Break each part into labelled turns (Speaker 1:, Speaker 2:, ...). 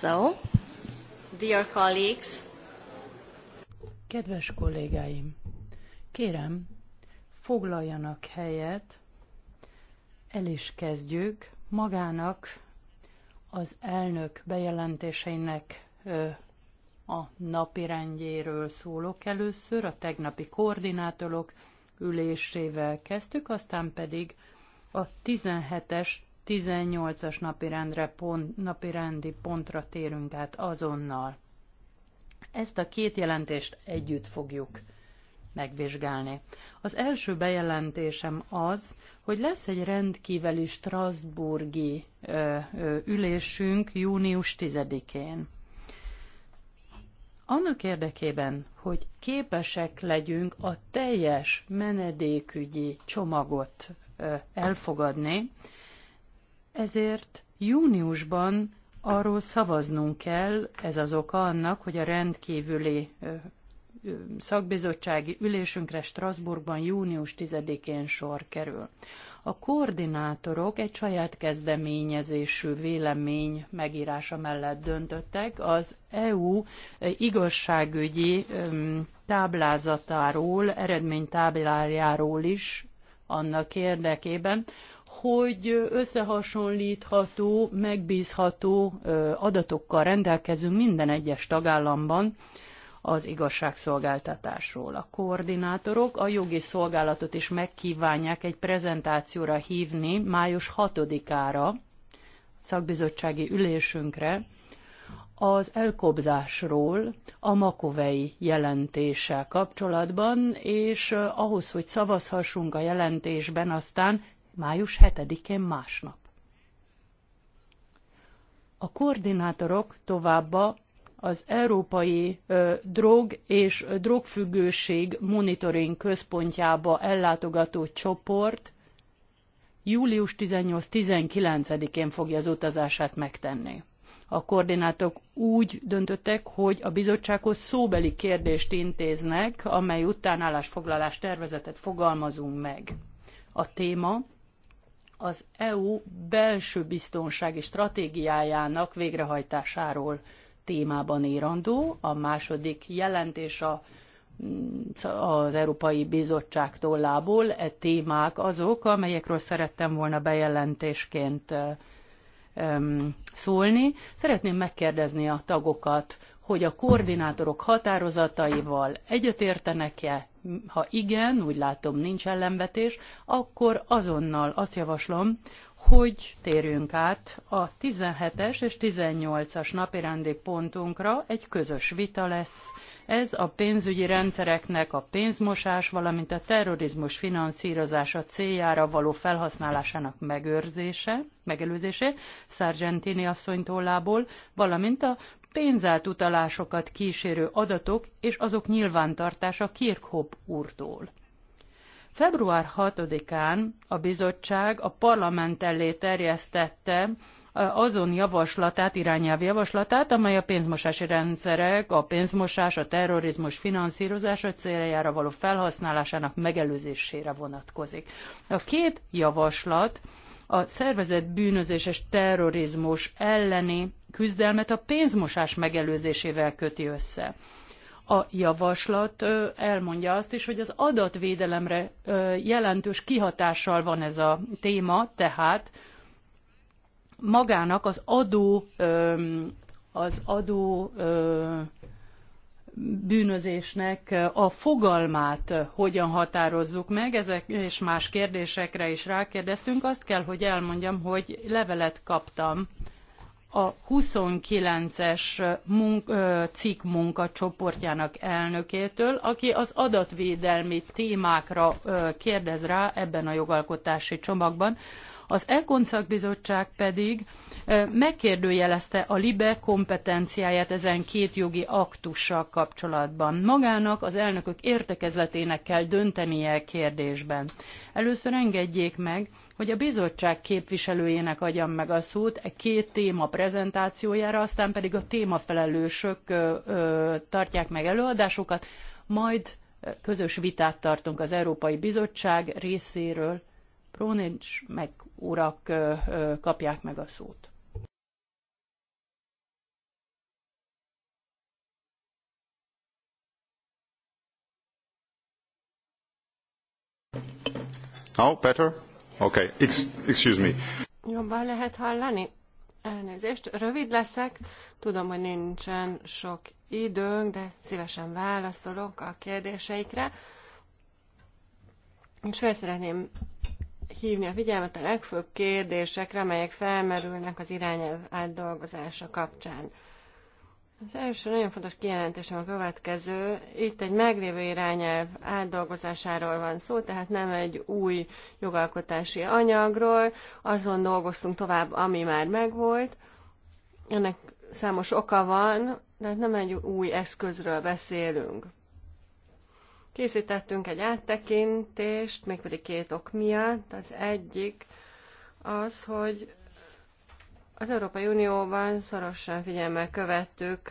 Speaker 1: So, dear colleagues. Kedves kollégáim, kérem, foglaljanak helyet, el is kezdjük magának az elnök bejelentéseinek a napirendjéről szólok először, a tegnapi koordinátorok ülésével kezdtük, aztán pedig a 17-es 18-as napirendre pont, napirendi pontra térünk át azonnal. Ezt a két jelentést együtt fogjuk megvizsgálni. Az első bejelentésem az, hogy lesz egy rendkívüli Strasburgi ö, ö, ülésünk június 10-én. Annak érdekében, hogy képesek legyünk a teljes menedékügyi csomagot ö, elfogadni, ezért júniusban arról szavaznunk kell, ez az oka annak, hogy a rendkívüli szakbizottsági ülésünkre Strasbourgban június 10-én sor kerül. A koordinátorok egy saját kezdeményezésű vélemény megírása mellett döntöttek az EU igazságügyi táblázatáról, eredménytáblájáról is annak érdekében, hogy összehasonlítható, megbízható adatokkal rendelkezünk minden egyes tagállamban az igazságszolgáltatásról. A koordinátorok a jogi szolgálatot is megkívánják egy prezentációra hívni május 6-ára, szakbizottsági ülésünkre, az elkobzásról, a makovei jelentéssel kapcsolatban, és ahhoz, hogy szavazhassunk a jelentésben, aztán május 7-én másnap. A koordinátorok továbbá az Európai ö, Drog és Drogfüggőség Monitoring Központjába ellátogató csoport július 18-19-én fogja az utazását megtenni. A koordinátok úgy döntöttek, hogy a bizottsághoz szóbeli kérdést intéznek, amely után állásfoglalás tervezetet fogalmazunk meg. A téma az EU belső biztonsági stratégiájának végrehajtásáról témában írandó. A második jelentés a, az Európai Bizottság tollából. E témák azok, amelyekről szerettem volna bejelentésként szólni. Szeretném megkérdezni a tagokat, hogy a koordinátorok határozataival egyetértenek-e, ha igen, úgy látom nincs ellenvetés, akkor azonnal azt javaslom, hogy térjünk át a 17-es és 18-as napirendi pontunkra, egy közös vita lesz. Ez a pénzügyi rendszereknek a pénzmosás, valamint a terrorizmus finanszírozása céljára való felhasználásának megőrzése, megelőzése Sargentini asszony tollából, valamint a pénzátutalásokat kísérő adatok és azok nyilvántartása Kirkhope úrtól. Február 6-án a bizottság a parlament elé terjesztette azon javaslatát, irányelv javaslatát, amely a pénzmosási rendszerek, a pénzmosás, a terrorizmus finanszírozása céljára való felhasználásának megelőzésére vonatkozik. A két javaslat a szervezett bűnözés és terrorizmus elleni küzdelmet a pénzmosás megelőzésével köti össze. A javaslat elmondja azt is, hogy az adatvédelemre jelentős kihatással van ez a téma, tehát magának az adó, az adó bűnözésnek a fogalmát hogyan határozzuk meg, ezek és más kérdésekre is rákérdeztünk. Azt kell, hogy elmondjam, hogy levelet kaptam a 29-es munk, cikk munkacsoportjának elnökétől, aki az adatvédelmi témákra kérdez rá ebben a jogalkotási csomagban, az ECON szakbizottság pedig megkérdőjelezte a LIBE kompetenciáját ezen két jogi aktussal kapcsolatban. Magának az elnökök értekezletének kell döntenie e kérdésben. Először engedjék meg, hogy a bizottság képviselőjének adjam meg a szót e két téma prezentációjára, aztán pedig a témafelelősök tartják meg előadásokat, majd közös vitát tartunk az Európai Bizottság részéről. Prónincs meg urak kapják meg a szót. Oh, better? Okay, Ex excuse me.
Speaker 2: Jobban lehet hallani? Elnézést, rövid leszek. Tudom, hogy nincsen sok időnk, de szívesen válaszolok a kérdéseikre. És fel szeretném hívni a figyelmet a legfőbb kérdésekre, amelyek felmerülnek az irányelv átdolgozása kapcsán. Az első nagyon fontos kijelentésem a következő. Itt egy meglévő irányelv átdolgozásáról van szó, tehát nem egy új jogalkotási anyagról. Azon dolgoztunk tovább, ami már megvolt. Ennek számos oka van, de nem egy új eszközről beszélünk. Készítettünk egy áttekintést, mégpedig két ok miatt. Az egyik az, hogy az Európai Unióban szorosan figyelmel követtük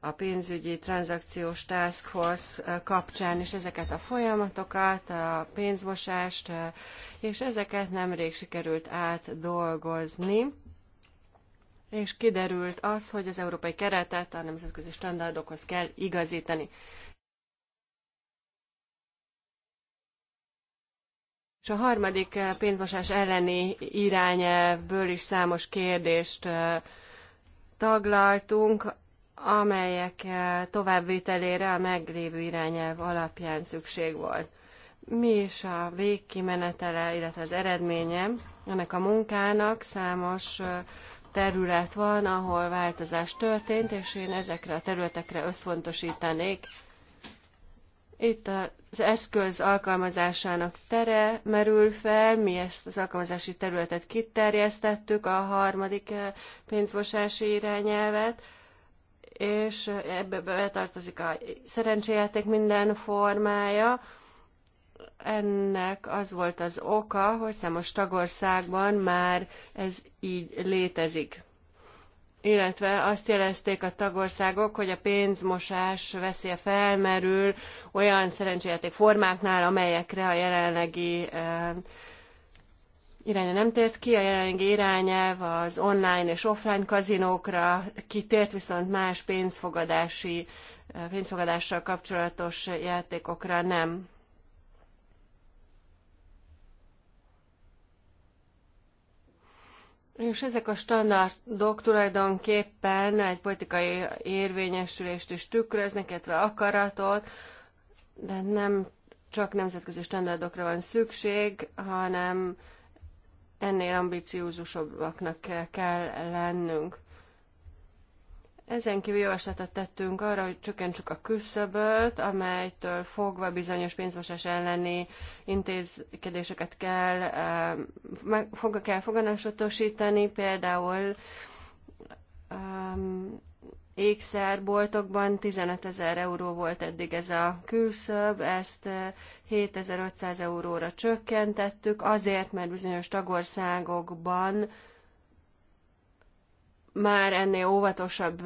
Speaker 2: a pénzügyi tranzakciós task force kapcsán is ezeket a folyamatokat, a pénzmosást, és ezeket nemrég sikerült átdolgozni. És kiderült az, hogy az európai keretet a nemzetközi standardokhoz kell igazítani. És a harmadik eh, pénzmosás elleni irányelvből is számos kérdést eh, taglaltunk, amelyek eh, továbbvitelére a meglévő irányelv alapján szükség volt. Mi is a végkimenetele, illetve az eredménye ennek a munkának számos terület van, ahol változás történt, és én ezekre a területekre összfontosítanék. Itt a az eszköz alkalmazásának tere merül fel, mi ezt az alkalmazási területet kiterjesztettük, a harmadik eh, pénzmosási irányelvet, és ebbe betartozik a szerencséjáték minden formája. Ennek az volt az oka, hogy számos tagországban már ez így létezik illetve azt jelezték a tagországok, hogy a pénzmosás veszélye felmerül olyan szerencséjáték formáknál, amelyekre a jelenlegi eh, irány nem tért ki, a jelenlegi irányelv az online és offline kazinókra kitért, viszont más pénzfogadási, eh, pénzfogadással kapcsolatos játékokra nem. És ezek a standardok tulajdonképpen egy politikai érvényesülést is tükröznek, illetve akaratot, de nem csak nemzetközi standardokra van szükség, hanem ennél ambiciózusabbaknak kell lennünk. Ezen kívül javaslatot tettünk arra, hogy csökkentsük a küszöböt, amelytől fogva bizonyos pénzmosás elleni intézkedéseket kell, eh, fog, kell foganásotosítani, például um, ehm, ékszerboltokban 15 ezer euró volt eddig ez a külszöb, ezt 7500 eh, euróra csökkentettük, azért, mert bizonyos tagországokban már ennél óvatosabb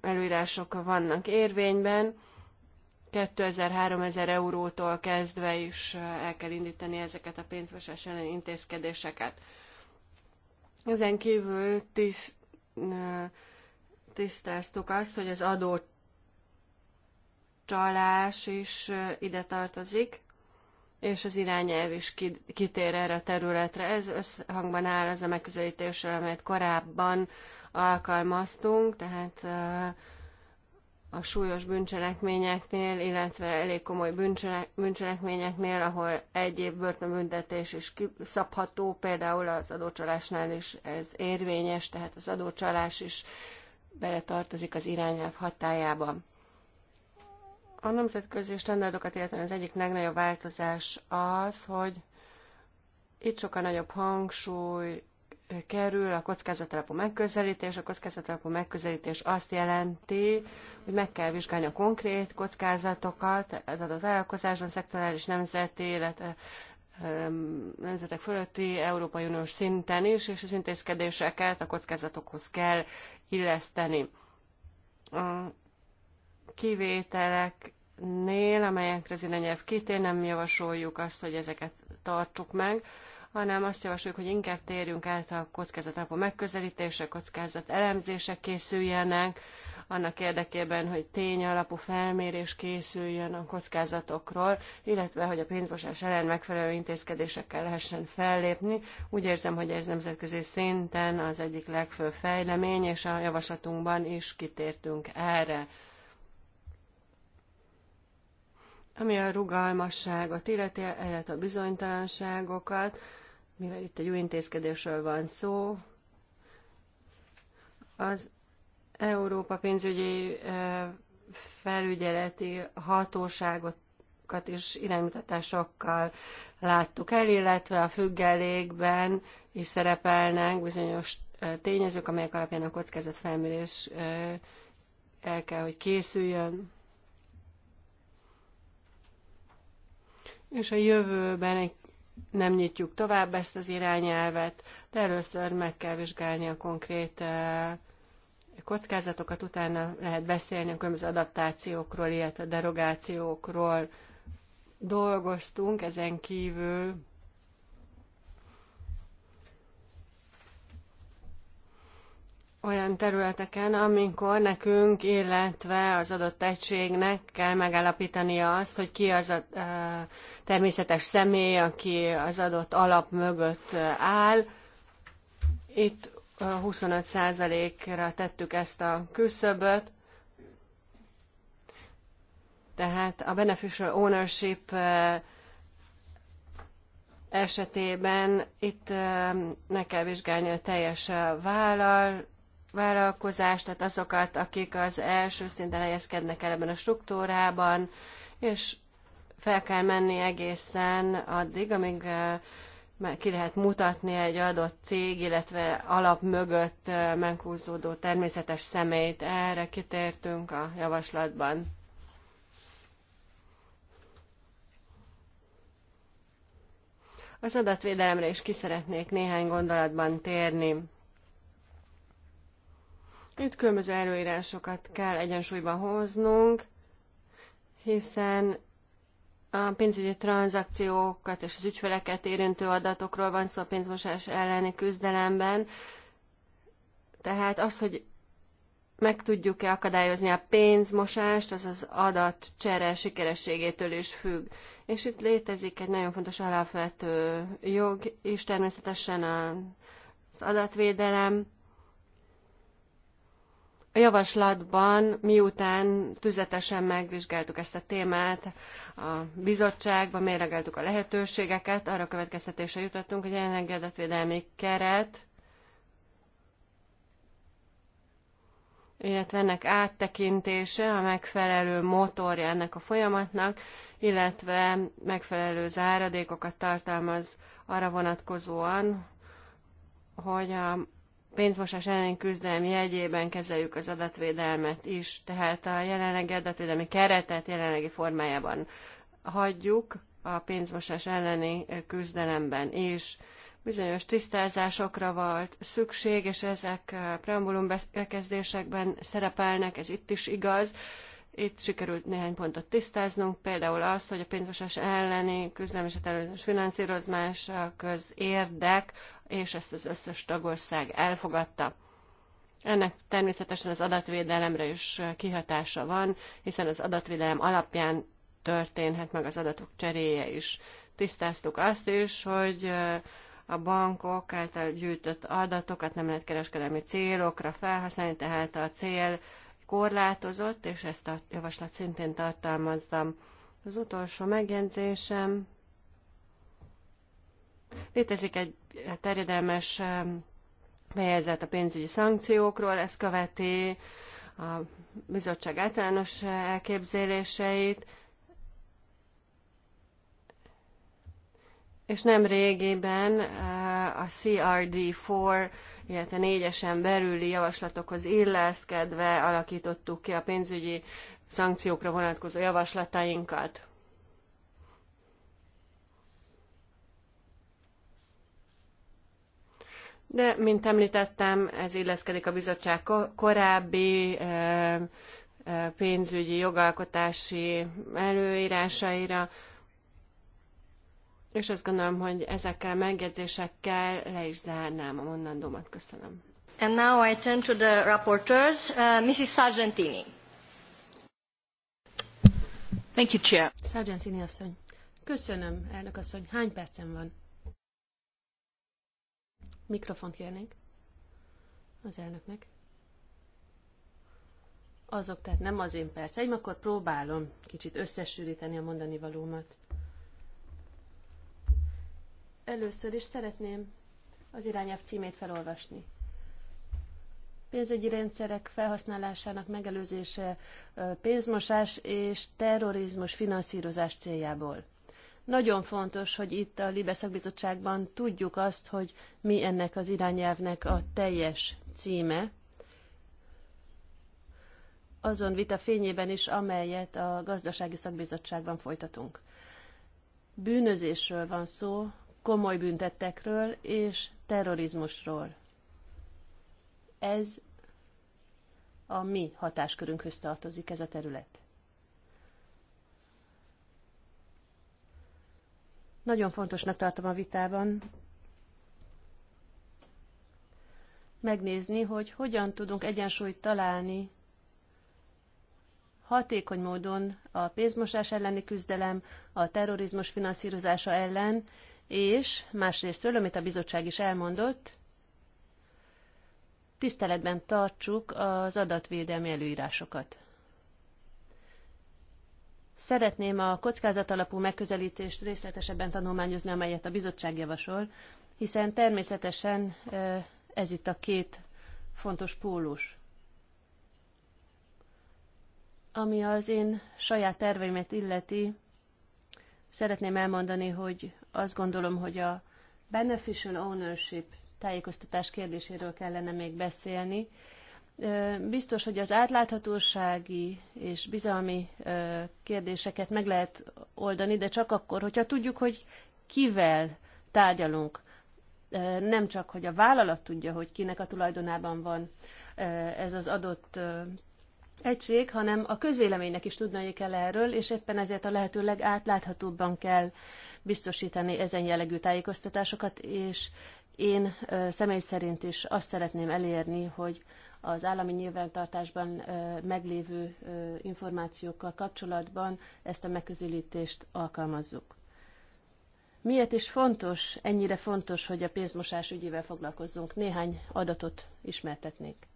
Speaker 2: előírások vannak érvényben. 2000-3000 eurótól kezdve is eh, el kell indítani ezeket a pénzmosás elleni intézkedéseket. Ezen kívül tiszt, eh, tisztáztuk azt, hogy az adó csalás is eh, ide tartozik, és az irányelv is kitér erre a területre. Ez összhangban áll az a megközelítéssel, amelyet korábban alkalmaztunk, tehát a súlyos bűncselekményeknél, illetve elég komoly bűncselekményeknél, ahol egy év börtönbüntetés is szabható, például az adócsalásnál is ez érvényes, tehát az adócsalás is beletartozik az irányelv hatájába. A nemzetközi standardokat illetve az egyik legnagyobb változás az, hogy itt sokkal nagyobb hangsúly kerül a kockázatalapú megközelítés. A kockázatalapú megközelítés azt jelenti, hogy meg kell vizsgálni a konkrét kockázatokat az adott vállalkozásban, szektorális, nemzeti, illetve nemzetek fölötti Európai Uniós szinten is, és az intézkedéseket a kockázatokhoz kell illeszteni. A kivételeknél, amelyekre az irányelv kitér, nem javasoljuk azt, hogy ezeket tartsuk meg, hanem azt javasoljuk, hogy inkább térjünk át a kockázatalapú megközelítése, kockázat elemzések készüljenek, annak érdekében, hogy tényalapú felmérés készüljön a kockázatokról, illetve hogy a pénzmosás ellen megfelelő intézkedésekkel lehessen fellépni. Úgy érzem, hogy ez nemzetközi szinten az egyik legfőbb fejlemény, és a javaslatunkban is kitértünk erre. Ami a rugalmasságot illeti, illetve a bizonytalanságokat, mivel itt egy új intézkedésről van szó, az Európa pénzügyi felügyeleti hatóságokat is iránymutatásokkal láttuk el, illetve a függelékben is szerepelnek bizonyos tényezők, amelyek alapján a kockázatfelmérés el kell, hogy készüljön. És a jövőben egy nem nyitjuk tovább ezt az irányelvet, de először meg kell vizsgálni a konkrét eh, kockázatokat, utána lehet beszélni a különböző adaptációkról, illetve derogációkról. Dolgoztunk ezen kívül olyan területeken, amikor nekünk, illetve az adott egységnek kell megállapítania azt, hogy ki az a természetes személy, aki az adott alap mögött áll. Itt 25%-ra tettük ezt a küszöböt, tehát a beneficial ownership esetében itt meg kell vizsgálni a teljes vállal, vállalkozást, tehát azokat, akik az első szinten helyezkednek el ebben a struktúrában, és fel kell menni egészen addig, amíg ki lehet mutatni egy adott cég, illetve alap mögött meghúzódó természetes személyt. Erre kitértünk a javaslatban. Az adatvédelemre is ki szeretnék néhány gondolatban térni. Itt különböző előírásokat kell egyensúlyba hoznunk, hiszen a pénzügyi tranzakciókat és az ügyfeleket érintő adatokról van szó a pénzmosás elleni küzdelemben. Tehát az, hogy meg tudjuk-e akadályozni a pénzmosást, az az adatcsere sikerességétől is függ. És itt létezik egy nagyon fontos alapvető jog, és természetesen az adatvédelem, a javaslatban, miután tüzetesen megvizsgáltuk ezt a témát, a bizottságban mérlegeltük a lehetőségeket, arra következtetésre jutottunk, hogy a jelenlegi adatvédelmi keret, illetve ennek áttekintése a megfelelő motorja ennek a folyamatnak, illetve megfelelő záradékokat tartalmaz arra vonatkozóan, hogy a pénzmosás ellen küzdelem jegyében kezeljük az adatvédelmet is, tehát a jelenlegi adatvédelmi keretet jelenlegi formájában hagyjuk a pénzmosás elleni küzdelemben is. Bizonyos tisztázásokra volt szükség, és ezek preambulum bekezdésekben szerepelnek, ez itt is igaz, itt sikerült néhány pontot tisztáznunk, például azt, hogy a pénzmosás elleni küzdelem és a terrorizmus finanszírozása közérdek, és ezt az összes tagország elfogadta. Ennek természetesen az adatvédelemre is kihatása van, hiszen az adatvédelem alapján történhet meg az adatok cseréje is. Tisztáztuk azt is, hogy a bankok által gyűjtött adatokat nem lehet kereskedelmi célokra felhasználni, tehát a cél korlátozott, és ezt a javaslat szintén tartalmazzam. Az utolsó megjegyzésem. Létezik egy terjedelmes fejezet a pénzügyi szankciókról, ez követi a bizottság általános elképzeléseit, és nem régiben eh, a CRD4, illetve négyesen belüli javaslatokhoz illeszkedve alakítottuk ki a pénzügyi szankciókra vonatkozó javaslatainkat. De, mint említettem, ez illeszkedik a bizottság korábbi eh, eh, pénzügyi jogalkotási előírásaira, és azt gondolom, hogy ezekkel a megjegyzésekkel le is zárnám a mondandómat. Köszönöm. And now I turn to the rapporteurs, uh, Mrs. Sargentini.
Speaker 3: Thank you, Chair. Sargentini asszony. Köszönöm, elnök asszony. Hány percem van? Mikrofont kérnénk az elnöknek. Azok, tehát nem az én perceim, akkor próbálom kicsit összesűríteni a mondani valómat. Először is szeretném az irányelv címét felolvasni. Pénzügyi rendszerek felhasználásának megelőzése pénzmosás és terrorizmus finanszírozás céljából. Nagyon fontos, hogy itt a Libe szakbizottságban tudjuk azt, hogy mi ennek az irányelvnek a teljes címe, azon vita fényében is, amelyet a gazdasági szakbizottságban folytatunk. Bűnözésről van szó, komoly büntettekről és terrorizmusról. Ez a mi hatáskörünkhöz tartozik ez a terület. Nagyon fontosnak tartom a vitában megnézni, hogy hogyan tudunk egyensúlyt találni hatékony módon a pénzmosás elleni küzdelem, a terrorizmus finanszírozása ellen és másrésztről, amit a bizottság is elmondott, tiszteletben tartsuk az adatvédelmi előírásokat. Szeretném a kockázatalapú megközelítést részletesebben tanulmányozni, amelyet a bizottság javasol, hiszen természetesen ez itt a két fontos pólus. Ami az én saját terveimet illeti, szeretném elmondani, hogy azt gondolom, hogy a beneficial ownership tájékoztatás kérdéséről kellene még beszélni. Biztos, hogy az átláthatósági és bizalmi kérdéseket meg lehet oldani, de csak akkor, hogyha tudjuk, hogy kivel tárgyalunk. Nem csak, hogy a vállalat tudja, hogy kinek a tulajdonában van ez az adott egység, hanem a közvéleménynek is tudnia kell erről, és éppen ezért a lehető legátláthatóbban kell biztosítani ezen jellegű tájékoztatásokat, és én személy szerint is azt szeretném elérni, hogy az állami nyilvántartásban meglévő információkkal kapcsolatban ezt a megközelítést alkalmazzuk. Miért is fontos, ennyire fontos, hogy a pénzmosás ügyével foglalkozzunk? Néhány adatot ismertetnék.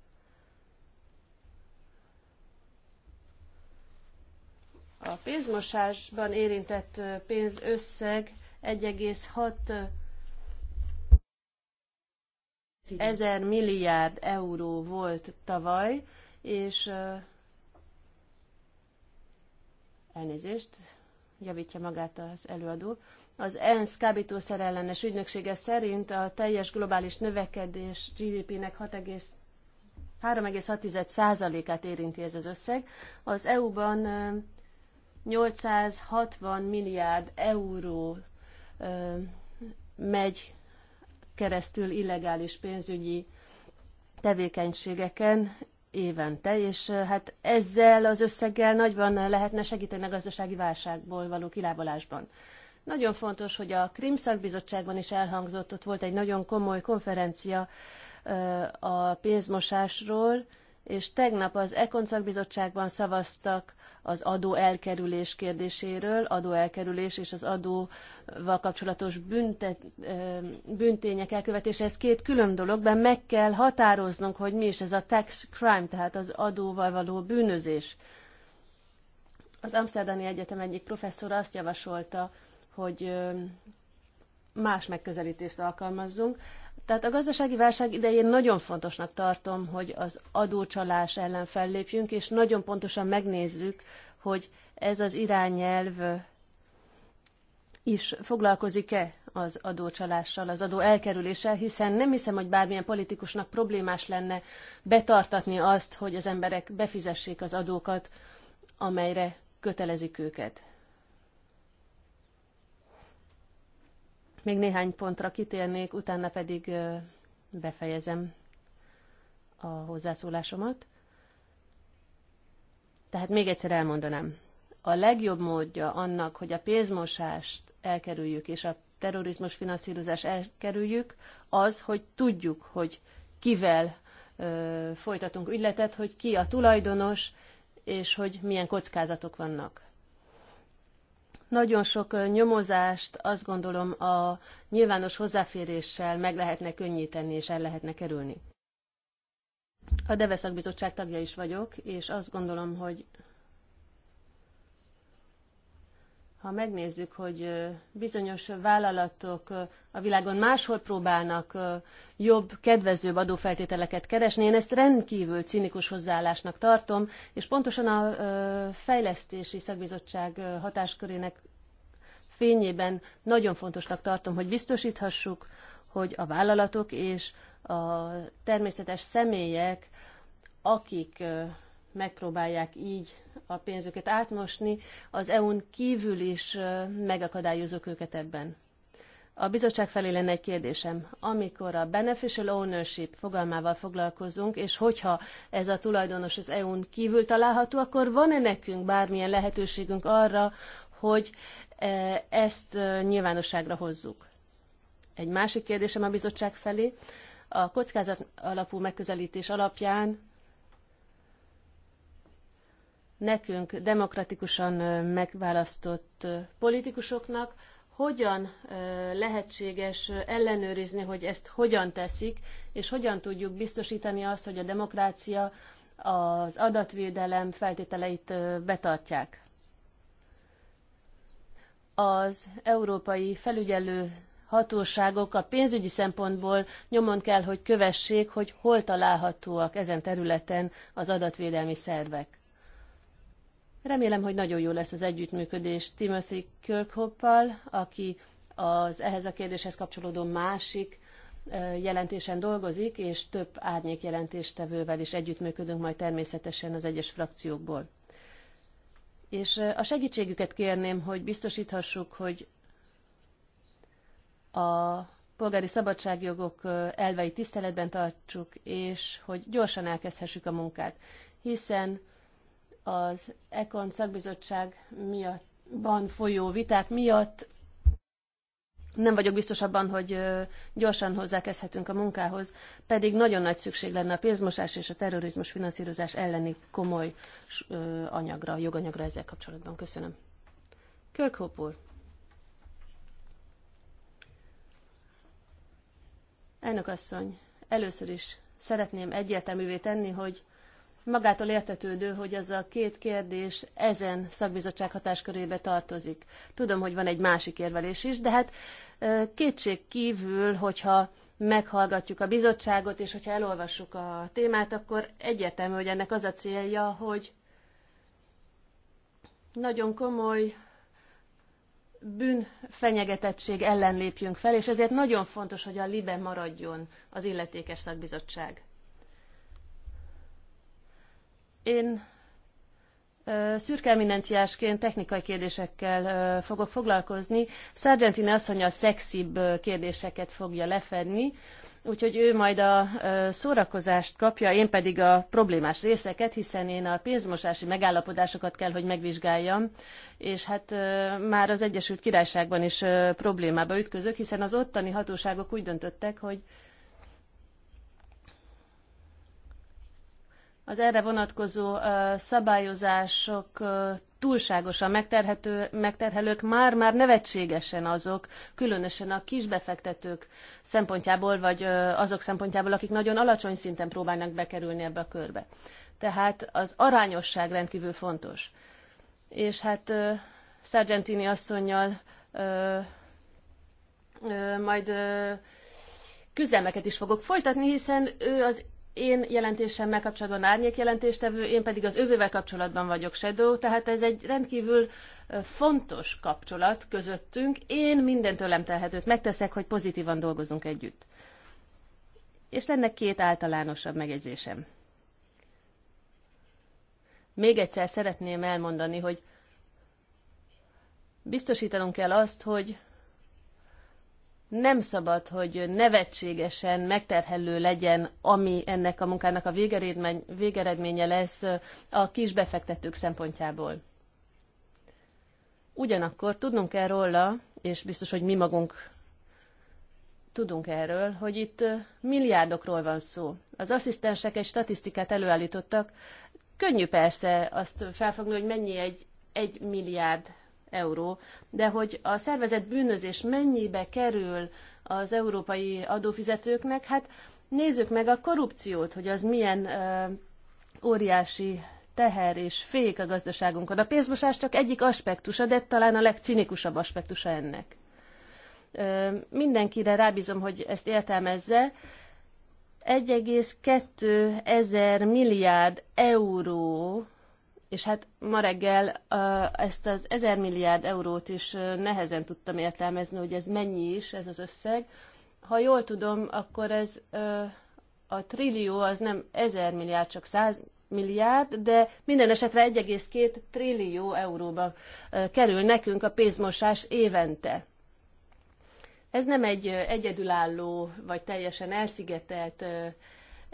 Speaker 3: A pénzmosásban érintett pénzösszeg 1,6 ezer milliárd euró volt tavaly, és elnézést, javítja magát az előadó. Az ENSZ kábítószer ellenes ügynöksége szerint a teljes globális növekedés GDP-nek 3,6%-át érinti ez az összeg. Az EU-ban 860 milliárd euró ö, megy keresztül illegális pénzügyi tevékenységeken évente, és hát ezzel az összeggel nagyban lehetne segíteni a gazdasági válságból való kilábalásban. Nagyon fontos, hogy a Krim szakbizottságban is elhangzott, ott volt egy nagyon komoly konferencia a pénzmosásról, és tegnap az Ekon szakbizottságban szavaztak az adó elkerülés kérdéséről, adó elkerülés és az adóval kapcsolatos büntet, büntények elkövetése, ez két külön dolog, de meg kell határoznunk, hogy mi is ez a tax crime, tehát az adóval való bűnözés. Az Amsterdami Egyetem egyik professzora azt javasolta, hogy más megközelítést alkalmazzunk. Tehát a gazdasági válság idején nagyon fontosnak tartom, hogy az adócsalás ellen fellépjünk, és nagyon pontosan megnézzük, hogy ez az irányelv is foglalkozik-e az adócsalással, az adó elkerüléssel, hiszen nem hiszem, hogy bármilyen politikusnak problémás lenne betartatni azt, hogy az emberek befizessék az adókat, amelyre kötelezik őket. Még néhány pontra kitérnék, utána pedig befejezem a hozzászólásomat. Tehát még egyszer elmondanám. A legjobb módja annak, hogy a pénzmosást elkerüljük és a terrorizmus finanszírozást elkerüljük, az, hogy tudjuk, hogy kivel ö, folytatunk ügyletet, hogy ki a tulajdonos, és hogy milyen kockázatok vannak. Nagyon sok nyomozást azt gondolom a nyilvános hozzáféréssel meg lehetne könnyíteni és el lehetne kerülni. A Deveszak Bizottság tagja is vagyok, és azt gondolom, hogy ha megnézzük, hogy bizonyos vállalatok a világon máshol próbálnak jobb, kedvezőbb adófeltételeket keresni, én ezt rendkívül cinikus hozzáállásnak tartom, és pontosan a fejlesztési szakbizottság hatáskörének fényében nagyon fontosnak tartom, hogy biztosíthassuk, hogy a vállalatok és a természetes személyek, akik megpróbálják így a pénzüket átmosni, az EU-n kívül is megakadályozok őket ebben. A bizottság felé lenne egy kérdésem. Amikor a beneficial ownership fogalmával foglalkozunk, és hogyha ez a tulajdonos az EU-n kívül található, akkor van-e nekünk bármilyen lehetőségünk arra, hogy ezt nyilvánosságra hozzuk? Egy másik kérdésem a bizottság felé. A kockázat alapú megközelítés alapján nekünk, demokratikusan megválasztott politikusoknak, hogyan lehetséges ellenőrizni, hogy ezt hogyan teszik, és hogyan tudjuk biztosítani azt, hogy a demokrácia az adatvédelem feltételeit betartják. Az európai felügyelő hatóságok a pénzügyi szempontból nyomon kell, hogy kövessék, hogy hol találhatóak ezen területen az adatvédelmi szervek. Remélem, hogy nagyon jó lesz az együttműködés Timothy Kirkhoppal, aki az ehhez a kérdéshez kapcsolódó másik jelentésen dolgozik, és több árnyék jelentéstevővel is együttműködünk majd természetesen az egyes frakciókból. És a segítségüket kérném, hogy biztosíthassuk, hogy a polgári szabadságjogok elvei tiszteletben tartsuk, és hogy gyorsan elkezdhessük a munkát, hiszen az Econ szakbizottság miattban folyó viták miatt nem vagyok biztos abban, hogy gyorsan hozzákezdhetünk a munkához, pedig nagyon nagy szükség lenne a pénzmosás és a terrorizmus finanszírozás elleni komoly anyagra, joganyagra ezzel kapcsolatban. Köszönöm. Kirkhope úr. Elnök asszony, először is szeretném egyértelművé tenni, hogy Magától értetődő, hogy az a két kérdés ezen szakbizottság hatáskörébe tartozik. Tudom, hogy van egy másik érvelés is, de hát kétség kívül, hogyha meghallgatjuk a bizottságot, és hogyha elolvassuk a témát, akkor egyértelmű, hogy ennek az a célja, hogy nagyon komoly bűnfenyegetettség ellen lépjünk fel, és ezért nagyon fontos, hogy a LIBE maradjon az illetékes szakbizottság. Én szürke eminenciásként technikai kérdésekkel fogok foglalkozni. Sargentini asszony a szexibb kérdéseket fogja lefedni, úgyhogy ő majd a szórakozást kapja, én pedig a problémás részeket, hiszen én a pénzmosási megállapodásokat kell, hogy megvizsgáljam, és hát már az Egyesült Királyságban is problémába ütközök, hiszen az ottani hatóságok úgy döntöttek, hogy az erre vonatkozó szabályozások túlságosan megterhető, megterhelők már-már nevetségesen azok, különösen a kisbefektetők szempontjából, vagy azok szempontjából, akik nagyon alacsony szinten próbálnak bekerülni ebbe a körbe. Tehát az arányosság rendkívül fontos. És hát Sargentini asszonynal majd küzdelmeket is fogok folytatni, hiszen ő az én jelentésemmel kapcsolatban árnyék jelentéstevő, én pedig az övővel kapcsolatban vagyok Shadow, tehát ez egy rendkívül fontos kapcsolat közöttünk. Én minden tőlem telhetőt megteszek, hogy pozitívan dolgozunk együtt. És lenne két általánosabb megjegyzésem. Még egyszer szeretném elmondani, hogy biztosítanunk kell azt, hogy nem szabad, hogy nevetségesen megterhelő legyen, ami ennek a munkának a végeredmény, végeredménye lesz a kisbefektetők szempontjából. Ugyanakkor tudnunk kell róla, és biztos, hogy mi magunk tudunk erről, hogy itt milliárdokról van szó. Az asszisztensek egy statisztikát előállítottak. Könnyű persze azt felfogni, hogy mennyi egy, egy milliárd euró, de hogy a szervezett bűnözés mennyibe kerül az európai adófizetőknek, hát nézzük meg a korrupciót, hogy az milyen ö, óriási teher és fék a gazdaságunkon. A pénzmosás csak egyik aspektusa, de talán a legcinikusabb aspektusa ennek. Ö, mindenkire rábízom, hogy ezt értelmezze. 1,2 ezer milliárd euró és hát ma reggel ezt az ezer milliárd eurót is nehezen tudtam értelmezni, hogy ez mennyi is, ez az összeg. Ha jól tudom, akkor ez a trillió az nem ezer milliárd, csak száz milliárd, de minden esetre 1,2 trillió euróba kerül nekünk a pénzmosás évente. Ez nem egy egyedülálló vagy teljesen elszigetelt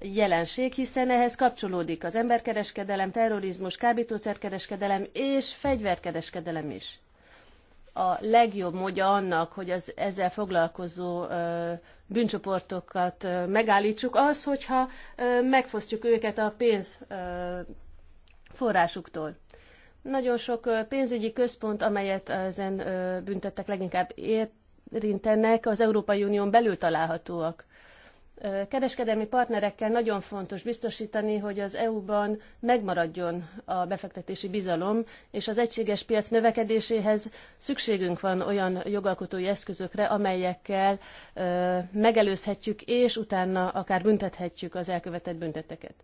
Speaker 3: jelenség, hiszen ehhez kapcsolódik az emberkereskedelem, terrorizmus, kábítószerkereskedelem és fegyverkereskedelem is. A legjobb módja annak, hogy az ezzel foglalkozó bűncsoportokat megállítsuk, az, hogyha megfosztjuk őket a pénz forrásuktól. Nagyon sok pénzügyi központ, amelyet ezen büntettek leginkább érintenek, az Európai Unión belül találhatóak kereskedelmi partnerekkel nagyon fontos biztosítani, hogy az EU-ban megmaradjon a befektetési bizalom, és az egységes piac növekedéséhez szükségünk van olyan jogalkotói eszközökre, amelyekkel megelőzhetjük, és utána akár büntethetjük az elkövetett bünteteket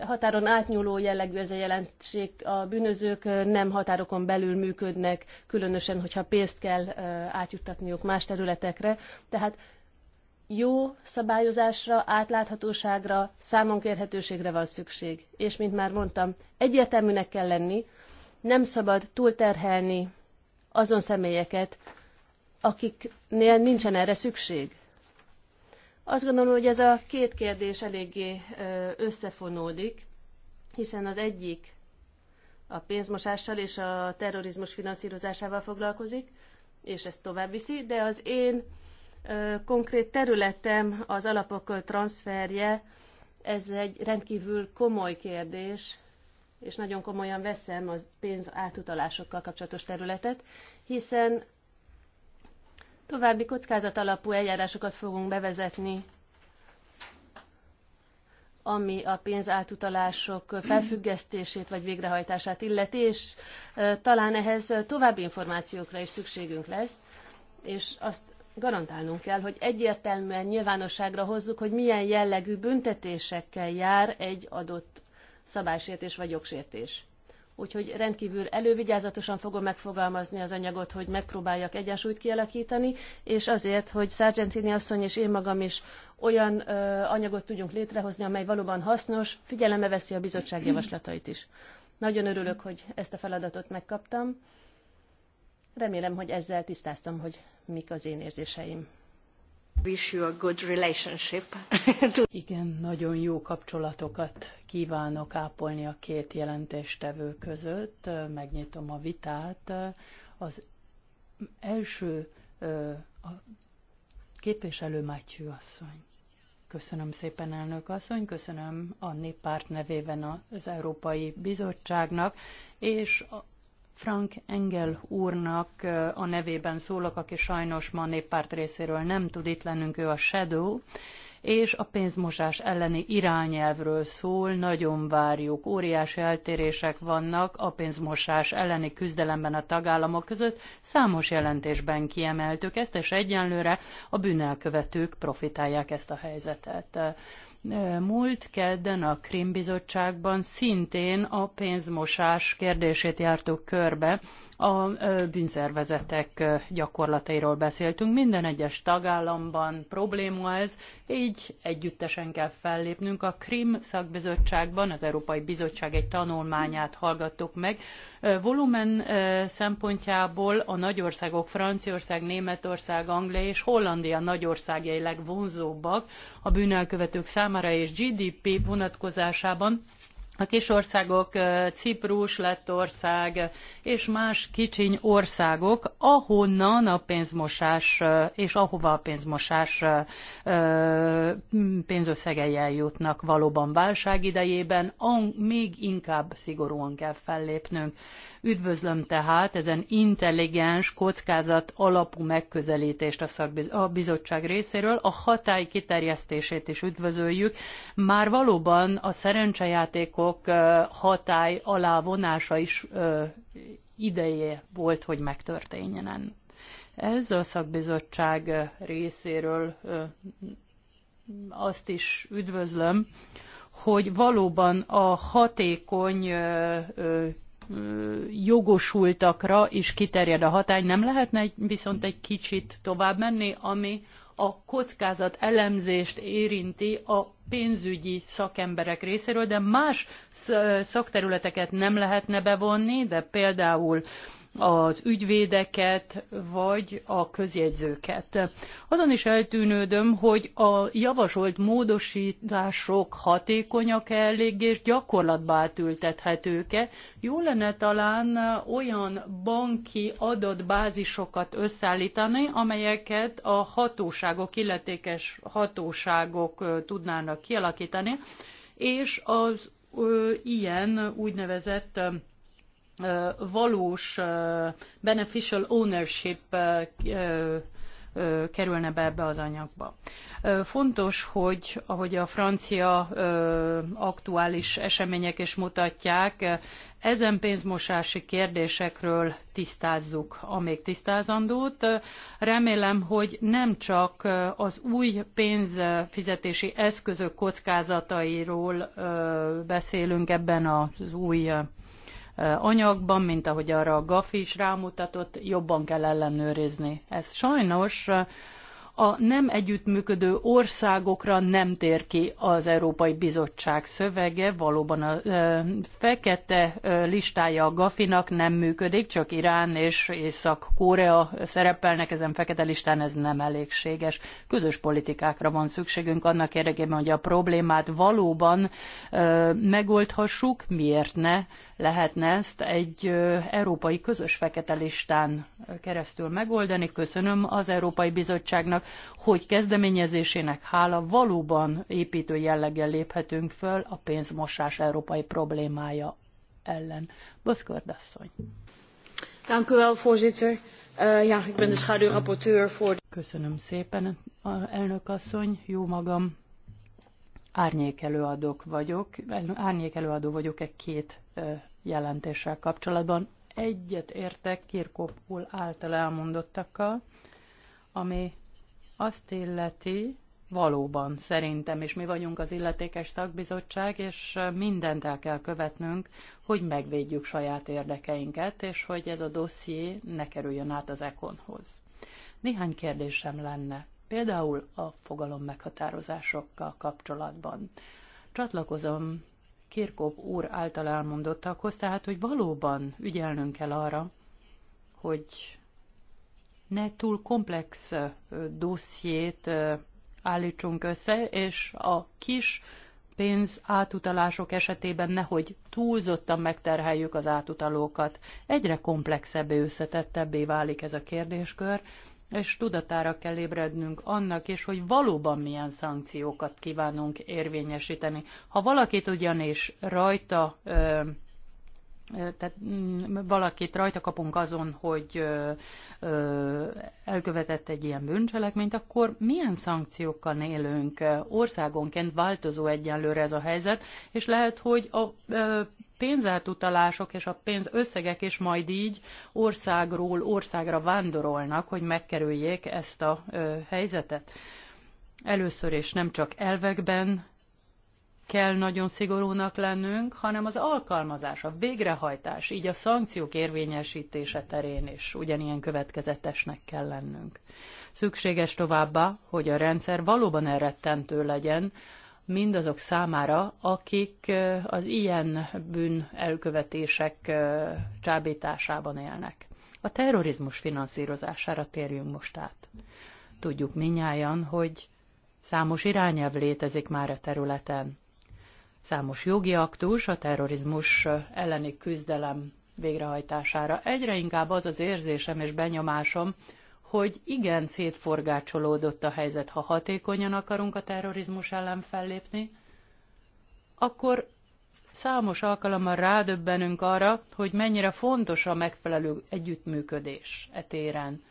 Speaker 3: határon átnyúló jellegű ez a jelenség. A bűnözők nem határokon belül működnek, különösen, hogyha pénzt kell átjuttatniuk más területekre. Tehát jó szabályozásra, átláthatóságra, számonkérhetőségre van szükség. És, mint már mondtam, egyértelműnek kell lenni, nem szabad túlterhelni azon személyeket, akiknél nincsen erre szükség. Azt gondolom, hogy ez a két kérdés eléggé összefonódik, hiszen az egyik a pénzmosással és a terrorizmus finanszírozásával foglalkozik, és ezt tovább viszi, de az én konkrét területem az alapok transferje, ez egy rendkívül komoly kérdés, és nagyon komolyan veszem az pénz átutalásokkal kapcsolatos területet, hiszen további kockázat alapú eljárásokat fogunk bevezetni, ami a pénz átutalások felfüggesztését vagy végrehajtását illeti, és talán ehhez további információkra is szükségünk lesz, és azt garantálnunk kell, hogy egyértelműen nyilvánosságra hozzuk, hogy milyen jellegű büntetésekkel jár egy adott szabálysértés vagy jogsértés. Úgyhogy rendkívül elővigyázatosan fogom megfogalmazni az anyagot, hogy megpróbáljak egyensúlyt kialakítani, és azért, hogy Sargentini asszony és én magam is olyan ö, anyagot tudjunk létrehozni, amely valóban hasznos, figyelembe veszi a bizottság javaslatait is. Nagyon örülök, hogy ezt a feladatot megkaptam. Remélem, hogy ezzel tisztáztam, hogy mik
Speaker 1: az én érzéseim. Wish
Speaker 2: you a good relationship.
Speaker 1: Igen, nagyon jó kapcsolatokat kívánok ápolni a két jelentéstevő között. Megnyitom a vitát. Az első a képviselő Mátyú asszony. Köszönöm szépen, elnök asszony, köszönöm a néppárt nevében az Európai Bizottságnak, és Frank Engel úrnak a nevében szólok, aki sajnos ma a néppárt részéről nem tud itt lennünk, ő a Shadow, és a pénzmosás elleni irányelvről szól, nagyon várjuk. Óriási eltérések vannak a pénzmosás elleni küzdelemben a tagállamok között, számos jelentésben kiemeltük ezt, és egyenlőre a bűnelkövetők profitálják ezt a helyzetet. Múlt kedden a krimbizottságban szintén a pénzmosás kérdését jártuk körbe a bűnszervezetek gyakorlatairól beszéltünk. Minden egyes tagállamban probléma ez, így együttesen kell fellépnünk. A Krim szakbizottságban az Európai Bizottság egy tanulmányát hallgattuk meg. Volumen szempontjából a nagyországok Franciaország, Németország, Anglia és Hollandia nagyországjai legvonzóbbak a bűnelkövetők számára és GDP vonatkozásában a kis országok, Ciprus, Lettország és más kicsiny országok, ahonnan a pénzmosás és ahova a pénzmosás pénzösszegei eljutnak valóban válság idejében, még inkább szigorúan kell fellépnünk. Üdvözlöm tehát ezen intelligens kockázat alapú megközelítést a, szakbiz- a bizottság részéről. A hatály kiterjesztését is üdvözöljük. Már valóban a szerencsejátékok hatály alá vonása is ideje volt, hogy megtörténjen. Ez a szakbizottság részéről azt is üdvözlöm, hogy valóban a hatékony jogosultakra is kiterjed a hatály. Nem lehetne egy, viszont egy kicsit tovább menni, ami a kockázat elemzést érinti a pénzügyi szakemberek részéről, de más szakterületeket nem lehetne bevonni, de például az ügyvédeket, vagy a közjegyzőket. Azon is eltűnődöm, hogy a javasolt módosítások hatékonyak -e elég, és gyakorlatba átültethetők-e. Jó lenne talán olyan banki adatbázisokat összeállítani, amelyeket a hatóságok, illetékes hatóságok tudnának kialakítani, és az ö, ilyen úgynevezett valós beneficial ownership kerülne be ebbe az anyagba. Fontos, hogy ahogy a francia aktuális események is mutatják, ezen pénzmosási kérdésekről tisztázzuk a még tisztázandót. Remélem, hogy nem csak az új pénzfizetési eszközök kockázatairól beszélünk ebben az új anyagban, mint ahogy arra a GAF is rámutatott, jobban kell ellenőrizni. Ez sajnos a nem együttműködő országokra nem tér ki az Európai Bizottság szövege, valóban a fekete listája a Gafinak nem működik, csak Irán és Észak-Korea szerepelnek ezen fekete listán, ez nem elégséges. Közös politikákra van szükségünk annak érdekében, hogy a problémát valóban megoldhassuk, miért ne lehetne ezt egy európai közös fekete listán keresztül megoldani. Köszönöm az Európai Bizottságnak, hogy kezdeményezésének hála valóban építő jelleggel léphetünk föl a pénzmosás európai problémája ellen. Boszkord asszony. Eh, Köszönöm szépen, elnök asszony, jó magam árnyékelőadók vagyok, árnyékelőadó vagyok e két jelentéssel kapcsolatban. Egyet értek Kirkop által elmondottakkal, ami azt illeti, valóban szerintem, és mi vagyunk az illetékes szakbizottság, és mindent el kell követnünk, hogy megvédjük saját érdekeinket, és hogy ez a dosszié ne kerüljön át az ekonhoz. Néhány kérdésem lenne például a fogalom meghatározásokkal kapcsolatban. Csatlakozom Kirkop úr által elmondottakhoz, tehát, hogy valóban ügyelnünk kell arra, hogy ne túl komplex dossziét állítsunk össze, és a kis pénz átutalások esetében nehogy túlzottan megterheljük az átutalókat. Egyre komplexebbé, összetettebbé válik ez a kérdéskör, és tudatára kell ébrednünk annak is, hogy valóban milyen szankciókat kívánunk érvényesíteni. Ha valakit ugyanis rajta ö, tehát mm, valakit rajta kapunk azon, hogy elkövetett egy ilyen bűncselekményt, akkor milyen szankciókkal élünk? Országonként változó egyenlőre ez a helyzet, és lehet, hogy a pénzátutalások és a pénzösszegek is majd így országról országra vándorolnak, hogy megkerüljék ezt a helyzetet. Először is nem csak elvekben kell nagyon szigorúnak lennünk, hanem az alkalmazás, a végrehajtás, így a szankciók érvényesítése terén is ugyanilyen következetesnek kell lennünk. Szükséges továbbá, hogy a rendszer valóban elrettentő legyen, mindazok számára, akik az ilyen bűn elkövetések csábításában élnek. A terrorizmus finanszírozására térjünk most át. Tudjuk minnyáján, hogy számos irányelv létezik már a területen számos jogi aktus a terrorizmus elleni küzdelem végrehajtására. Egyre inkább az az érzésem és benyomásom, hogy igen szétforgácsolódott a helyzet, ha hatékonyan akarunk a terrorizmus ellen fellépni, akkor számos alkalommal rádöbbenünk arra, hogy mennyire fontos a megfelelő együttműködés e téren.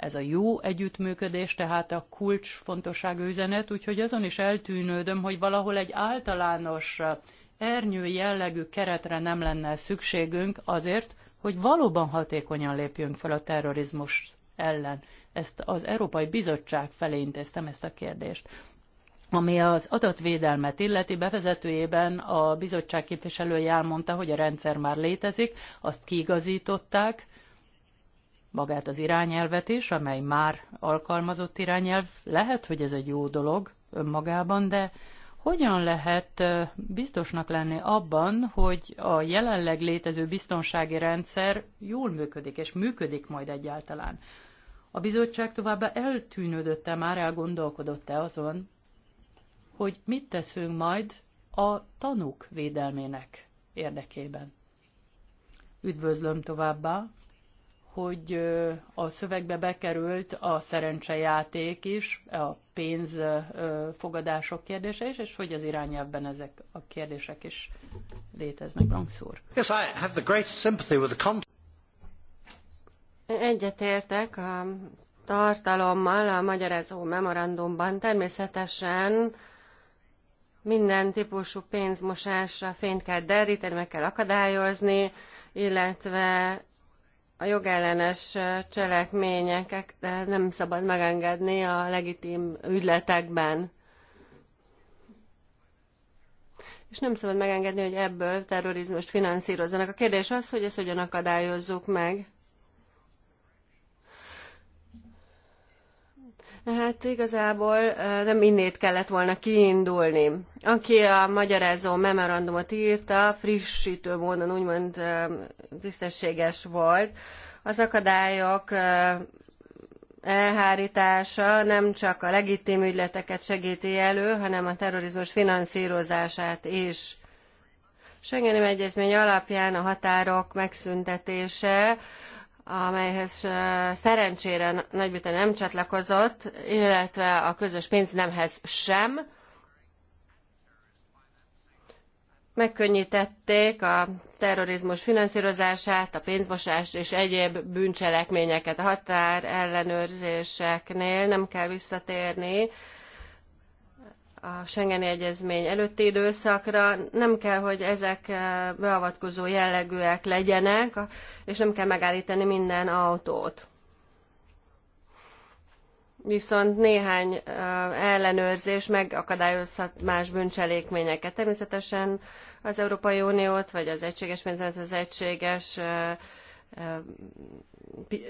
Speaker 1: Ez a jó együttműködés, tehát a kulcs fontosságú üzenet, úgyhogy azon is eltűnődöm, hogy valahol egy általános uh, ernyő jellegű keretre nem lenne szükségünk azért, hogy valóban hatékonyan lépjünk fel a terrorizmus ellen. Ezt az Európai Bizottság felé intéztem ezt a kérdést. Ami az adatvédelmet illeti, bevezetőjében a bizottság képviselője elmondta, hogy a rendszer már létezik, azt kiigazították, magát az irányelvet is, amely már alkalmazott irányelv. Lehet, hogy ez egy jó dolog önmagában, de hogyan lehet biztosnak lenni abban, hogy a jelenleg létező biztonsági rendszer jól működik, és működik majd egyáltalán? A bizottság továbbá eltűnődötte már, elgondolkodott-e azon, hogy mit teszünk majd a tanúk védelmének érdekében. Üdvözlöm továbbá hogy a szövegbe bekerült a szerencsejáték is, a pénzfogadások kérdése is, és hogy az irányelvben ezek a kérdések is léteznek. Bronxúr. Yes, I have the great sympathy with the content. Egyetértek a tartalommal
Speaker 2: a magyarázó memorandumban. Természetesen minden típusú pénzmosásra fényt kell deríteni, meg kell akadályozni, illetve a jogellenes cselekményeket nem szabad megengedni a legitim ügyletekben. És nem szabad megengedni, hogy ebből terrorizmust finanszírozzanak. A kérdés az, hogy ezt hogyan akadályozzuk meg. Hát igazából nem innét kellett volna kiindulni. Aki a magyarázó memorandumot írta, frissítő módon úgymond tisztességes volt. Az akadályok elhárítása nem csak a legitim ügyleteket segíti elő, hanem a terrorizmus finanszírozását is. Schengeni egyezmény alapján a határok megszüntetése amelyhez szerencsére Nagy-Britannia nem csatlakozott, illetve a közös pénznemhez sem, megkönnyítették a terrorizmus finanszírozását, a pénzmosást és egyéb bűncselekményeket a határellenőrzéseknél, nem kell visszatérni a Schengeni Egyezmény előtti időszakra, nem kell, hogy ezek eh, beavatkozó jellegűek legyenek, és nem kell megállítani minden autót. Viszont néhány eh, ellenőrzés megakadályozhat más bűncselekményeket. Természetesen az Európai Uniót, vagy az egységes pénzet, az egységes eh,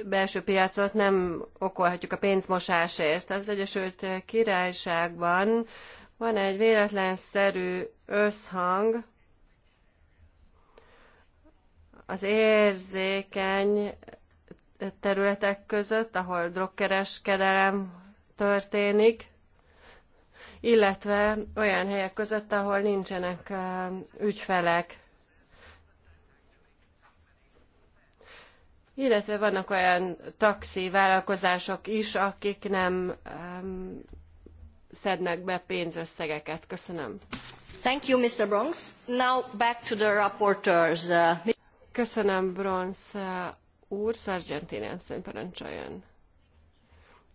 Speaker 2: belső piacot nem okolhatjuk a pénzmosásért. Az Egyesült Királyságban van egy véletlenszerű összhang az érzékeny területek között, ahol drogkereskedelem történik, illetve olyan helyek között, ahol nincsenek ügyfelek. Illetve vannak olyan taxi vállalkozások is, akik nem szednek be pénzösszegeket. Köszönöm. Thank you, Mr. Bronx. Now back to the rapporteurs. Uh, Köszönöm, Bronx uh, úr. Sargentini asszony parancsoljon.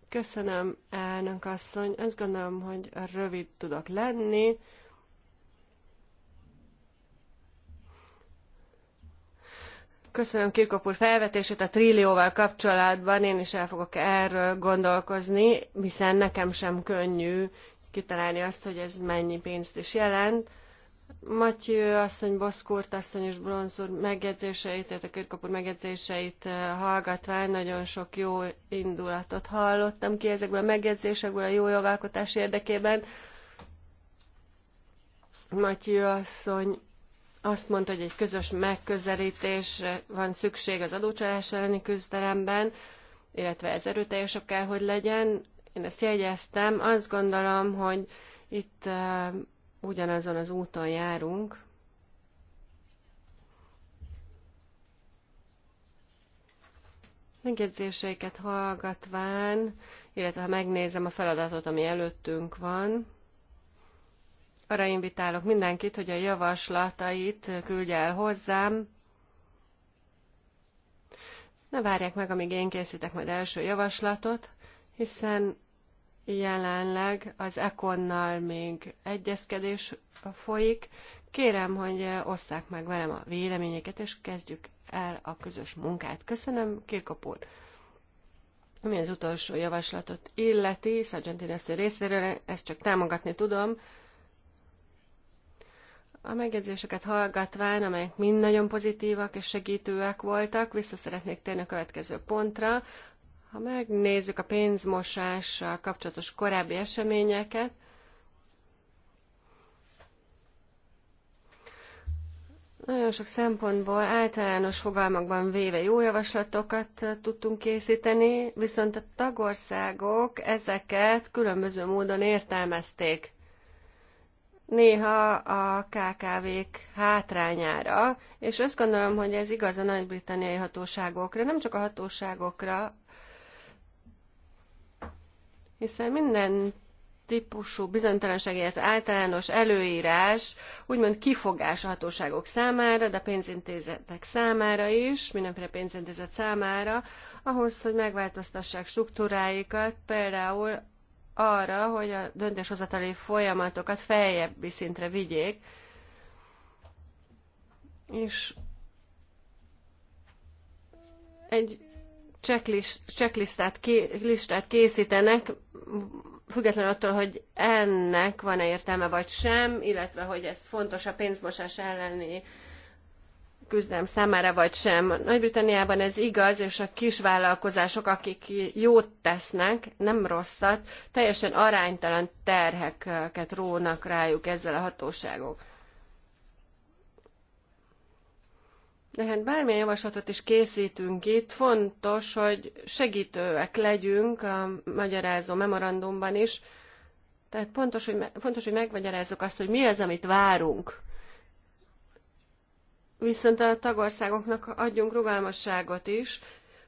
Speaker 2: Köszönöm, elnök asszony. Azt gondolom, hogy rövid tudok lenni. Köszönöm Kirkop úr felvetését a trillióval kapcsolatban. Én is el fogok erről gondolkozni, hiszen nekem sem könnyű kitalálni azt, hogy ez mennyi pénzt is jelent. Matyő asszony, Boszkurt asszony és Bronz úr megjegyzéseit, tehát a Kirkapur megjegyzéseit eh, hallgatván nagyon sok jó indulatot hallottam ki ezekből a megjegyzésekből a jó jogalkotás érdekében. Matyő asszony azt mondta, hogy egy közös megközelítés van szükség az adócsalás elleni küzdelemben, illetve ez erőteljesebb kell, hogy legyen. Én ezt jegyeztem. Azt gondolom, hogy itt uh, ugyanazon az úton járunk. Megjegyzéseiket hallgatván, illetve ha megnézem a feladatot, ami előttünk van, arra invitálok mindenkit, hogy a javaslatait küldje el hozzám. Ne várják meg, amíg én készítek majd első javaslatot, hiszen jelenleg az Ekonnal még egyezkedés folyik. Kérem, hogy osszák meg velem a véleményeket, és kezdjük el a közös munkát. Köszönöm, Kirkopúr! Ami az utolsó javaslatot illeti, Sargentini részéről, ezt csak támogatni tudom, a megjegyzéseket hallgatván, amelyek mind nagyon pozitívak és segítőek voltak, vissza szeretnék térni a következő pontra. Ha megnézzük a pénzmosással kapcsolatos korábbi eseményeket, Nagyon sok szempontból általános fogalmakban véve jó javaslatokat tudtunk készíteni, viszont a tagországok ezeket különböző módon értelmezték néha a KKV-k hátrányára, és azt gondolom, hogy ez igaz a nagy-britanniai hatóságokra, nem csak a hatóságokra, hiszen minden típusú bizonytalanság, illetve általános előírás úgymond kifogás a hatóságok számára, de a pénzintézetek számára is, mindenféle pénzintézet számára, ahhoz, hogy megváltoztassák struktúráikat, például arra, hogy a döntéshozatali folyamatokat feljebbi szintre vigyék, és egy checklist, checklistát ké, listát készítenek, függetlenül attól, hogy ennek van-e értelme vagy sem, illetve hogy ez fontos a pénzmosás elleni küzdelem számára vagy sem. Nagy-Britanniában ez igaz, és a kisvállalkozások, akik jót tesznek, nem rosszat, teljesen aránytalan terheket rónak rájuk ezzel a hatóságok. De hát bármilyen javaslatot is készítünk itt, fontos, hogy segítőek legyünk a magyarázó memorandumban is. Tehát pontos, hogy, fontos, hogy megmagyarázzuk azt, hogy mi az, amit várunk viszont a tagországoknak adjunk rugalmasságot is,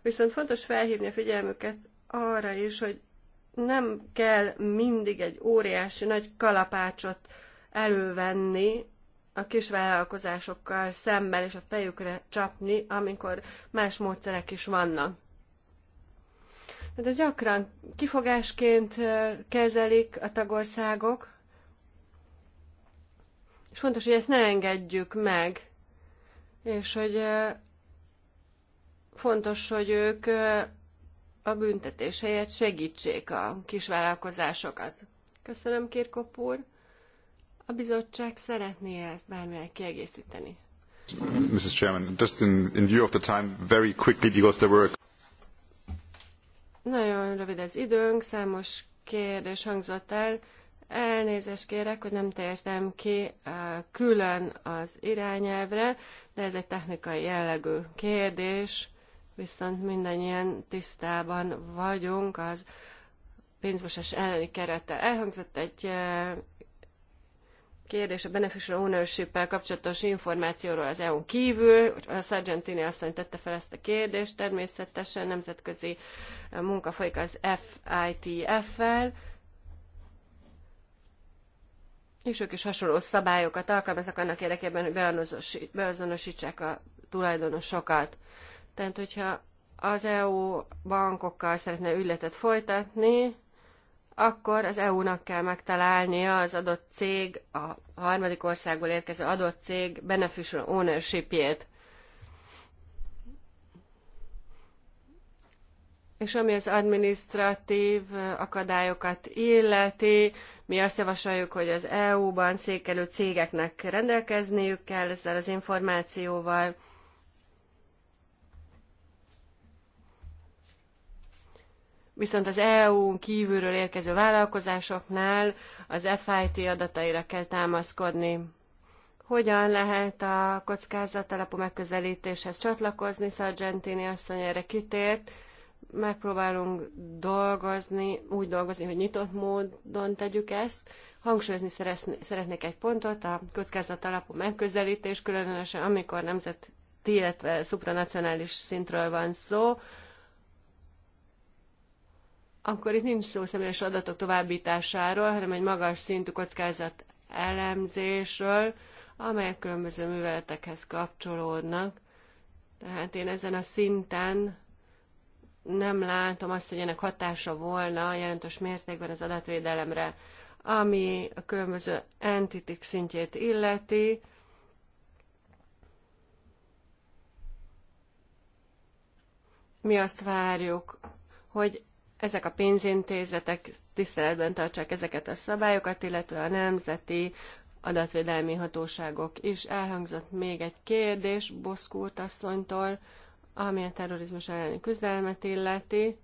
Speaker 2: viszont fontos felhívni a figyelmüket arra is, hogy nem kell mindig egy óriási nagy kalapácsot elővenni a kisvállalkozásokkal szemben és a fejükre csapni, amikor más módszerek is vannak. Tehát ez gyakran kifogásként kezelik a tagországok, és fontos, hogy ezt ne engedjük meg és hogy fontos, hogy ők a büntetés helyett segítsék a kisvállalkozásokat. Köszönöm, Kirkop úr. A bizottság szeretné ezt bármilyen kiegészíteni.
Speaker 1: Mrs. Chairman, just in, in view of the time, very quickly, because there were...
Speaker 2: Nagyon rövid az időnk, számos kérdés hangzott el. Elnézést kérek, hogy nem tértem ki eh, külön az irányelvre, de ez egy technikai jellegű kérdés, viszont mindannyian tisztában vagyunk az pénzmosás elleni kerettel. Elhangzott egy eh, kérdés a beneficial ownership kapcsolatos információról az EU-n kívül. A Sargentini asszony tette fel ezt a kérdést, természetesen nemzetközi eh, munka folyik az FITF-fel, és ők is hasonló szabályokat alkalmaznak annak érdekében, hogy beazonosítsák a tulajdonosokat. Tehát, hogyha az EU bankokkal szeretne ügyletet folytatni, akkor az EU-nak kell megtalálnia az adott cég, a harmadik országból érkező adott cég beneficial ownership-jét. És ami az adminisztratív akadályokat illeti, mi azt javasoljuk, hogy az EU-ban székelő cégeknek rendelkezniük kell ezzel az információval. Viszont az EU-n kívülről érkező vállalkozásoknál az FIT adataira kell támaszkodni. Hogyan lehet a kockázat alapú megközelítéshez csatlakozni? Sargentini asszony erre kitért megpróbálunk dolgozni, úgy dolgozni, hogy nyitott módon tegyük ezt. Hangsúlyozni szeretnék egy pontot, a kockázat alapú megközelítés, különösen amikor nemzeti, illetve szupranacionális szintről van szó, akkor itt nincs szó személyes adatok továbbításáról, hanem egy magas szintű kockázat elemzésről, amelyek különböző műveletekhez kapcsolódnak. Tehát én ezen a szinten nem látom azt, hogy ennek hatása volna jelentős mértékben az adatvédelemre, ami a különböző entitik szintjét illeti. Mi azt várjuk, hogy ezek a pénzintézetek tiszteletben tartsák ezeket a szabályokat, illetve a nemzeti adatvédelmi hatóságok is. Elhangzott még egy kérdés Boszkúrt asszonytól ami a terrorizmus elleni küzdelmet illeti,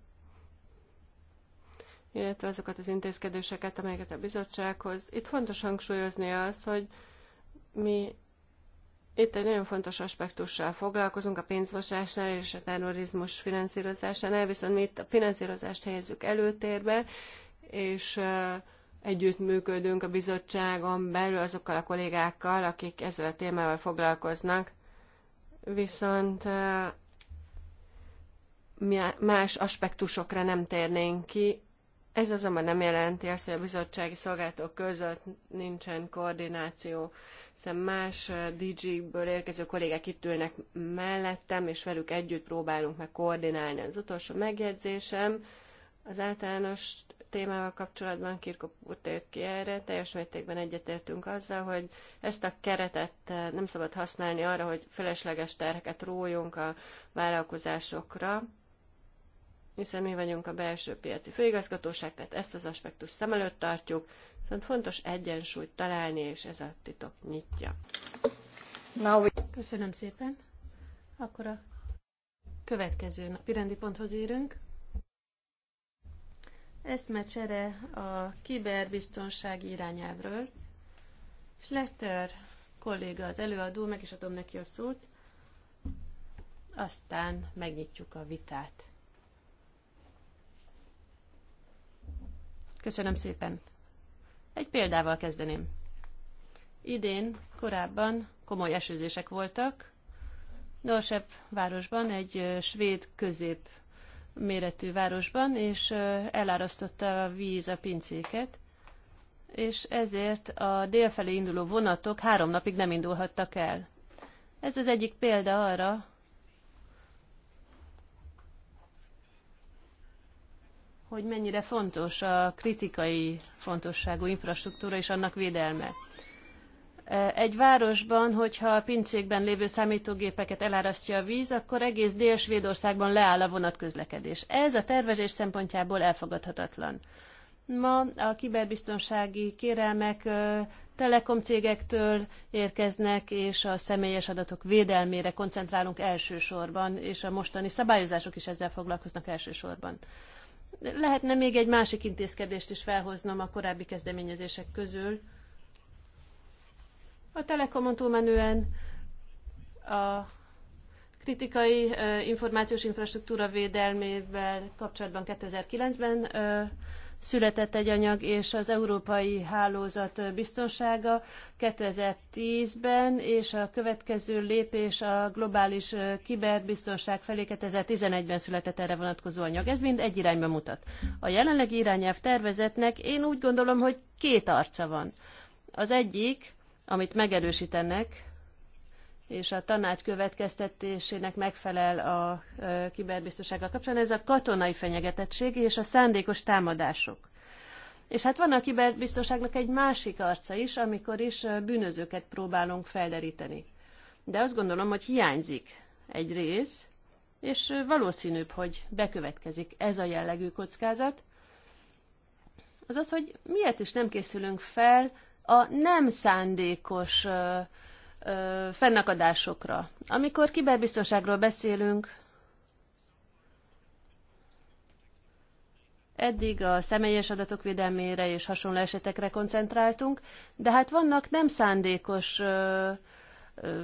Speaker 2: illetve azokat az intézkedéseket, amelyeket a bizottsághoz. Itt fontos hangsúlyozni azt, hogy mi itt egy nagyon fontos aspektussal foglalkozunk a pénzmosásnál és a terrorizmus finanszírozásánál, viszont mi itt a finanszírozást helyezzük előtérbe, és együttműködünk a bizottságon belül azokkal a kollégákkal, akik ezzel a témával foglalkoznak. Viszont más aspektusokra nem térnénk ki. Ez azonban nem jelenti azt, hogy a bizottsági szolgálatok között nincsen koordináció, hiszen más DG-ből érkező kollégák itt ülnek mellettem, és velük együtt próbálunk meg koordinálni. Az utolsó megjegyzésem az általános témával kapcsolatban Kirko úr tért ki erre, teljes mértékben egyetértünk azzal, hogy ezt a keretet nem szabad használni arra, hogy felesleges terheket rójunk a vállalkozásokra, hiszen mi vagyunk a belső piaci főigazgatóság, tehát ezt az aspektust szem előtt tartjuk, viszont szóval fontos egyensúlyt találni, és ez a titok nyitja.
Speaker 3: Na, Köszönöm szépen. Akkor a következő napi rendi ponthoz érünk. Eszmecsere a kiberbiztonsági irányelvről. Schlechter kolléga az előadó, meg is adom neki a szót. Aztán megnyitjuk a vitát. Köszönöm szépen. Egy példával kezdeném. Idén korábban komoly esőzések voltak. Dorsebb városban, egy svéd közép méretű városban, és elárasztotta a víz a pincéket, és ezért a délfelé induló vonatok három napig nem indulhattak el. Ez az egyik példa arra, hogy mennyire fontos a kritikai fontosságú infrastruktúra és annak védelme. E, egy városban, hogyha a pincékben lévő számítógépeket elárasztja a víz, akkor egész Dél-Svédországban leáll a vonatközlekedés. Ez a tervezés szempontjából elfogadhatatlan. Ma a kiberbiztonsági kérelmek e, telekom cégektől érkeznek, és a személyes adatok védelmére koncentrálunk elsősorban, és a mostani szabályozások is ezzel foglalkoznak elsősorban. Lehetne még egy másik intézkedést is felhoznom a korábbi kezdeményezések közül. A Telekomon túlmenően a kritikai információs infrastruktúra védelmével kapcsolatban 2009-ben született egy anyag, és az Európai Hálózat Biztonsága 2010-ben, és a következő lépés a globális kiberbiztonság felé 2011-ben született erre vonatkozó anyag. Ez mind egy irányba mutat. A jelenlegi irányelv tervezetnek én úgy gondolom, hogy két arca van. Az egyik, amit megerősítenek, és a tanács következtetésének megfelel a kiberbiztonsággal kapcsolatban, ez a katonai fenyegetettség és a szándékos támadások. És hát van a kiberbiztonságnak egy másik arca is, amikor is bűnözőket próbálunk felderíteni. De azt gondolom, hogy hiányzik egy rész, és valószínűbb, hogy bekövetkezik ez a jellegű kockázat. Az az, hogy miért is nem készülünk fel a nem szándékos ö, fennakadásokra. Amikor kiberbiztonságról beszélünk, Eddig a személyes adatok védelmére és hasonló esetekre koncentráltunk, de hát vannak nem szándékos ö, ö,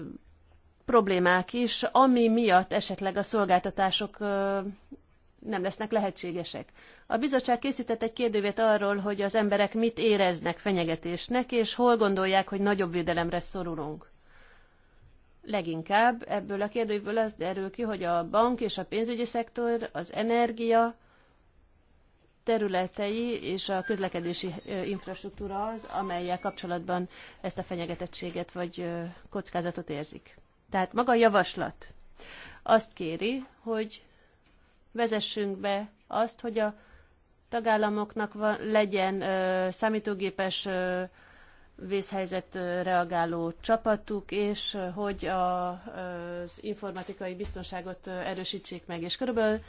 Speaker 3: problémák is, ami miatt esetleg a szolgáltatások ö, nem lesznek lehetségesek. A bizottság készített egy kérdővet arról, hogy az emberek mit éreznek fenyegetésnek, és hol gondolják, hogy nagyobb védelemre szorulunk leginkább ebből a kérdőből az derül ki, hogy a bank és a pénzügyi szektor, az energia területei és a közlekedési infrastruktúra az, amelyel kapcsolatban ezt a fenyegetettséget vagy kockázatot érzik. Tehát maga a javaslat azt kéri, hogy vezessünk be azt, hogy a tagállamoknak van, legyen ö, számítógépes ö, vészhelyzet reagáló csapatuk, és hogy a, az informatikai biztonságot erősítsék meg. És körülbelül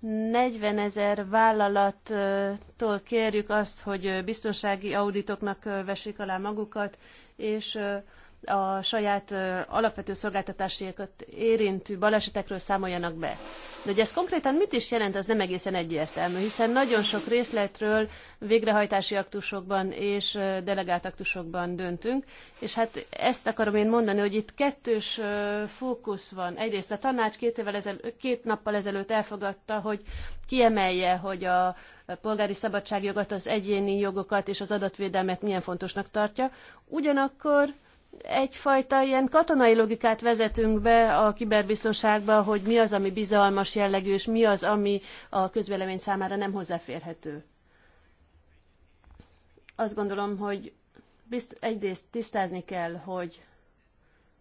Speaker 3: 40 ezer vállalattól kérjük azt, hogy biztonsági auditoknak vessék alá magukat, és a saját alapvető szolgáltatásokat érintő balesetekről számoljanak be. De hogy ez konkrétan mit is jelent, az nem egészen egyértelmű, hiszen nagyon sok részletről végrehajtási aktusokban és delegált aktusokban döntünk, és hát ezt akarom én mondani, hogy itt kettős fókusz van. Egyrészt a tanács két, évvel ezel, két nappal ezelőtt elfogadta, hogy kiemelje, hogy a polgári szabadságjogat, az egyéni jogokat és az adatvédelmet milyen fontosnak tartja. Ugyanakkor egyfajta ilyen katonai logikát vezetünk be a kiberbiztonságba, hogy mi az, ami bizalmas jellegű, és mi az, ami a közvélemény számára nem hozzáférhető. Azt gondolom, hogy bizt- egyrészt tisztázni kell, hogy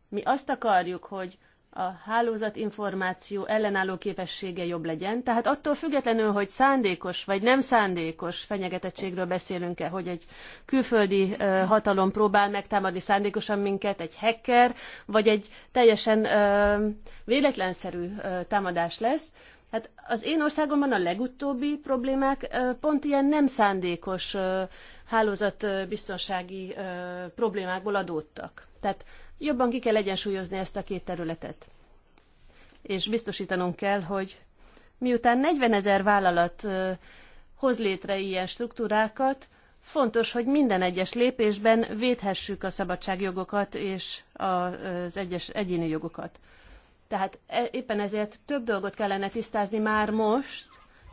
Speaker 3: mi azt akarjuk, hogy a hálózatinformáció ellenálló képessége jobb legyen. Tehát attól függetlenül, hogy szándékos vagy nem szándékos fenyegetettségről beszélünk-e, hogy egy külföldi hatalom próbál megtámadni szándékosan minket, egy hacker, vagy egy teljesen véletlenszerű támadás lesz, Hát az én országomban a legutóbbi problémák pont ilyen nem szándékos hálózatbiztonsági problémákból adódtak. Tehát Jobban ki kell egyensúlyozni ezt a két területet. És biztosítanunk kell, hogy miután 40 ezer vállalat hoz létre ilyen struktúrákat, fontos, hogy minden egyes lépésben védhessük a szabadságjogokat és az egyes egyéni jogokat. Tehát e, éppen ezért több dolgot kellene tisztázni már most,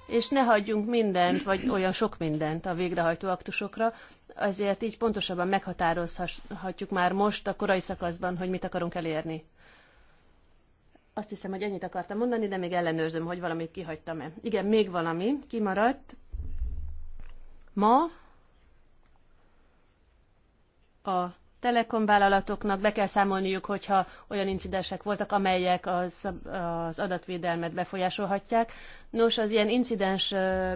Speaker 3: és ne hagyjunk mindent, vagy olyan sok mindent a végrehajtó aktusokra, azért így pontosabban meghatározhatjuk már most a korai szakaszban, hogy mit akarunk elérni. Azt hiszem, hogy ennyit akartam mondani, de még ellenőrzöm, hogy valamit kihagytam-e. Igen, még valami kimaradt. Ma a telekomvállalatoknak be kell számolniuk, hogyha olyan incidensek voltak, amelyek az, az adatvédelmet befolyásolhatják. Nos, az ilyen incidens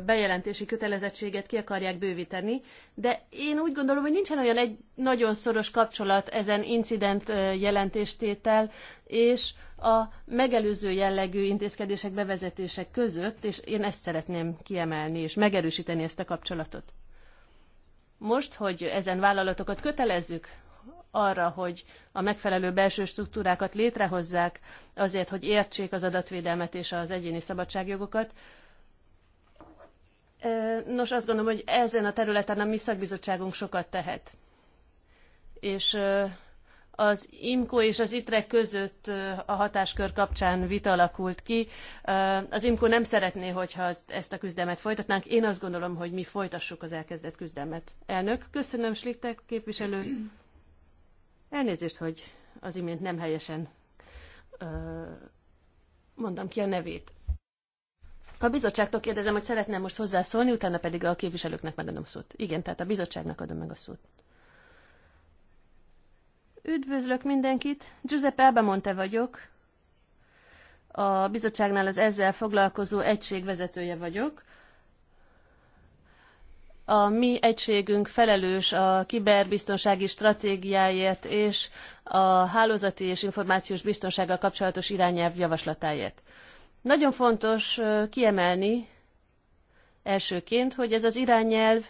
Speaker 3: bejelentési kötelezettséget ki akarják bővíteni, de én úgy gondolom, hogy nincsen olyan egy nagyon szoros kapcsolat ezen incident jelentéstétel és a megelőző jellegű intézkedések bevezetések között, és én ezt szeretném kiemelni és megerősíteni ezt a kapcsolatot. Most, hogy ezen vállalatokat kötelezzük arra, hogy a megfelelő belső struktúrákat létrehozzák azért, hogy értsék az adatvédelmet és az egyéni szabadságjogokat. Nos, azt gondolom, hogy ezen a területen a mi szakbizottságunk sokat tehet. És az IMCO és az ITRE között a hatáskör kapcsán vita alakult ki. Az IMCO nem szeretné, hogyha ezt a küzdelmet folytatnánk. Én azt gondolom, hogy mi folytassuk az elkezdett küzdelmet. Elnök, köszönöm, Slitek képviselő. Elnézést, hogy az imént nem helyesen ö, mondtam ki a nevét. A bizottságtól kérdezem, hogy szeretném most hozzászólni, utána pedig a képviselőknek megadom a szót. Igen, tehát a bizottságnak adom meg a szót. Üdvözlök mindenkit, Giuseppe Abamonte vagyok. A bizottságnál az ezzel foglalkozó egység vezetője vagyok. A mi egységünk felelős a kiberbiztonsági stratégiáért és a hálózati és információs biztonsággal kapcsolatos irányelv javaslatáért. Nagyon fontos kiemelni elsőként, hogy ez az irányelv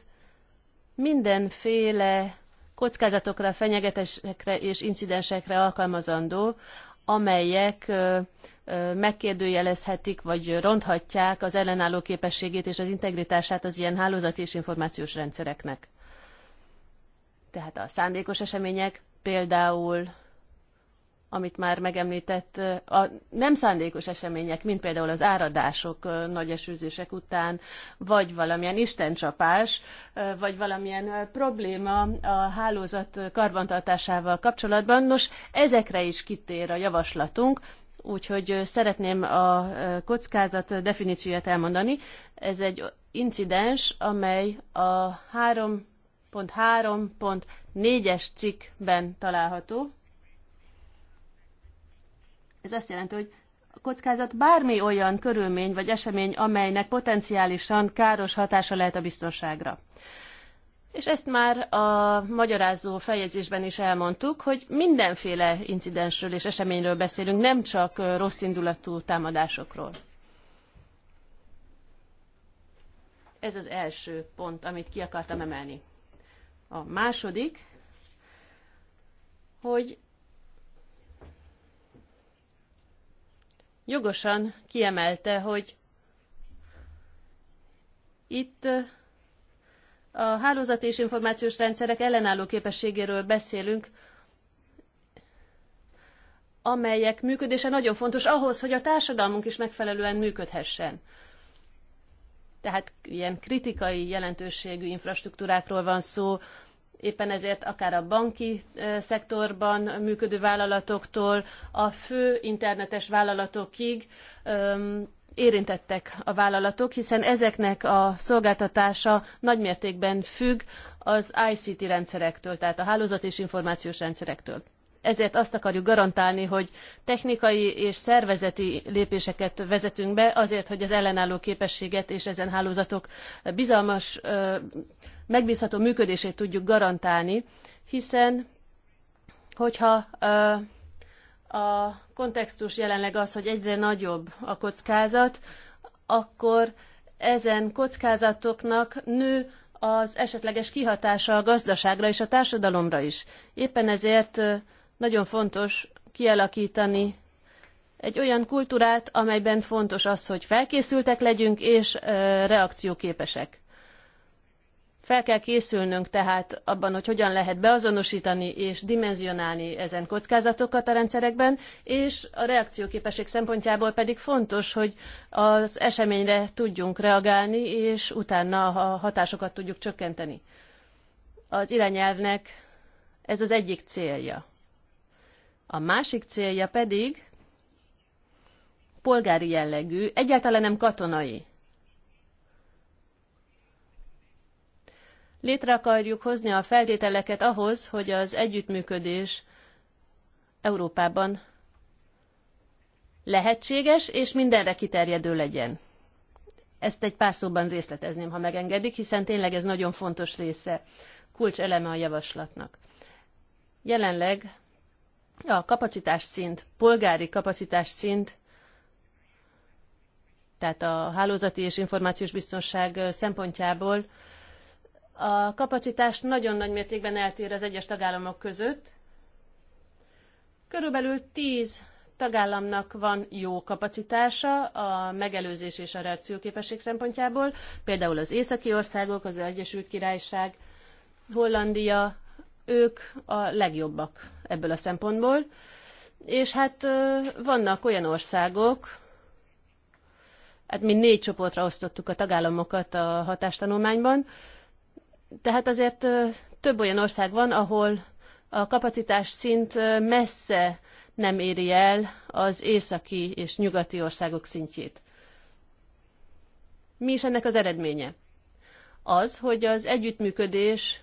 Speaker 3: mindenféle kockázatokra, fenyegetésekre és incidensekre alkalmazandó, amelyek megkérdőjelezhetik, vagy ronthatják az ellenálló képességét és az integritását az ilyen hálózati és információs rendszereknek. Tehát a szándékos események, például, amit már megemlített, a nem szándékos események, mint például az áradások nagy esőzések után, vagy valamilyen istencsapás, vagy valamilyen probléma a hálózat karbantartásával kapcsolatban. Nos, ezekre is kitér a javaslatunk, úgyhogy szeretném a kockázat definícióját elmondani. Ez egy incidens, amely a 3.3.4-es cikkben található. Ez azt jelenti, hogy a kockázat bármi olyan körülmény vagy esemény, amelynek potenciálisan káros hatása lehet a biztonságra és ezt már a magyarázó feljegyzésben is elmondtuk, hogy mindenféle incidensről és eseményről beszélünk, nem csak rosszindulatú támadásokról. Ez az első pont, amit ki akartam emelni. A második, hogy jogosan kiemelte, hogy itt a hálózati és információs rendszerek ellenálló képességéről beszélünk, amelyek működése nagyon fontos ahhoz, hogy a társadalmunk is megfelelően működhessen. Tehát ilyen kritikai jelentőségű infrastruktúrákról van szó, éppen ezért akár a banki szektorban működő vállalatoktól, a fő internetes vállalatokig érintettek a vállalatok, hiszen ezeknek a szolgáltatása nagymértékben függ az ICT rendszerektől, tehát a hálózat és információs rendszerektől. Ezért azt akarjuk garantálni, hogy technikai és szervezeti lépéseket vezetünk be, azért, hogy az ellenálló képességet és ezen hálózatok bizalmas, megbízható működését tudjuk garantálni, hiszen hogyha a kontextus jelenleg az, hogy egyre nagyobb a kockázat, akkor ezen kockázatoknak nő az esetleges kihatása a gazdaságra és a társadalomra is. Éppen ezért nagyon fontos kialakítani egy olyan kultúrát, amelyben fontos az, hogy felkészültek legyünk és reakcióképesek. Fel kell készülnünk tehát abban, hogy hogyan lehet beazonosítani és dimenzionálni ezen kockázatokat a rendszerekben, és a reakcióképesség szempontjából pedig fontos, hogy az eseményre tudjunk reagálni, és utána a hatásokat tudjuk csökkenteni. Az irányelvnek ez az egyik célja. A másik célja pedig polgári jellegű, egyáltalán nem katonai. Létre akarjuk hozni a feltételeket ahhoz, hogy az együttműködés Európában lehetséges és mindenre kiterjedő legyen. Ezt egy pár szóban részletezném, ha megengedik, hiszen tényleg ez nagyon fontos része, kulcseleme a javaslatnak. Jelenleg a kapacitás szint, polgári kapacitás szint, tehát a hálózati és információs biztonság szempontjából a kapacitás nagyon nagy mértékben eltér az egyes tagállamok között. Körülbelül 10 tagállamnak van jó kapacitása a megelőzés és a reakcióképesség szempontjából, például az északi országok, az Egyesült Királyság, Hollandia, ők a legjobbak ebből a szempontból. És hát vannak olyan országok, hát mi négy csoportra osztottuk a tagállamokat a hatástanulmányban, tehát azért több olyan ország van, ahol a kapacitás szint messze nem éri el az északi és nyugati országok szintjét. Mi is ennek az eredménye? Az, hogy az együttműködés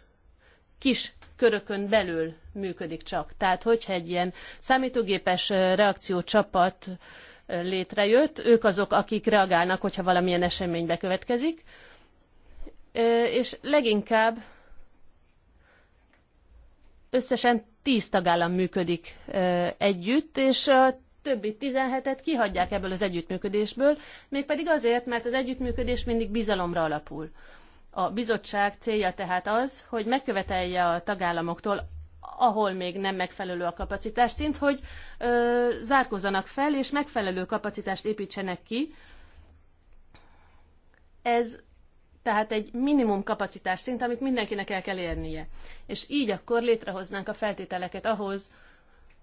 Speaker 3: kis körökön belül működik csak. Tehát, hogyha egy ilyen számítógépes reakciócsapat létrejött, ők azok, akik reagálnak, hogyha valamilyen esemény bekövetkezik, és leginkább összesen 10 tagállam működik együtt, és a többi 17-et kihagyják ebből az együttműködésből, mégpedig azért, mert az együttműködés mindig bizalomra alapul. A bizottság célja tehát az, hogy megkövetelje a tagállamoktól, ahol még nem megfelelő a szint hogy ö, zárkozzanak fel, és megfelelő kapacitást építsenek ki. Ez tehát egy minimum kapacitás szint, amit mindenkinek el kell érnie. És így akkor létrehoznánk a feltételeket ahhoz,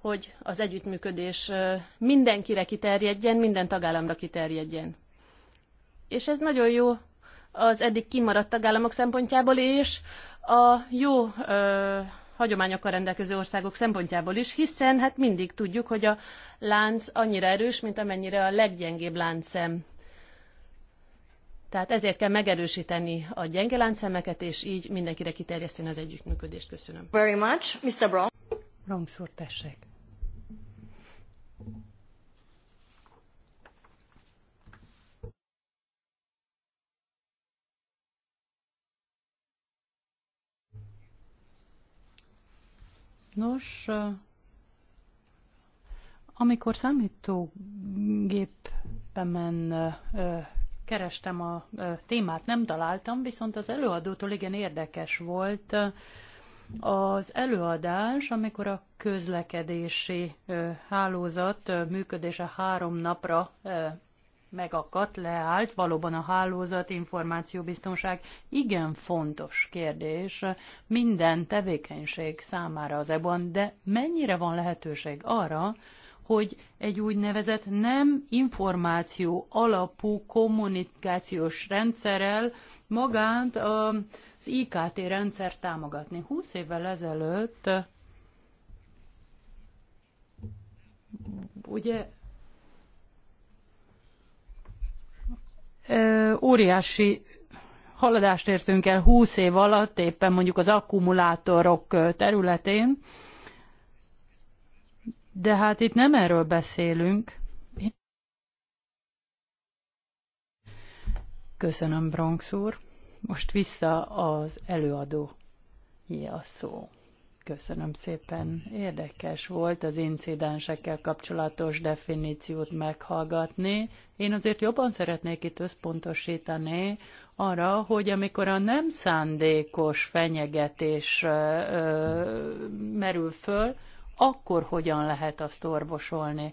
Speaker 3: hogy az együttműködés mindenkire kiterjedjen, minden tagállamra kiterjedjen. És ez nagyon jó az eddig kimaradt tagállamok szempontjából, és a jó ö, hagyományokkal rendelkező országok szempontjából is, hiszen hát mindig tudjuk, hogy a lánc annyira erős, mint amennyire a leggyengébb láncszem tehát ezért kell megerősíteni a gyenge láncszemeket, és így mindenkire kiterjeszteni az együttműködést. Köszönöm.
Speaker 1: Very much. Mr. Brown. Bronx úr, tessék. Nos, amikor számítógépemen kerestem a témát, nem találtam, viszont az előadótól igen érdekes volt az előadás, amikor a közlekedési hálózat működése három napra megakadt, leállt. Valóban a hálózat, információbiztonság igen fontos kérdés minden tevékenység számára az ebben, de mennyire van lehetőség arra, hogy egy úgynevezett nem információ alapú kommunikációs rendszerrel magánt az IKT rendszer támogatni. 20 évvel ezelőtt ugye óriási haladást értünk el 20 év alatt, éppen mondjuk az akkumulátorok területén, de hát itt nem erről beszélünk. Köszönöm, Bronx úr. Most vissza az előadó. Ja, szó. Köszönöm szépen. Érdekes volt az incidensekkel kapcsolatos definíciót meghallgatni. Én azért jobban szeretnék itt összpontosítani arra, hogy amikor a nem szándékos fenyegetés ö, ö, merül föl, akkor hogyan lehet azt orvosolni?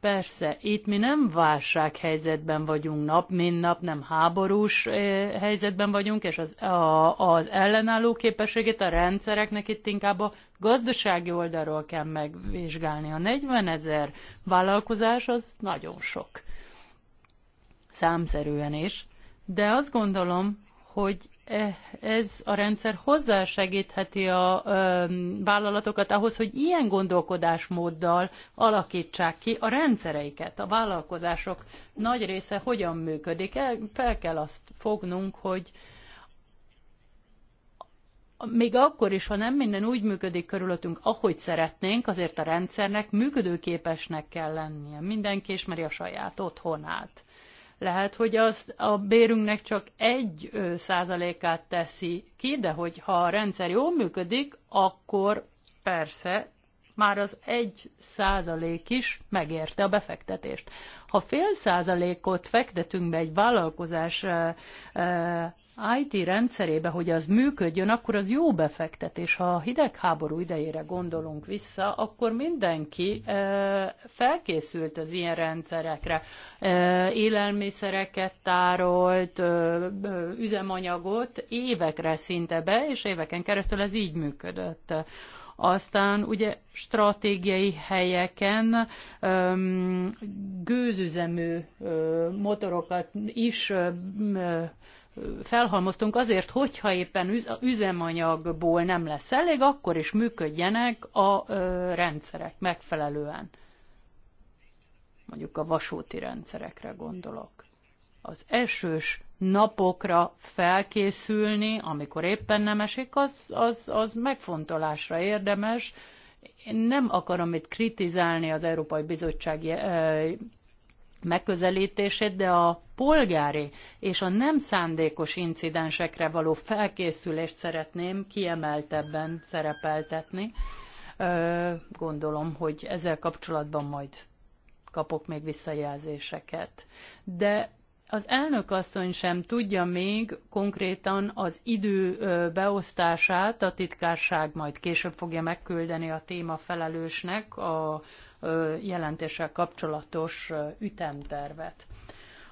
Speaker 1: Persze, itt mi nem válsághelyzetben vagyunk nap, mint nap, nem háborús eh, helyzetben vagyunk, és az, a, az ellenálló képességét a rendszereknek itt inkább a gazdasági oldalról kell megvizsgálni. A 40 ezer vállalkozás az nagyon sok, számszerűen is. De azt gondolom, hogy ez a rendszer hozzásegítheti a vállalatokat ahhoz, hogy ilyen gondolkodásmóddal alakítsák ki a rendszereiket. A vállalkozások nagy része hogyan működik? El, fel kell azt fognunk, hogy még akkor is, ha nem minden úgy működik körülöttünk, ahogy szeretnénk, azért a rendszernek működőképesnek kell lennie. Mindenki ismeri a saját otthonát lehet, hogy az a bérünknek csak egy százalékát teszi ki, de hogyha a rendszer jól működik, akkor persze már az egy százalék is megérte a befektetést. Ha fél százalékot fektetünk be egy vállalkozás IT rendszerébe, hogy az működjön, akkor az jó befektetés. Ha a hidegháború idejére gondolunk vissza, akkor mindenki felkészült az ilyen rendszerekre. élelmiszereket tárolt, üzemanyagot évekre szinte be, és éveken keresztül ez így működött aztán ugye stratégiai helyeken gőzüzemű motorokat is felhalmoztunk azért, hogyha éppen üzemanyagból nem lesz elég, akkor is működjenek a rendszerek megfelelően. Mondjuk a vasúti rendszerekre gondolok. Az esős napokra felkészülni, amikor éppen nem esik, az, az, az megfontolásra érdemes. Én nem akarom itt kritizálni az Európai Bizottság megközelítését, de a polgári és a nem szándékos incidensekre való felkészülést szeretném kiemeltebben szerepeltetni. Gondolom, hogy ezzel kapcsolatban majd kapok még visszajelzéseket. De az elnök asszony sem tudja még konkrétan az idő beosztását, a titkárság majd később fogja megküldeni a téma felelősnek a jelentéssel kapcsolatos ütemtervet.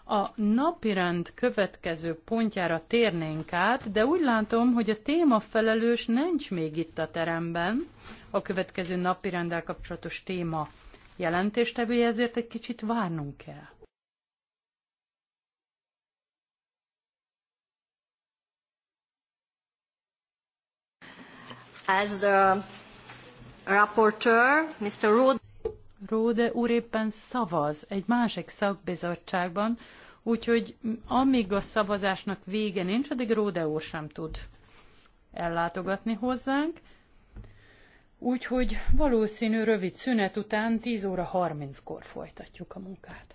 Speaker 1: A napirend következő pontjára térnénk át, de úgy látom, hogy a témafelelős nincs még itt a teremben. A következő napirenddel kapcsolatos téma jelentéstevője, ezért egy kicsit várnunk kell. As the rapporteur, Mr. Rudd. Róde úr éppen szavaz egy másik szakbizottságban, úgyhogy amíg a szavazásnak vége nincs, addig Róde úr sem tud ellátogatni hozzánk. Úgyhogy valószínű rövid szünet után 10 óra 30-kor folytatjuk a munkát.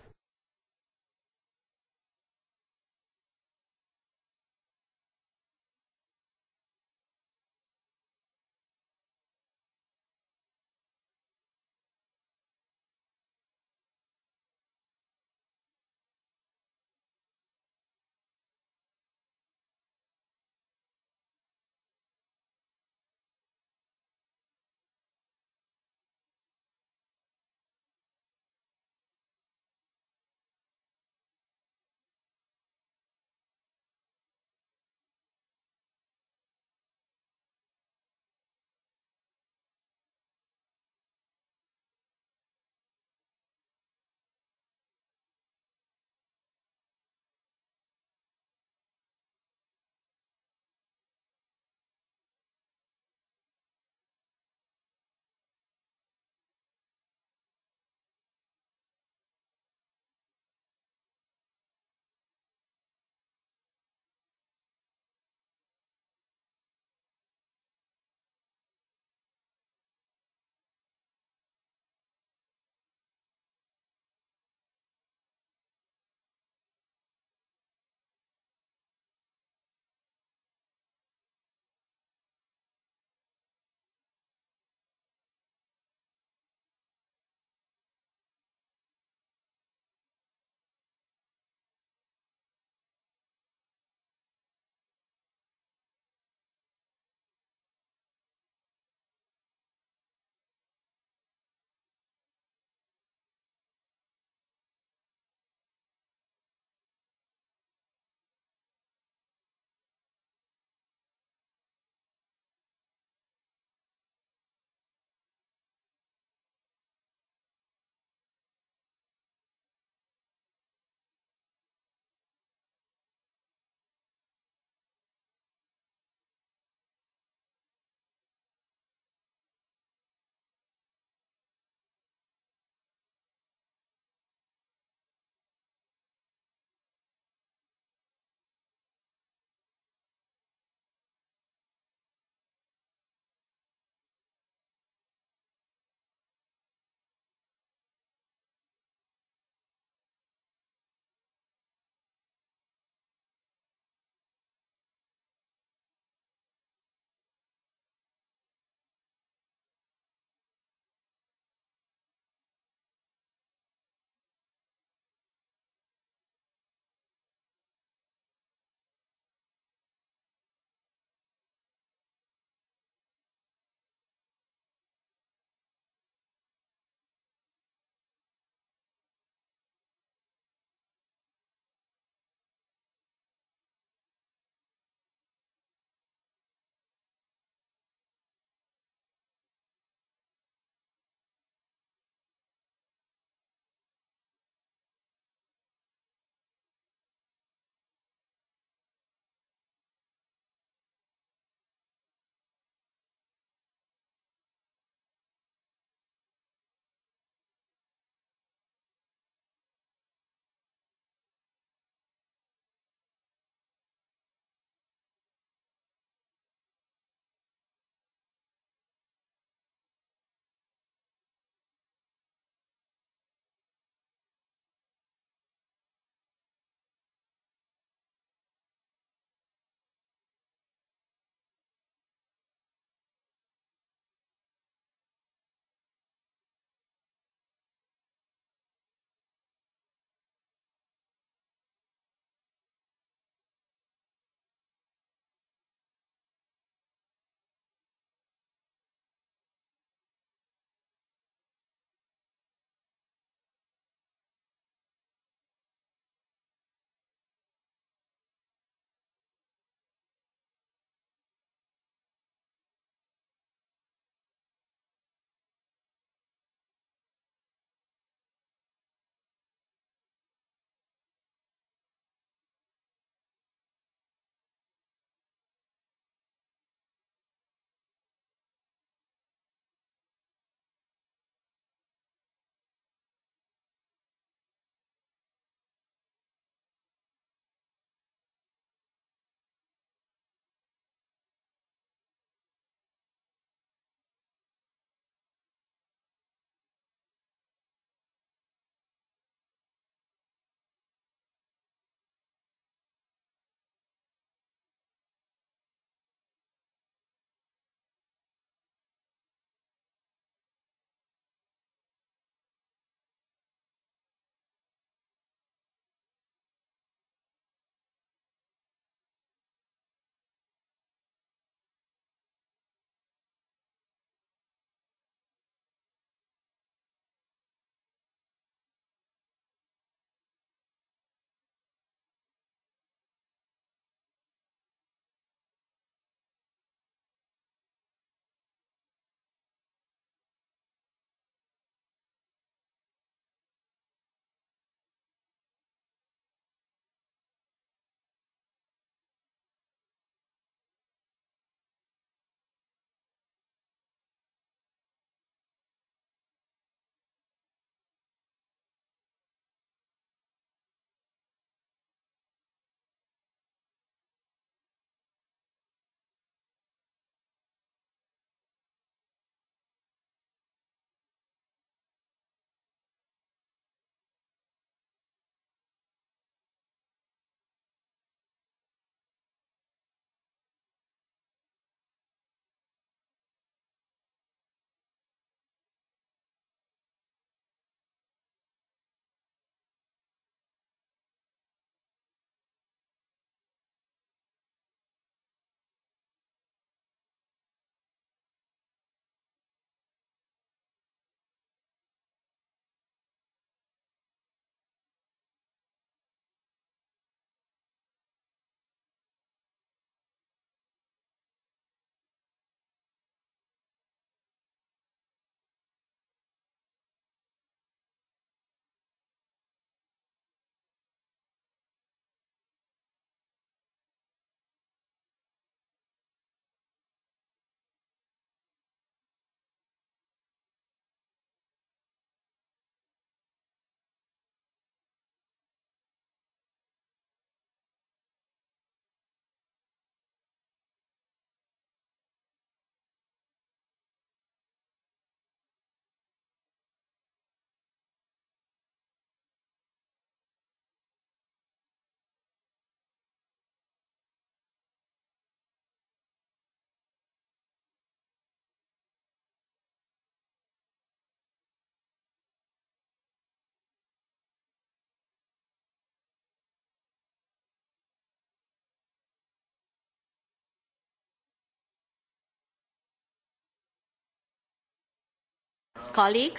Speaker 1: Uh,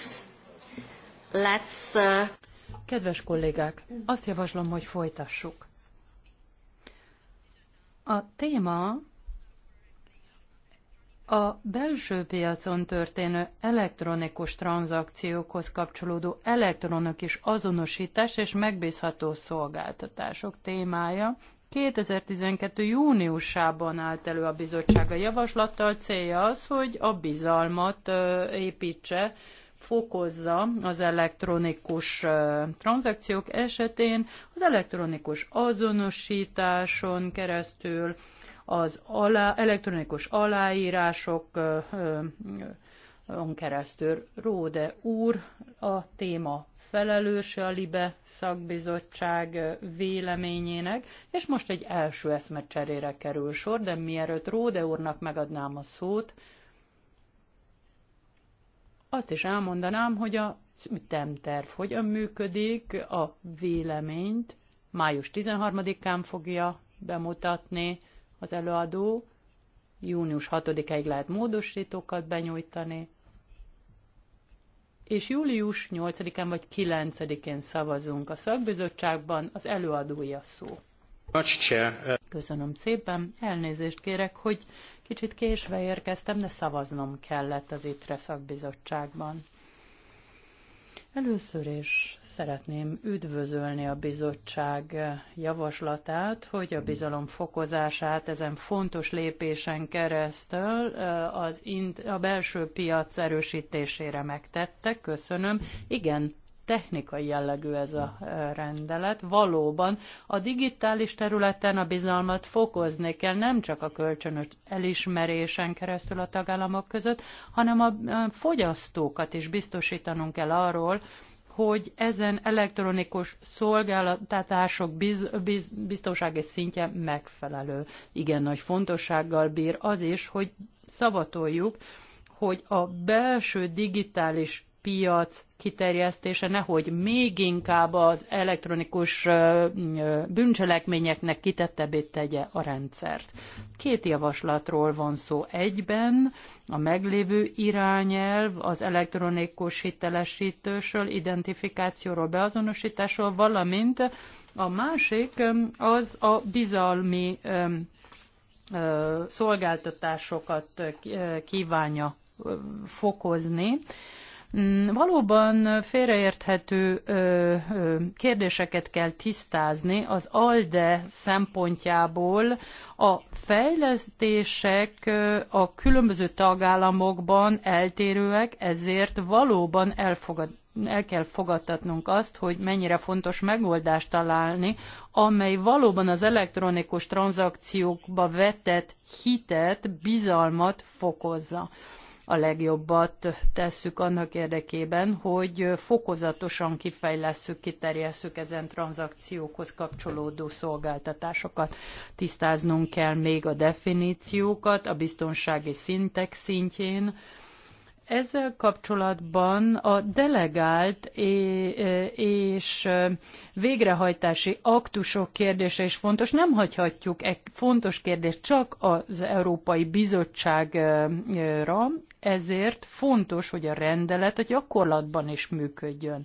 Speaker 1: Kedves kollégák, azt javaslom, hogy folytassuk. A téma a belső piacon történő elektronikus tranzakciókhoz kapcsolódó elektronikus azonosítás és megbízható szolgáltatások témája, 2012. júniusában állt elő a bizottság a javaslattal. Célja az, hogy a bizalmat építse, fokozza az elektronikus tranzakciók esetén, az elektronikus azonosításon keresztül, az alá, elektronikus aláírások keresztül. Róde úr a téma felelőse a LIBE szakbizottság véleményének, és most egy első eszmecserére kerül sor, de mielőtt Róde úrnak megadnám a szót, azt is elmondanám, hogy a ütemterv hogyan működik, a véleményt május 13-án fogja bemutatni az előadó, június 6-ig lehet módosítókat benyújtani, és július 8-án vagy 9-én szavazunk a szakbizottságban, az előadója szó. Köszönöm szépen, elnézést kérek, hogy kicsit késve érkeztem, de szavaznom kellett az ITRE szakbizottságban. Először is szeretném üdvözölni a bizottság javaslatát, hogy a bizalom fokozását ezen fontos lépésen keresztül eh, az a belső piac erősítésére megtette. Köszönöm. Igen, technikai jellegű ez a rendelet. Valóban a digitális területen a bizalmat fokozni kell nem csak a kölcsönös elismerésen keresztül a tagállamok között, hanem a fogyasztókat is biztosítanunk kell arról, hogy ezen elektronikus szolgáltatások biz, biz, biztonsági szintje megfelelő. Igen nagy fontossággal bír az is, hogy szavatoljuk, hogy a belső digitális piac kiterjesztése nehogy még inkább az elektronikus bűncselekményeknek kitettebbé tegye a rendszert. Két javaslatról van szó egyben, a meglévő irányelv az elektronikus hitelesítősről, identifikációról, beazonosításról, valamint a másik az a bizalmi szolgáltatásokat kívánja fokozni. Mm, valóban félreérthető kérdéseket kell tisztázni az ALDE szempontjából. A fejlesztések a különböző tagállamokban eltérőek, ezért valóban elfogad, el kell fogadtatnunk azt, hogy mennyire fontos megoldást találni, amely valóban az elektronikus tranzakciókba vetett hitet, bizalmat fokozza a legjobbat tesszük annak érdekében, hogy fokozatosan kifejlesszük, kiterjesszük ezen tranzakciókhoz kapcsolódó szolgáltatásokat. Tisztáznunk kell még a definíciókat a biztonsági szintek szintjén, ezzel kapcsolatban a delegált és végrehajtási aktusok kérdése is fontos. Nem hagyhatjuk egy fontos kérdést csak az Európai Bizottságra, ezért fontos, hogy a rendelet a gyakorlatban is működjön.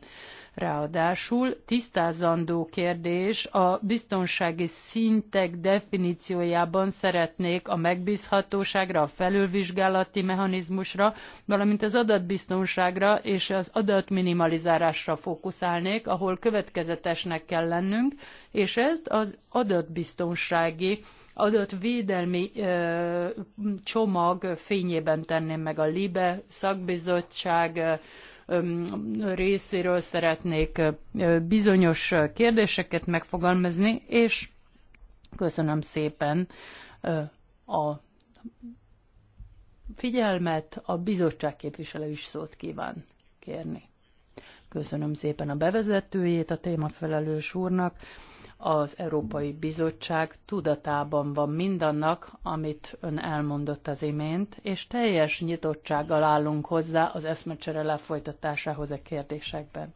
Speaker 1: Ráadásul tisztázandó kérdés, a biztonsági szintek definíciójában szeretnék a megbízhatóságra, a felülvizsgálati mechanizmusra, valamint az adatbiztonságra és az adatminimalizálásra fókuszálnék, ahol következetesnek kell lennünk, és ezt az adatbiztonsági adatvédelmi ö, csomag fényében tenném meg a LIBE szakbizottság ö, részéről szeretnék ö, bizonyos kérdéseket megfogalmazni, és köszönöm szépen a figyelmet, a bizottság képviselő is szót kíván kérni. Köszönöm szépen a bevezetőjét a témafelelős úrnak. Az Európai Bizottság tudatában van mindannak, amit ön elmondott az imént, és teljes nyitottsággal állunk hozzá az eszmecsere lefolytatásához a e kérdésekben.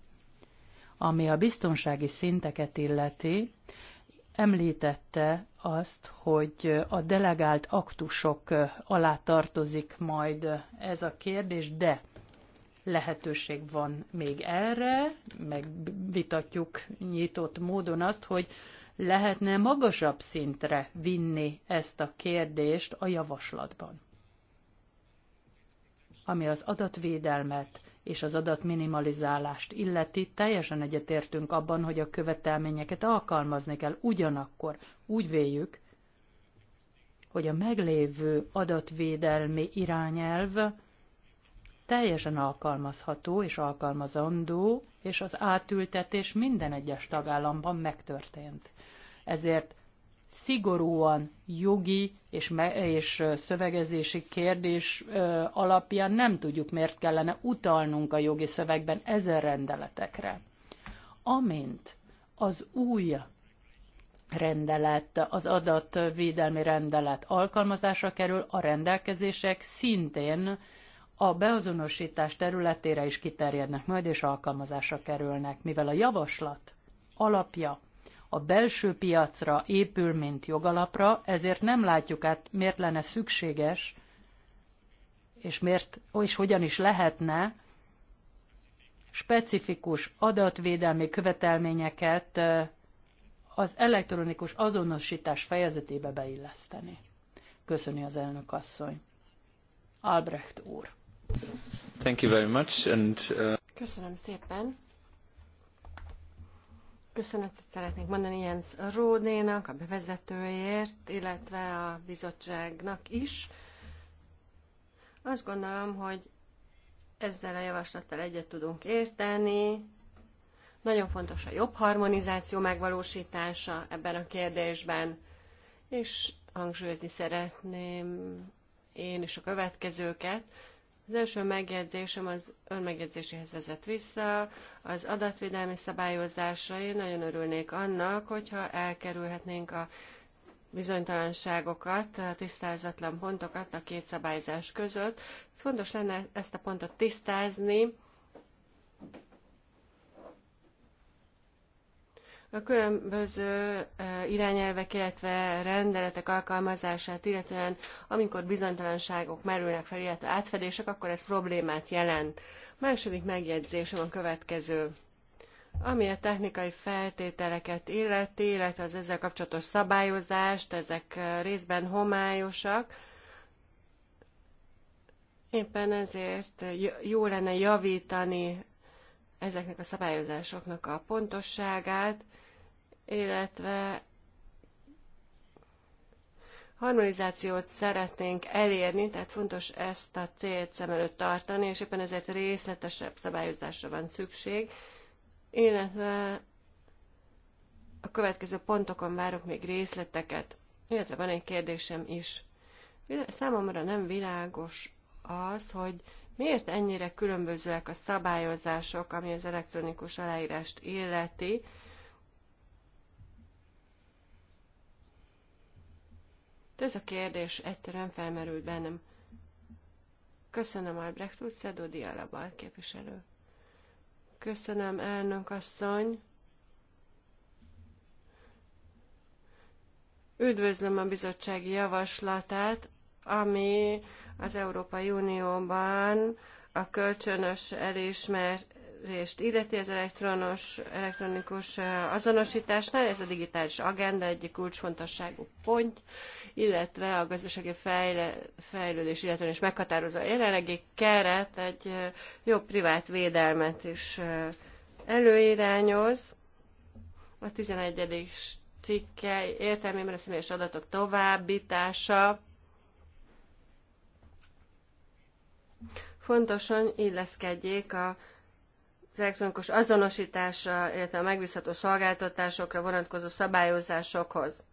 Speaker 1: Ami a biztonsági szinteket illeti, említette azt, hogy a delegált aktusok alá tartozik majd ez a kérdés, de lehetőség van még erre, megvitatjuk nyitott módon azt, hogy lehetne magasabb szintre vinni ezt a kérdést a javaslatban, ami az adatvédelmet és az adatminimalizálást illeti, teljesen egyetértünk abban, hogy a követelményeket alkalmazni kell. Ugyanakkor úgy véljük, hogy a meglévő adatvédelmi irányelv teljesen alkalmazható és alkalmazandó, és az átültetés minden egyes tagállamban megtörtént. Ezért szigorúan jogi és, me- és szövegezési kérdés ö, alapján nem tudjuk, miért kellene utalnunk a jogi szövegben ezen rendeletekre. Amint az új rendelet, az adatvédelmi rendelet alkalmazásra kerül, a rendelkezések szintén a beazonosítás területére is kiterjednek majd, és alkalmazásra kerülnek, mivel a javaslat alapja a belső piacra épül, mint jogalapra, ezért nem látjuk át, miért lenne szükséges, és, miért, és hogyan is lehetne specifikus adatvédelmi követelményeket az elektronikus azonosítás fejezetébe beilleszteni. Köszöni az elnök asszony. Albrecht úr. Uh, Köszönöm
Speaker 2: szépen. Köszönetet szeretnék mondani Jens Ródénak, a bevezetőért, illetve a bizottságnak is. Azt gondolom, hogy ezzel a javaslattal egyet tudunk érteni. Nagyon fontos a jobb harmonizáció megvalósítása ebben a kérdésben, és hangsúlyozni szeretném én is a következőket. Az első megjegyzésem az önmegjegyzéséhez vezet vissza, az adatvédelmi szabályozásra én nagyon örülnék annak, hogyha elkerülhetnénk a bizonytalanságokat, a tisztázatlan pontokat a két szabályzás között. Fontos lenne ezt a pontot tisztázni, A különböző e, irányelvek, illetve rendeletek alkalmazását, illetően amikor bizonytalanságok merülnek fel, illetve átfedések, akkor ez problémát jelent. második megjegyzésem a következő. Ami a technikai feltételeket illeti, illetve az ezzel kapcsolatos szabályozást, ezek e, részben homályosak, Éppen ezért jó lenne javítani ezeknek a szabályozásoknak a pontosságát, illetve harmonizációt szeretnénk elérni, tehát fontos ezt a célt szem előtt tartani, és éppen ezért részletesebb szabályozásra van szükség, illetve a következő pontokon várok még részleteket, illetve van egy kérdésem is. Számomra nem világos az, hogy miért ennyire különbözőek a szabályozások, ami az elektronikus aláírást illeti, ez a kérdés egyszerűen felmerült bennem. Köszönöm Albrecht úr, Szedó Dialabal képviselő. Köszönöm, elnök asszony. Üdvözlöm a bizottsági javaslatát, ami az Európai Unióban a kölcsönös elismer, ellenőrzést illeti az elektronos, elektronikus azonosításnál, ez a digitális agenda egyik kulcsfontosságú pont, illetve a gazdasági fejle, fejlődés, illetve is meghatározó a jelenlegi keret egy jó privát védelmet is előirányoz. A 11. cikke értelmében a személyes adatok továbbítása, fontosan illeszkedjék a az elektronikus azonosításra, illetve a megbízható szolgáltatásokra vonatkozó szabályozásokhoz.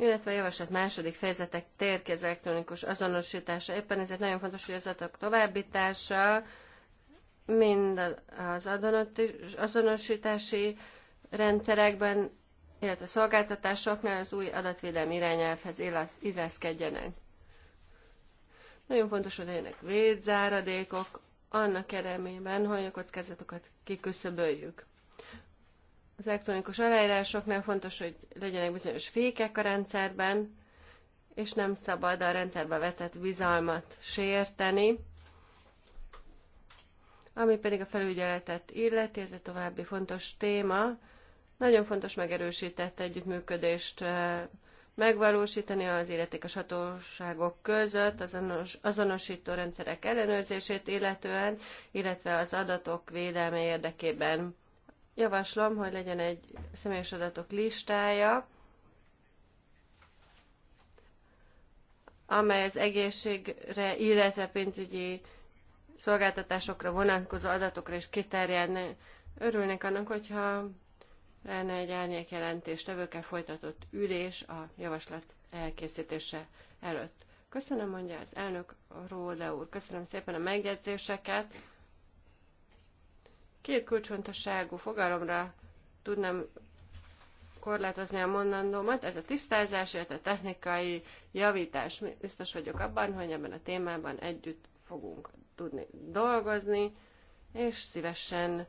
Speaker 2: illetve a javaslat második fejezetek tér az elektronikus azonosítása. Éppen ezért nagyon fontos, hogy az adatok továbbítása mind az azonosítási rendszerekben, illetve szolgáltatásoknál az új adatvédelmi irányelvhez illeszkedjenek. Nagyon fontos, hogy legyenek védzáradékok, annak eredményben, hogy a kockázatokat kiküszöböljük. Az elektronikus aláírásoknál fontos, hogy legyenek bizonyos fékek a rendszerben, és nem szabad a rendszerbe vetett bizalmat sérteni. Ami pedig a felügyeletet illeti, ez egy további fontos téma. Nagyon fontos megerősített együttműködést eh, megvalósítani az illetékes hatóságok között azonos, azonosító rendszerek ellenőrzését illetően, illetve az adatok védelme érdekében. Javaslom, hogy legyen egy személyes adatok listája, amely az egészségre, illetve pénzügyi szolgáltatásokra vonatkozó adatokra is kiterjedne. Örülnék annak, hogyha lenne egy jelentés tevőkkel folytatott ülés a javaslat elkészítése előtt. Köszönöm, mondja az elnök Róde úr. Köszönöm szépen a megjegyzéseket. Két kulcsfontosságú fogalomra tudnám korlátozni a mondandómat. Ez a tisztázás, illetve a technikai javítás. Biztos vagyok abban, hogy ebben a témában együtt fogunk tudni dolgozni, és szívesen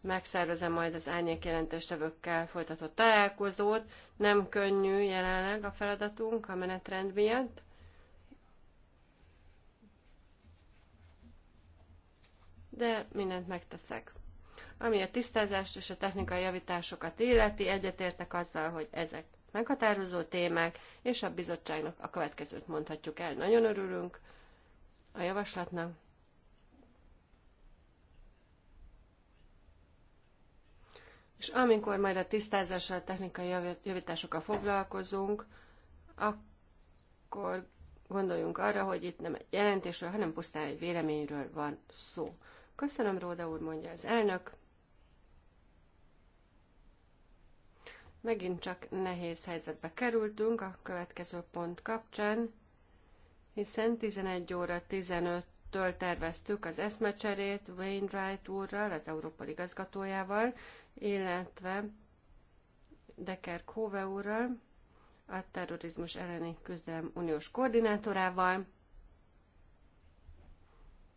Speaker 2: megszervezem majd az árnyék jelentéstevőkkel folytatott találkozót. Nem könnyű jelenleg a feladatunk a menetrend miatt. De mindent megteszek. Ami a tisztázást és a technikai javításokat illeti, egyetértek azzal, hogy ezek meghatározó témák, és a bizottságnak a következőt mondhatjuk el. Nagyon örülünk a javaslatnak. És amikor majd a tisztázással, a technikai javításokkal foglalkozunk, akkor gondoljunk arra, hogy itt nem egy jelentésről, hanem pusztán egy véleményről van szó. Köszönöm, Róda úr, mondja az elnök. Megint csak nehéz helyzetbe kerültünk a következő pont kapcsán, hiszen 11 óra 15-től terveztük az eszmecserét Wainwright úrral, az Európa igazgatójával, illetve Deker Kóve úrral, a terrorizmus elleni küzdelem uniós koordinátorával.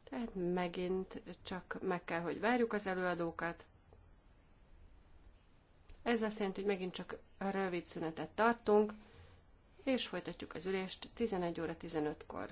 Speaker 2: Tehát megint csak meg kell, hogy várjuk az előadókat. Ez azt jelenti, hogy megint csak rövid szünetet tartunk, és folytatjuk az ülést 11 óra 15-kor.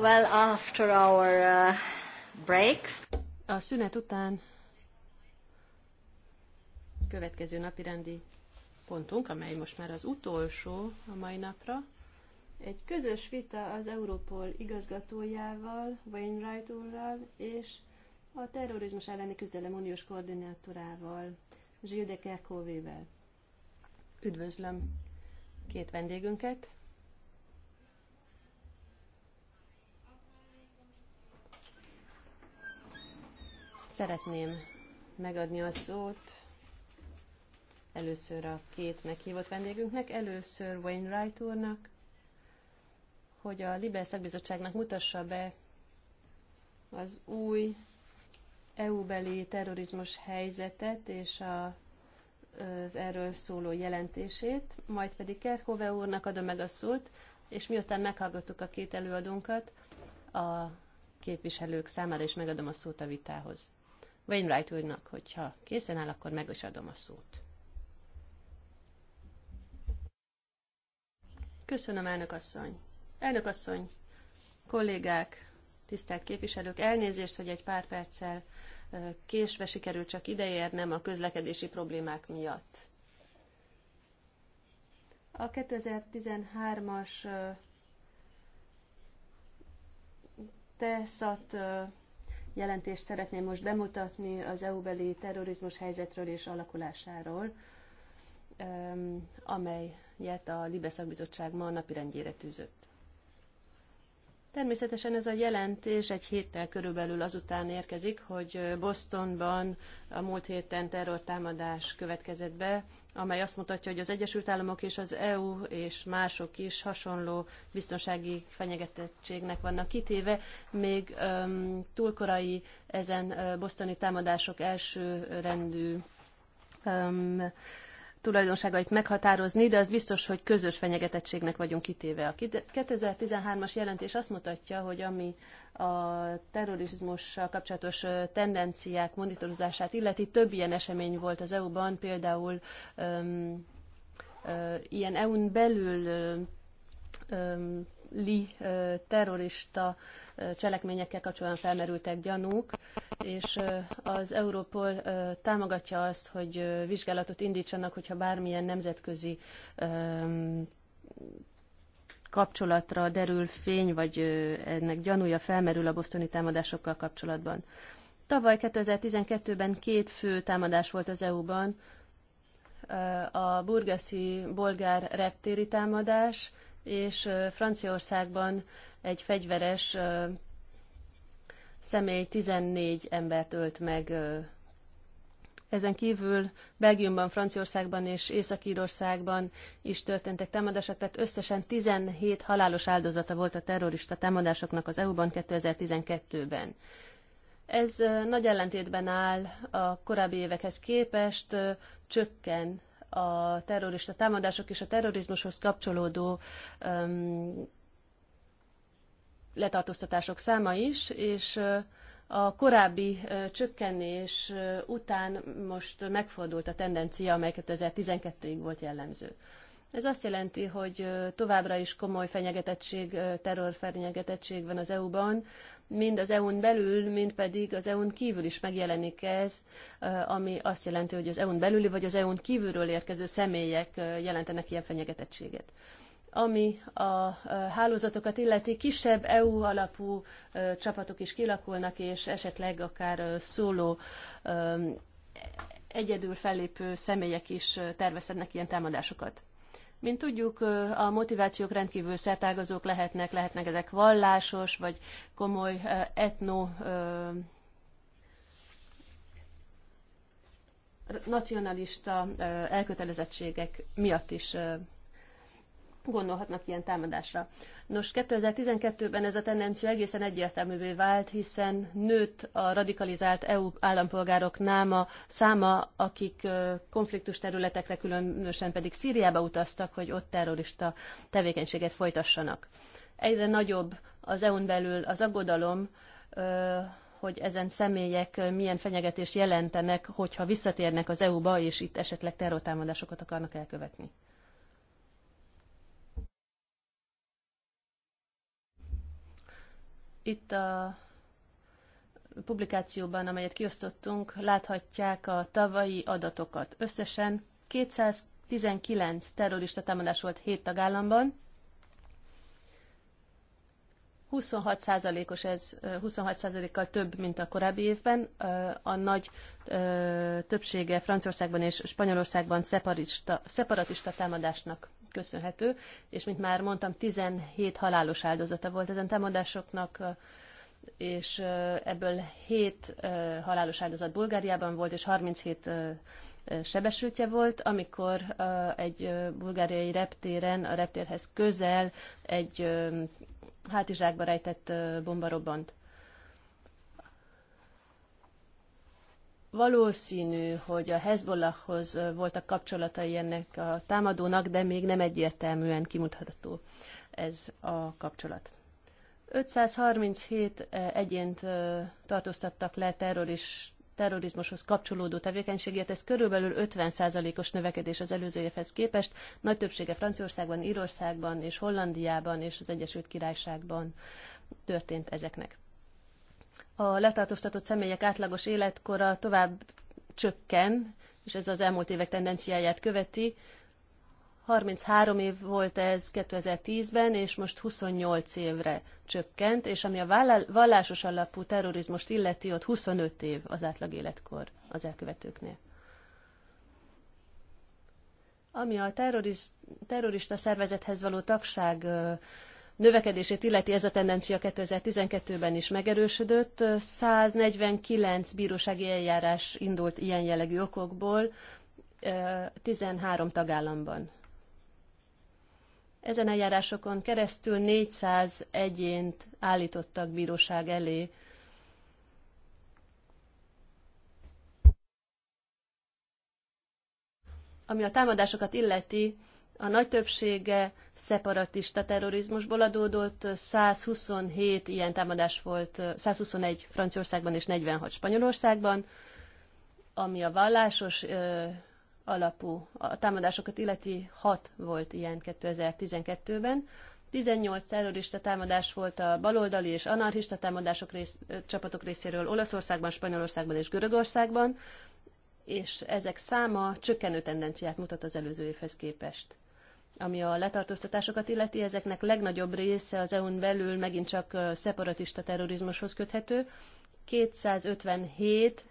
Speaker 3: Well, after our uh, break. A szünet után következő napi rendi pontunk, amely most már az utolsó a mai napra, egy közös vita az Európol igazgatójával, Wainwright úrral, és a terrorizmus elleni küzdelem uniós koordinátorával, Zsilde Kerkóvével. Üdvözlöm két vendégünket, Szeretném megadni a szót először a két meghívott vendégünknek, először Wainwright úrnak, hogy a Libel Szakbizottságnak mutassa be az új EU-beli terrorizmus helyzetet és a, az erről szóló jelentését, majd pedig Kerhove úrnak adom meg a szót, és miután meghallgattuk a két előadónkat, a képviselők számára is megadom a szót a vitához. Wainwright úrnak, hogyha készen áll, akkor meg is adom a szót. Köszönöm, elnök asszony. Elnök asszony, kollégák, tisztelt képviselők, elnézést, hogy egy pár perccel késve sikerült csak ideérnem a közlekedési problémák miatt. A 2013-as TESZAT jelentést szeretném most bemutatni az EU-beli terrorizmus helyzetről és alakulásáról, amelyet a Libe bizottság ma napirendjére tűzött. Természetesen ez a jelentés egy héttel körülbelül azután érkezik, hogy Bostonban a múlt héten terrortámadás következett be, amely azt mutatja, hogy az Egyesült Államok és az EU és mások is hasonló biztonsági fenyegetettségnek vannak kitéve. Még um, túl korai ezen bostoni támadások rendű um, tulajdonságait meghatározni, de az biztos, hogy közös fenyegetettségnek vagyunk kitéve. A 2013-as jelentés azt mutatja, hogy ami a terrorizmussal kapcsolatos tendenciák monitorozását illeti, több ilyen esemény volt az EU-ban, például öm, ö, ilyen EU-n belül öm, li ö, terrorista cselekményekkel kapcsolatban felmerültek gyanúk, és az Europol támogatja azt, hogy vizsgálatot indítsanak, hogyha bármilyen nemzetközi kapcsolatra derül fény, vagy ennek gyanúja felmerül a bosztoni támadásokkal kapcsolatban. Tavaly 2012-ben két fő támadás volt az EU-ban, a burgaszi bolgár reptéri támadás, és Franciaországban egy fegyveres személy 14 embert ölt meg. Ezen kívül Belgiumban, Franciaországban és Észak-Írországban is történtek támadások, tehát összesen 17 halálos áldozata volt a terrorista támadásoknak az EU-ban 2012-ben. Ez nagy ellentétben áll a korábbi évekhez képest, csökken a terrorista támadások és a terrorizmushoz kapcsolódó um, letartóztatások száma is, és a korábbi csökkenés után most megfordult a tendencia, amely 2012-ig volt jellemző. Ez azt jelenti, hogy továbbra is komoly fenyegetettség, terrorfenyegetettség van az EU-ban, mind az EU-n belül, mind pedig az EU-n kívül is megjelenik ez, ami azt jelenti, hogy az EU-n belüli vagy az EU-n kívülről érkező személyek jelentenek ilyen fenyegetettséget ami a hálózatokat illeti, kisebb EU alapú csapatok is kilakulnak, és esetleg akár szóló egyedül fellépő személyek is tervezhetnek ilyen támadásokat. Mint tudjuk, a motivációk rendkívül szertágazók lehetnek, lehetnek ezek vallásos, vagy komoly etno nacionalista elkötelezettségek miatt is gondolhatnak ilyen támadásra. Nos, 2012-ben ez a tendencia egészen egyértelművé vált, hiszen nőtt a radikalizált EU állampolgárok náma, száma, akik konfliktus területekre, különösen pedig Szíriába utaztak, hogy ott terrorista tevékenységet folytassanak. Egyre nagyobb az EU-n belül az aggodalom, hogy ezen személyek milyen fenyegetést jelentenek, hogyha visszatérnek az EU-ba, és itt esetleg terrortámadásokat akarnak elkövetni. Itt a publikációban, amelyet kiosztottunk, láthatják a tavalyi adatokat. Összesen 219 terrorista támadás volt 7 tagállamban. 26%-os ez, 26%-kal több, mint a korábbi évben. A nagy többsége Franciaországban és Spanyolországban szeparatista, szeparatista támadásnak köszönhető, és mint már mondtam, 17 halálos áldozata volt ezen támadásoknak, és ebből 7 halálos áldozat Bulgáriában volt, és 37 sebesültje volt, amikor egy bulgáriai reptéren, a reptérhez közel egy hátizsákba rejtett bomba robbant. valószínű, hogy a Hezbollahhoz voltak kapcsolatai ennek a támadónak, de még nem egyértelműen kimutatható ez a kapcsolat. 537 egyént tartóztattak le terroris, terrorizmushoz kapcsolódó tevékenységért, ez körülbelül 50%-os növekedés az előző évhez képest, nagy többsége Franciaországban, Írországban és Hollandiában és az Egyesült Királyságban történt ezeknek a letartóztatott személyek átlagos életkora tovább csökken, és ez az elmúlt évek tendenciáját követi. 33 év volt ez 2010-ben, és most 28 évre csökkent, és ami a vallásos alapú terrorizmust illeti, ott 25 év az átlag életkor az elkövetőknél. Ami a terrorista szervezethez való tagság növekedését illeti ez a tendencia 2012-ben is megerősödött. 149 bírósági eljárás indult ilyen jellegű okokból 13 tagállamban. Ezen eljárásokon keresztül 400 egyént állítottak bíróság elé, ami a támadásokat illeti, a nagy többsége szeparatista terrorizmusból adódott, 127 ilyen támadás volt, 121 Franciaországban és 46 Spanyolországban, ami a vallásos ö, alapú a támadásokat illeti 6 volt ilyen 2012-ben. 18 terrorista támadás volt a baloldali és anarchista támadások rész, csapatok részéről Olaszországban, Spanyolországban és Görögországban, és ezek száma csökkenő tendenciát mutat az előző évhez képest ami a letartóztatásokat illeti, ezeknek legnagyobb része az EU-n belül megint csak szeparatista terrorizmushoz köthető. 257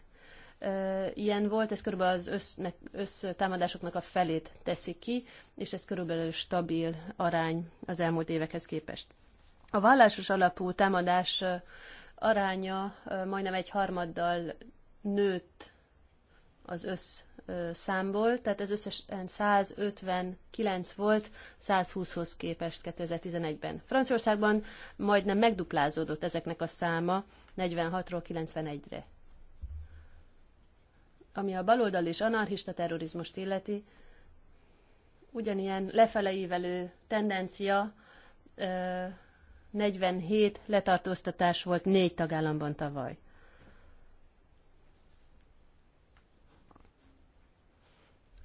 Speaker 3: ilyen volt, ez körülbelül az össznek, össztámadásoknak a felét teszi ki, és ez körülbelül stabil arány az elmúlt évekhez képest. A vallásos alapú támadás aránya majdnem egy harmaddal nőtt az össz számból, tehát ez összesen 159 volt 120-hoz képest 2011-ben. Franciaországban majdnem megduplázódott ezeknek a száma 46-ról 91-re. Ami a baloldal és anarchista terrorizmust illeti, ugyanilyen lefeleívelő tendencia 47 letartóztatás volt négy tagállamban tavaly.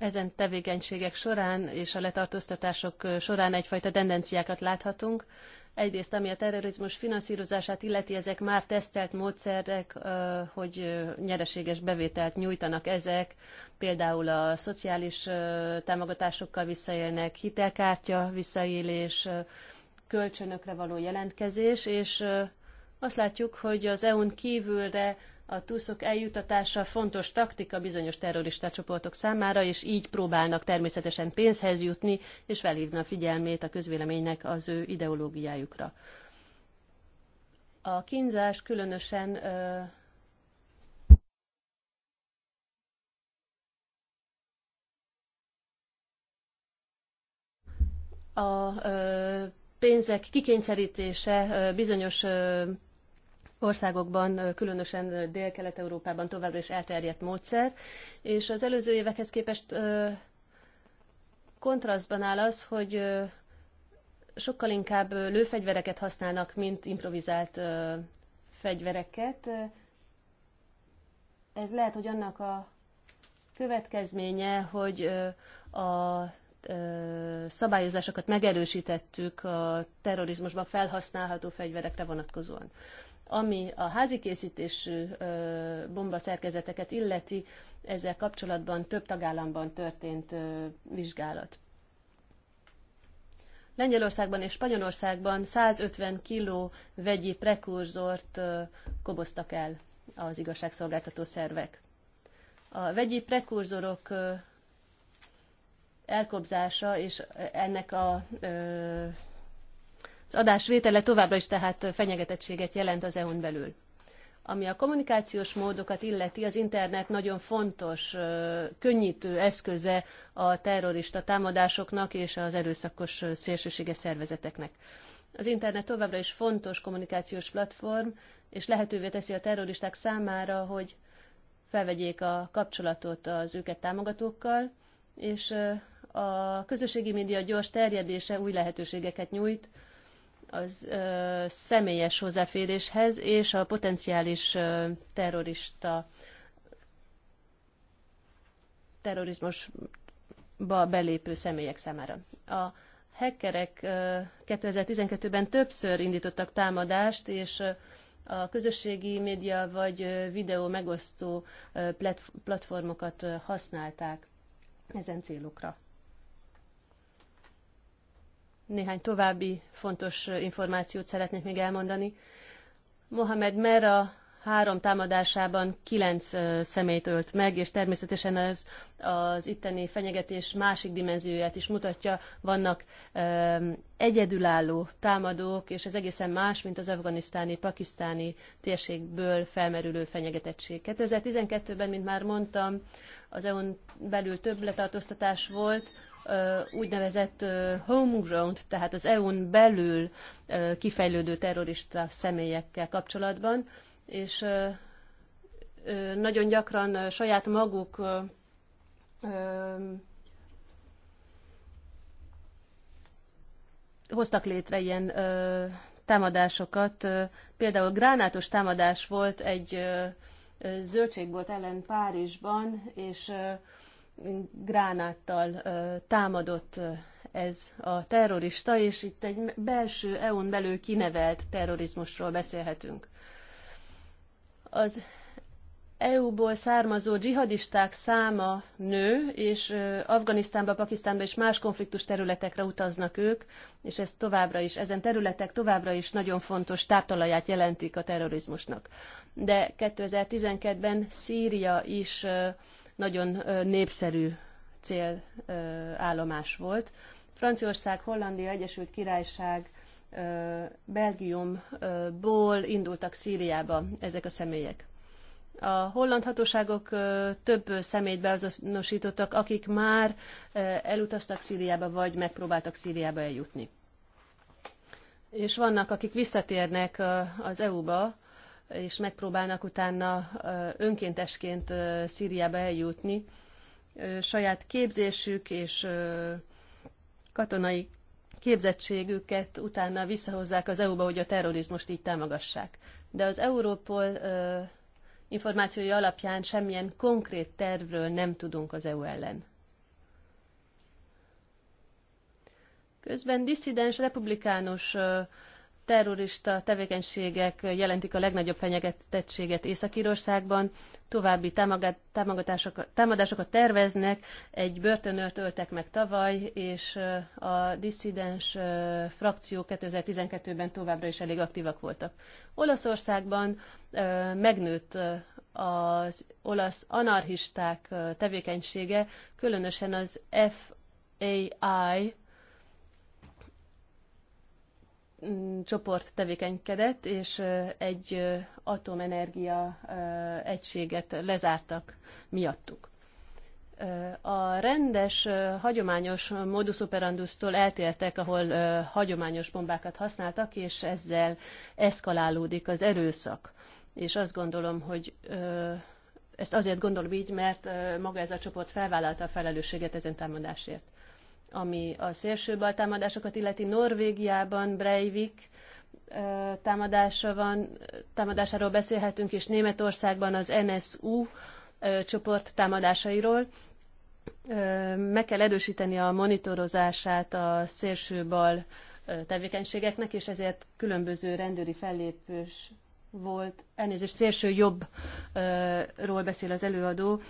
Speaker 3: ezen tevékenységek során és a letartóztatások során egyfajta tendenciákat láthatunk. Egyrészt, ami a terrorizmus finanszírozását illeti, ezek már tesztelt módszerek, hogy nyereséges bevételt nyújtanak ezek, például a szociális támogatásokkal visszaélnek, hitelkártya visszaélés, kölcsönökre való jelentkezés, és azt látjuk, hogy az EU-n kívülre a túszok eljutatása fontos taktika bizonyos terrorista csoportok számára, és így próbálnak természetesen pénzhez jutni, és felhívni a figyelmét a közvéleménynek az ő ideológiájukra. A kínzás különösen a pénzek kikényszerítése bizonyos országokban, különösen Dél-Kelet-Európában továbbra is elterjedt módszer, és az előző évekhez képest kontrasztban áll az, hogy sokkal inkább lőfegyvereket használnak, mint improvizált fegyvereket. Ez lehet, hogy annak a következménye, hogy a szabályozásokat megerősítettük a terrorizmusban felhasználható fegyverekre vonatkozóan. Ami a házi készítésű bombaszerkezeteket illeti, ezzel kapcsolatban több tagállamban történt vizsgálat. Lengyelországban és Spanyolországban 150 kg vegyi prekurzort koboztak el az igazságszolgáltató szervek. A vegyi prekurzorok elkobzása és ennek a az adásvétele továbbra is tehát fenyegetettséget jelent az EU-n belül. Ami a kommunikációs módokat illeti, az internet nagyon fontos, könnyítő eszköze a terrorista támadásoknak és az erőszakos szélsőséges szervezeteknek. Az internet továbbra is fontos kommunikációs platform, és lehetővé teszi a terroristák számára, hogy felvegyék a kapcsolatot az őket támogatókkal, és a közösségi média gyors terjedése új lehetőségeket nyújt az ö, személyes hozzáféréshez és a potenciális ö, terrorista terrorizmusba belépő személyek számára. A hackerek 2012-ben többször indítottak támadást, és a közösségi média vagy videó megosztó platformokat használták ezen célokra. Néhány további fontos információt szeretnék még elmondani. Mohamed Mera három támadásában kilenc személyt ölt meg, és természetesen ez az itteni fenyegetés másik dimenzióját is mutatja. Vannak um, egyedülálló támadók, és ez egészen más, mint az afganisztáni, pakisztáni térségből felmerülő fenyegetettség. 2012-ben, mint már mondtam, az EU-n belül több letartóztatás volt, úgynevezett homegrown, tehát az EU-n belül kifejlődő terrorista személyekkel kapcsolatban, és nagyon gyakran saját maguk hoztak létre ilyen támadásokat. Például gránátos támadás volt egy zöldségbolt ellen Párizsban, és ö, gránáttal támadott ez a terrorista, és itt egy belső EU-n belül kinevelt terrorizmusról beszélhetünk. Az EU-ból származó dzsihadisták száma nő, és Afganisztánba, Pakisztánba és más konfliktus területekre utaznak ők, és ez továbbra is, ezen területek továbbra is nagyon fontos tártalaját jelentik a terrorizmusnak. De 2012-ben Szíria is nagyon népszerű célállomás volt. Franciaország, Hollandia, Egyesült Királyság, Belgiumból indultak Szíriába ezek a személyek. A holland hatóságok több személyt beazonosítottak, akik már elutaztak Szíriába, vagy megpróbáltak Szíriába eljutni. És vannak, akik visszatérnek az EU-ba, és megpróbálnak utána önkéntesként Szíriába eljutni. Saját képzésük és katonai képzettségüket utána visszahozzák az EU-ba, hogy a terrorizmust így támogassák. De az Európol információi alapján semmilyen konkrét tervről nem tudunk az EU ellen. Közben disszidens republikánus terrorista tevékenységek jelentik a legnagyobb fenyegetettséget Észak-Írországban, további támadásokat terveznek, egy börtönőrt öltek meg tavaly, és a disszidens frakció 2012-ben továbbra is elég aktívak voltak. Olaszországban megnőtt az olasz anarchisták tevékenysége, különösen az FAI, Mm, csoport tevékenykedett, és egy atomenergia egységet lezártak miattuk. A rendes, hagyományos modus operandusztól eltértek, ahol hagyományos bombákat használtak, és ezzel eszkalálódik az erőszak. És azt gondolom, hogy ezt azért gondolom így, mert maga ez a csoport felvállalta a felelősséget ezen támadásért ami a szélsőbal támadásokat illeti Norvégiában Breivik támadása van, támadásáról beszélhetünk, és Németországban az NSU csoport támadásairól. Meg kell erősíteni a monitorozását a szélsőbal tevékenységeknek, és ezért különböző rendőri fellépős volt, elnézést szélső jobbról beszél az előadó,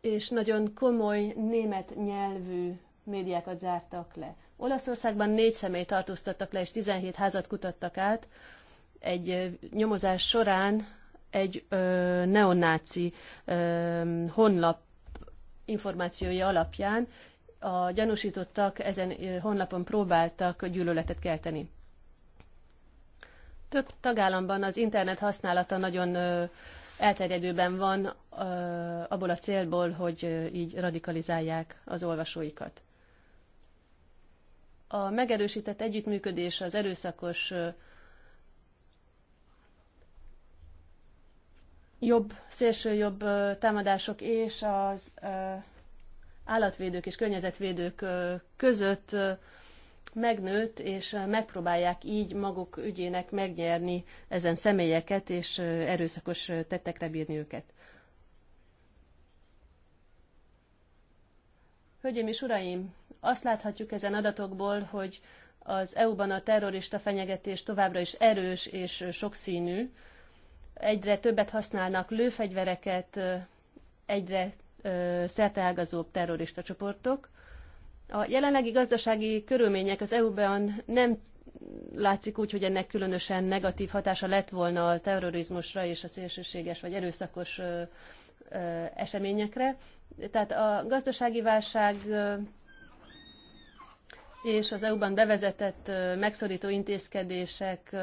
Speaker 3: és nagyon komoly német nyelvű médiákat zártak le. Olaszországban négy személy tartóztattak le, és 17 házat kutattak át. Egy nyomozás során egy ö, neonáci ö, honlap információja alapján a gyanúsítottak ezen honlapon próbáltak gyűlöletet kelteni. Több tagállamban az internet használata nagyon ö, elterjedőben van abból a célból, hogy így radikalizálják az olvasóikat. A megerősített együttműködés az erőszakos jobb, szélső jobb támadások és az állatvédők és környezetvédők között megnőtt, és megpróbálják így maguk ügyének megnyerni ezen személyeket, és erőszakos tettekre bírni őket. Hölgyeim és uraim, azt láthatjuk ezen adatokból, hogy az EU-ban a terrorista fenyegetés továbbra is erős és sokszínű. Egyre többet használnak lőfegyvereket, egyre szerteágazóbb terrorista csoportok. A jelenlegi gazdasági körülmények az EU-ban nem látszik úgy, hogy ennek különösen negatív hatása lett volna a terrorizmusra és a szélsőséges vagy erőszakos eseményekre. Tehát a gazdasági válság és az EU-ban bevezetett megszorító intézkedések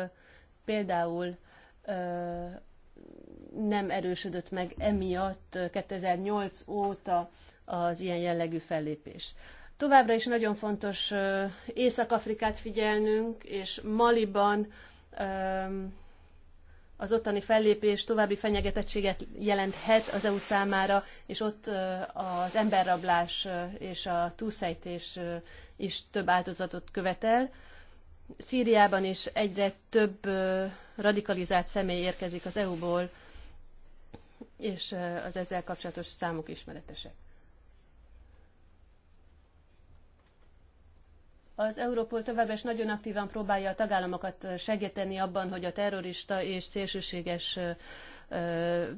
Speaker 3: például nem erősödött meg emiatt 2008 óta az ilyen jellegű fellépés. Továbbra is nagyon fontos Észak-Afrikát figyelnünk, és Maliban az ottani fellépés további fenyegetettséget jelenthet az EU számára, és ott az emberrablás és a túlszejtés is több áldozatot követel. Szíriában is egyre több radikalizált személy érkezik az EU-ból, és az ezzel kapcsolatos számok ismeretesek. Az Európol tovább is nagyon aktívan próbálja a tagállamokat segíteni abban, hogy a terrorista és szélsőséges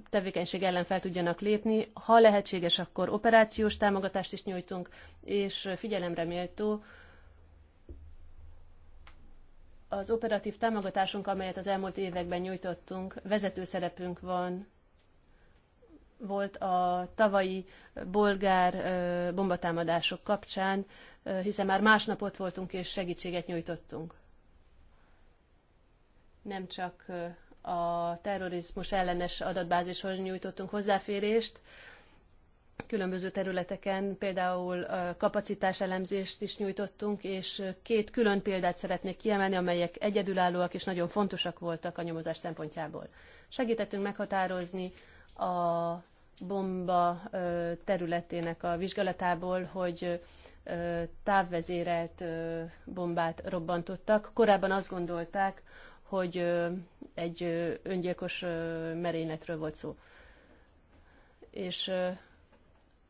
Speaker 3: tevékenység ellen fel tudjanak lépni. Ha lehetséges, akkor operációs támogatást is nyújtunk, és figyelemre méltó az operatív támogatásunk, amelyet az elmúlt években nyújtottunk, vezető szerepünk van volt a tavalyi bolgár bombatámadások kapcsán, Eh, hiszen már másnap ott voltunk és segítséget nyújtottunk. Nem csak eh, a terrorizmus ellenes adatbázishoz nyújtottunk hozzáférést, különböző területeken, például eh, kapacitás elemzést is nyújtottunk, és két külön példát szeretnék kiemelni, amelyek egyedülállóak és nagyon fontosak voltak a nyomozás szempontjából. Segítettünk meghatározni a bomba területének a vizsgálatából, hogy távvezérelt bombát robbantottak. Korábban azt gondolták, hogy egy öngyilkos merényletről volt szó. És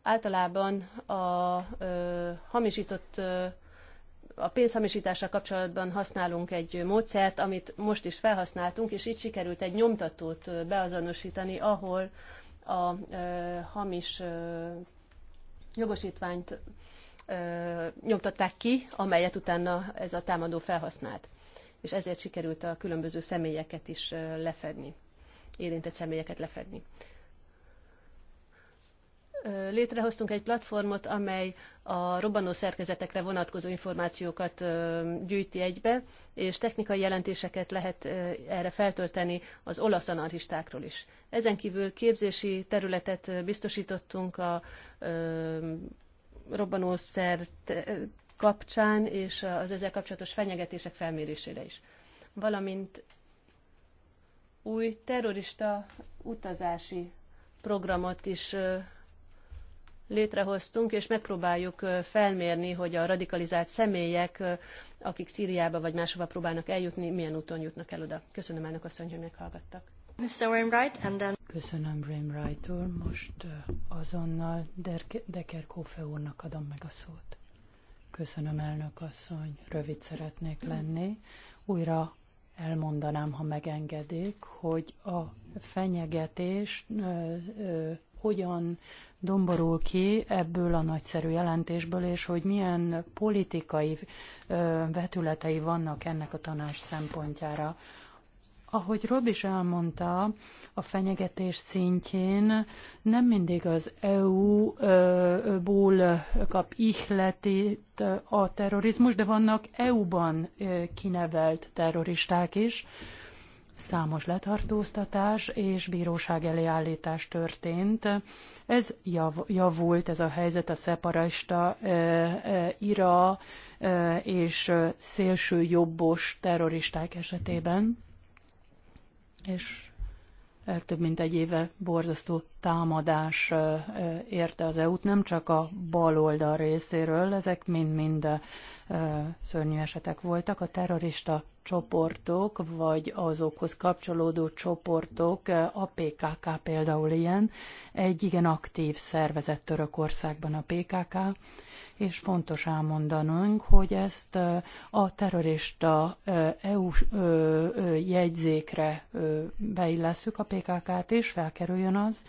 Speaker 3: általában a hamisított a pénzhamisítással kapcsolatban használunk egy módszert, amit most is felhasználtunk, és így sikerült egy nyomtatót beazonosítani, ahol a hamis jogosítványt nyomtatták ki, amelyet utána ez a támadó felhasznált. És ezért sikerült a különböző személyeket is lefedni, érintett személyeket lefedni. Létrehoztunk egy platformot, amely a robbanó szerkezetekre vonatkozó információkat gyűjti egybe, és technikai jelentéseket lehet erre feltölteni az olasz anarchistákról is. Ezen kívül képzési területet biztosítottunk a robbanószer eh, kapcsán és az ezzel kapcsolatos fenyegetések felmérésére is. Valamint új terrorista utazási programot is eh, létrehoztunk, és megpróbáljuk eh, felmérni, hogy a radikalizált személyek, akik Szíriába vagy máshova próbálnak eljutni, milyen úton jutnak el oda. Köszönöm elnök asszony, hogy meghallgattak.
Speaker 1: Mr. Wainwright, and then... Köszönöm Wainwright úr, most uh, azonnal Derke, Deker Kófe úrnak adom meg a szót. Köszönöm elnök asszony, rövid szeretnék lenni. Újra elmondanám, ha megengedik, hogy a fenyegetés ö, uh, ö, uh, hogyan domborul ki ebből a nagyszerű jelentésből, és hogy milyen politikai ö, vetületei vannak ennek a tanács szempontjára. Ahogy Rob is elmondta, a fenyegetés szintjén nem mindig az EU-ból kap ihletét a terrorizmus, de vannak EU-ban kinevelt terroristák is. Számos letartóztatás és bíróság elé állítás történt. Ez javult, ez a helyzet a szeparista, ira és szélső jobbos terroristák esetében és több mint egy éve borzasztó támadás érte az EU-t, nem csak a bal oldal részéről, ezek mind-mind szörnyű esetek voltak. A terrorista csoportok, vagy azokhoz kapcsolódó csoportok, a PKK például ilyen, egy igen aktív szervezet Törökországban a PKK, és fontos elmondanunk, hogy ezt a terrorista EU jegyzékre beillesszük a PKK-t, is, felkerüljön az,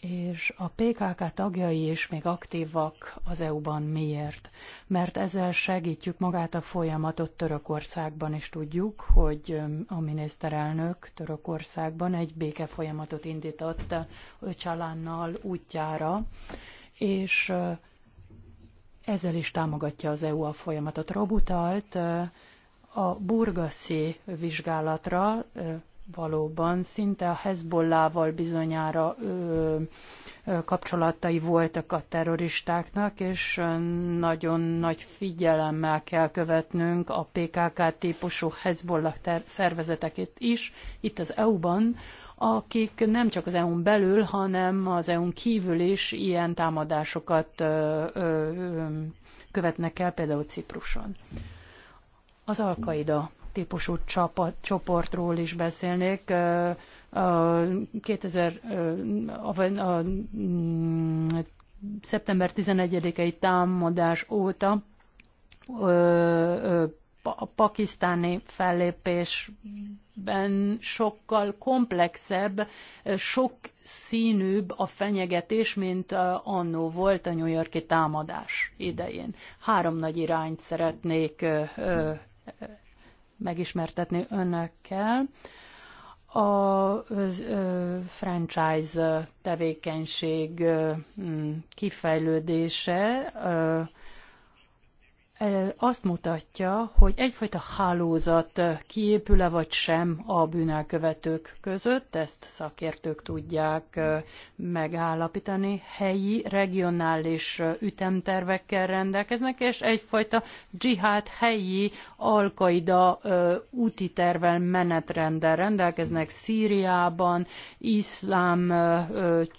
Speaker 1: és a PKK tagjai is még aktívak az EU-ban miért? Mert ezzel segítjük magát a folyamatot Törökországban, és tudjuk, hogy a miniszterelnök Törökországban egy béke folyamatot indított Csalánnal útjára, és ezzel is támogatja az EU a folyamatot. Rob utalt a burgaszi vizsgálatra, valóban szinte a Hezbollával bizonyára kapcsolatai voltak a terroristáknak, és nagyon nagy figyelemmel kell követnünk a PKK típusú Hezbollah szervezeteket is. Itt az EU-ban akik nem csak az EU-n belül, hanem az EU-n kívül is ilyen támadásokat követnek el, például Cipruson. Az alkaida típusú csapat, csoportról is beszélnék. A 2000, a, a, a, mm, szeptember 11-i támadás óta ö, ö, a pakisztáni fellépésben sokkal komplexebb, sok színűbb a fenyegetés, mint annó volt a New Yorki támadás idején. Három nagy irányt szeretnék megismertetni önökkel a franchise tevékenység kifejlődése azt mutatja, hogy egyfajta hálózat kiépül-e vagy sem a bűnelkövetők között, ezt szakértők tudják megállapítani, helyi, regionális ütemtervekkel rendelkeznek, és egyfajta dzsihát helyi alkaida úti tervel menetrenddel rendelkeznek Szíriában, iszlám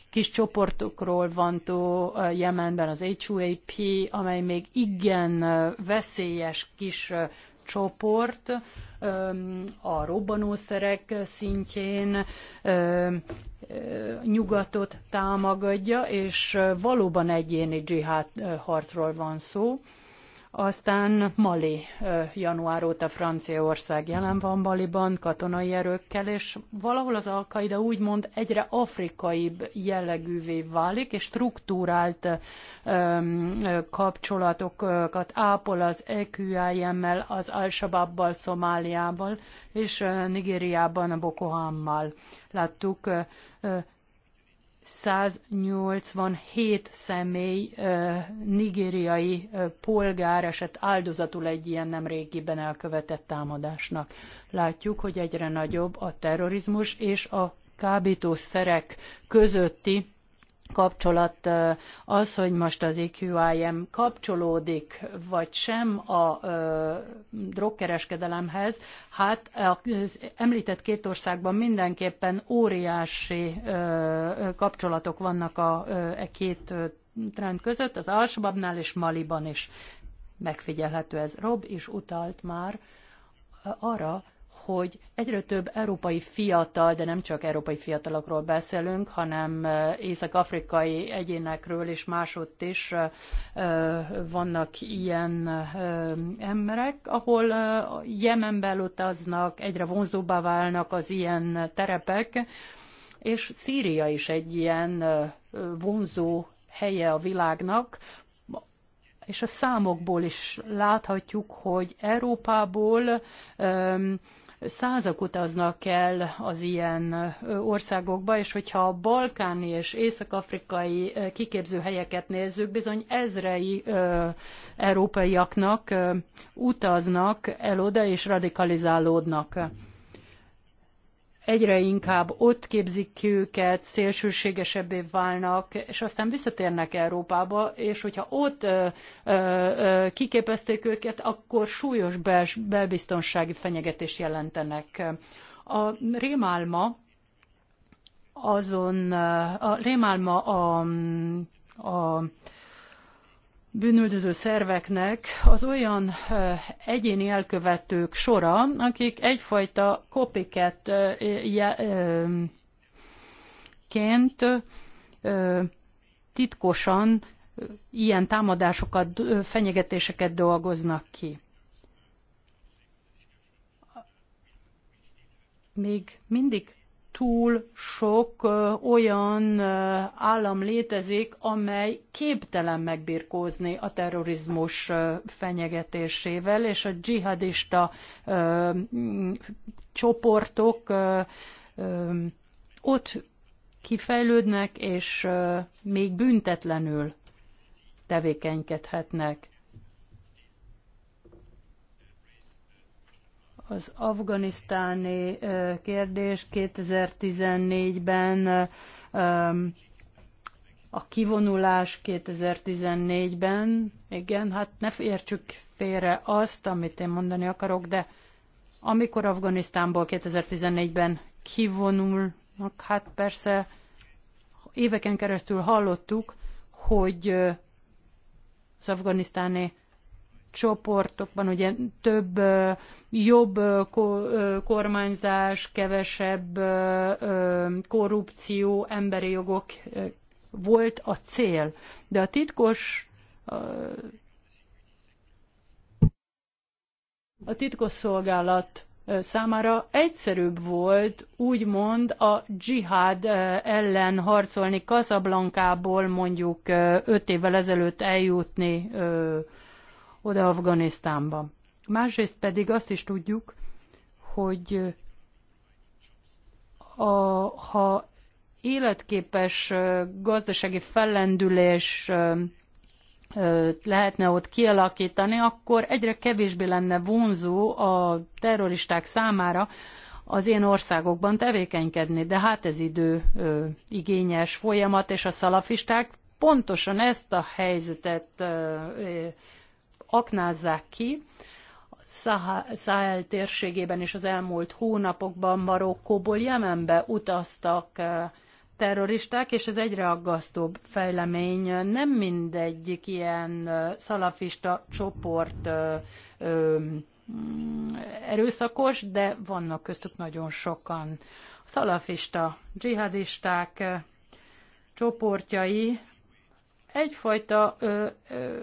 Speaker 1: kis csoportokról van tó Jemenben az HUAP, amely még igen veszélyes kis csoport a robbanószerek szintjén nyugatot támogatja, és valóban egyéni dzsihád harcról van szó aztán Mali január óta Franciaország jelen van Maliban katonai erőkkel, és valahol az al úgymond egyre afrikaibb jellegűvé válik, és struktúrált kapcsolatokat ápol az EQIM-mel, az Al-Shababbal, Szomáliával és Nigériában a Boko Hammal. Láttuk 187 személy nigériai polgár esett áldozatul egy ilyen nem régiben elkövetett támadásnak. Látjuk, hogy egyre nagyobb a terrorizmus és a kábítószerek közötti kapcsolat az, hogy most az EQIM kapcsolódik, vagy sem a drogkereskedelemhez, hát az említett két országban mindenképpen óriási kapcsolatok vannak a e két trend között, az Alsababnál és Maliban is megfigyelhető ez. Rob is utalt már arra, hogy egyre több európai fiatal, de nem csak európai fiatalokról beszélünk, hanem észak-afrikai egyénekről és másodt is vannak ilyen emberek, ahol Jemenben utaznak, egyre vonzóbbá válnak az ilyen terepek, és Szíria is egy ilyen vonzó helye a világnak, és a számokból is láthatjuk, hogy Európából százak utaznak el az ilyen országokba, és hogyha a balkáni és észak-afrikai kiképzőhelyeket nézzük, bizony ezrei európaiaknak utaznak el oda és radikalizálódnak egyre inkább ott képzik ki őket, szélsőségesebbé válnak, és aztán visszatérnek Európába, és hogyha ott ö, ö, ö, kiképezték őket, akkor súlyos bel, belbiztonsági fenyegetést jelentenek. A rémálma azon, a rémálma a, a bűnüldöző szerveknek az olyan egyéni elkövetők sora, akik egyfajta kopiket ként titkosan ilyen támadásokat, fenyegetéseket dolgoznak ki. Még mindig túl sok ö, olyan ö, állam létezik, amely képtelen megbirkózni a terrorizmus ö, fenyegetésével, és a dzsihadista csoportok ott kifejlődnek, és még büntetlenül tevékenykedhetnek. Az afganisztáni kérdés 2014-ben a kivonulás 2014-ben, igen, hát ne értsük félre azt, amit én mondani akarok, de amikor Afganisztánból 2014-ben kivonulnak, hát persze éveken keresztül hallottuk, hogy az afganisztáni csoportokban, ugye több, jobb kormányzás, kevesebb korrupció, emberi jogok volt a cél. De a titkos a titkos szolgálat számára egyszerűbb volt úgymond a dzsihád ellen harcolni Casablanca-ból mondjuk öt évvel ezelőtt eljutni oda Afganisztánba. Másrészt pedig azt is tudjuk, hogy a, ha életképes gazdasági fellendülés lehetne ott kialakítani, akkor egyre kevésbé lenne vonzó a terroristák számára az én országokban tevékenykedni. De hát ez idő igényes folyamat, és a szalafisták pontosan ezt a helyzetet aknázzák ki. Szahel térségében is az elmúlt hónapokban Marokkóból Jemenbe utaztak eh, terroristák, és ez egyre aggasztóbb fejlemény. Nem mindegyik ilyen eh, szalafista csoport eh, mm, erőszakos, de vannak köztük nagyon sokan. A szalafista, dzsihadisták csoportjai egyfajta ö, ö,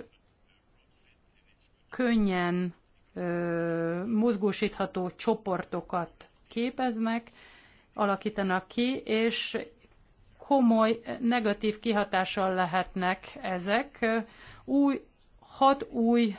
Speaker 1: könnyen ö, mozgósítható csoportokat képeznek, alakítanak ki, és komoly negatív kihatással lehetnek ezek. Új hat új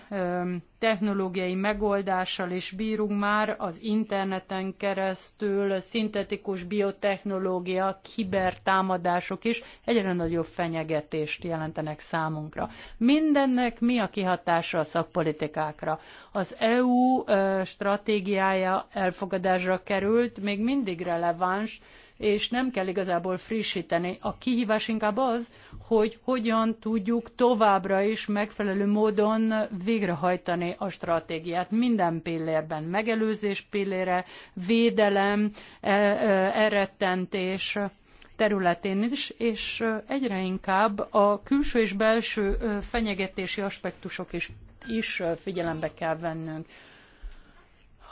Speaker 1: technológiai megoldással is bírunk már az interneten keresztül, szintetikus biotechnológia, kibertámadások is egyre nagyobb fenyegetést jelentenek számunkra. Mindennek mi a kihatása a szakpolitikákra? Az EU stratégiája elfogadásra került, még mindig releváns, és nem kell igazából frissíteni. A kihívás inkább az, hogy hogyan tudjuk továbbra is megfelelő módon végrehajtani a stratégiát. Minden pillérben megelőzés pillére, védelem, e, e, elrettentés területén is, és e, egyre inkább a külső és belső fenyegetési aspektusok is, is figyelembe kell vennünk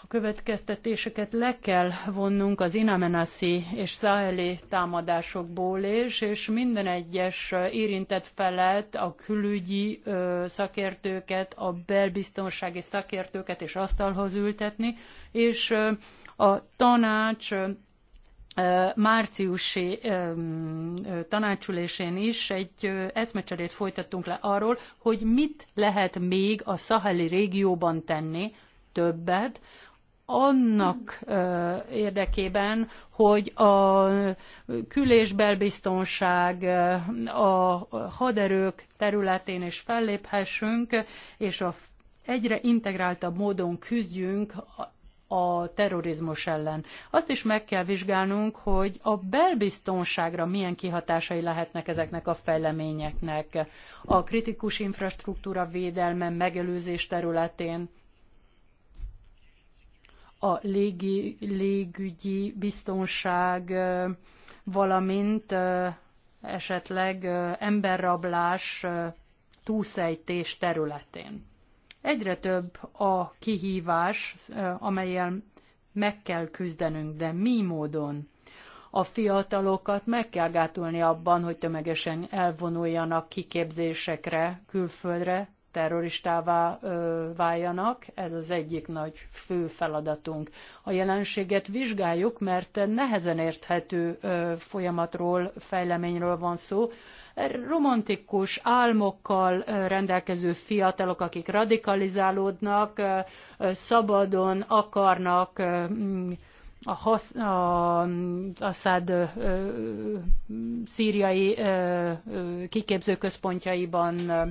Speaker 1: következtetéseket le kell vonnunk az Inamenaszi és Szaheli támadásokból is, és minden egyes érintett felet, a külügyi szakértőket, a belbiztonsági szakértőket és asztalhoz ültetni, és a tanács márciusi tanácsülésén is egy eszmecserét folytattunk le arról, hogy mit lehet még a szaheli régióban tenni többet, annak érdekében, hogy a kül- és belbiztonság, a haderők területén is felléphessünk, és a egyre integráltabb módon küzdjünk a terrorizmus ellen. Azt is meg kell vizsgálnunk, hogy a belbiztonságra milyen kihatásai lehetnek ezeknek a fejleményeknek. A kritikus infrastruktúra védelme, megelőzés területén, a légi, légügyi biztonság, valamint esetleg emberrablás túlszejtés területén. Egyre több a kihívás, amelyel meg kell küzdenünk, de mi módon? A fiatalokat meg kell gátolni abban, hogy tömegesen elvonuljanak kiképzésekre, külföldre, terroristává váljanak, ez az egyik nagy fő feladatunk. A jelenséget vizsgáljuk, mert nehezen érthető folyamatról, fejleményről van szó. Romantikus álmokkal rendelkező fiatalok, akik radikalizálódnak, szabadon akarnak a, hasz, a, Assad ö, szíriai ö, kiképzőközpontjaiban ö,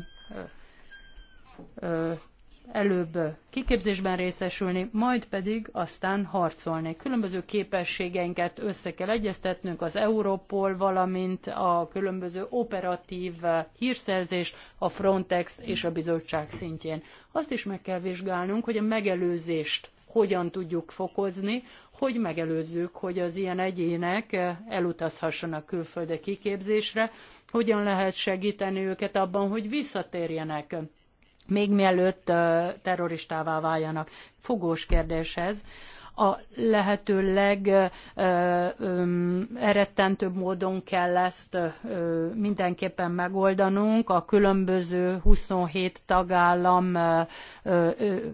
Speaker 1: előbb kiképzésben részesülni, majd pedig aztán harcolni. Különböző képességeinket össze kell egyeztetnünk az Europol, valamint a különböző operatív hírszerzés, a Frontex és a bizottság szintjén. Azt is meg kell vizsgálnunk, hogy a megelőzést hogyan tudjuk fokozni, hogy megelőzzük, hogy az ilyen egyének elutazhassanak külföldre kiképzésre, hogyan lehet segíteni őket abban, hogy visszatérjenek még mielőtt terroristává váljanak. Fogós ez a lehető legerettentőbb módon kell ezt mindenképpen megoldanunk. A különböző 27 tagállam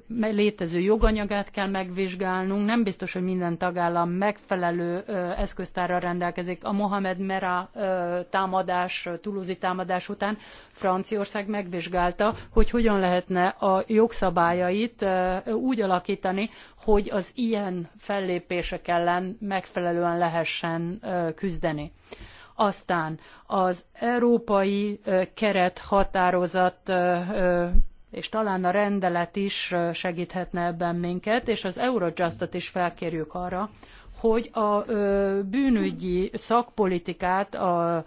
Speaker 1: létező joganyagát kell megvizsgálnunk. Nem biztos, hogy minden tagállam megfelelő eszköztárral rendelkezik. A Mohamed Mera támadás, tuluzi támadás után Franciaország megvizsgálta, hogy hogyan lehetne a jogszabályait úgy alakítani, hogy az ilyen ilyen fellépések ellen megfelelően lehessen küzdeni. Aztán az európai keret határozat és talán a rendelet is segíthetne ebben minket, és az Eurojustot is felkérjük arra, hogy a bűnügyi szakpolitikát a,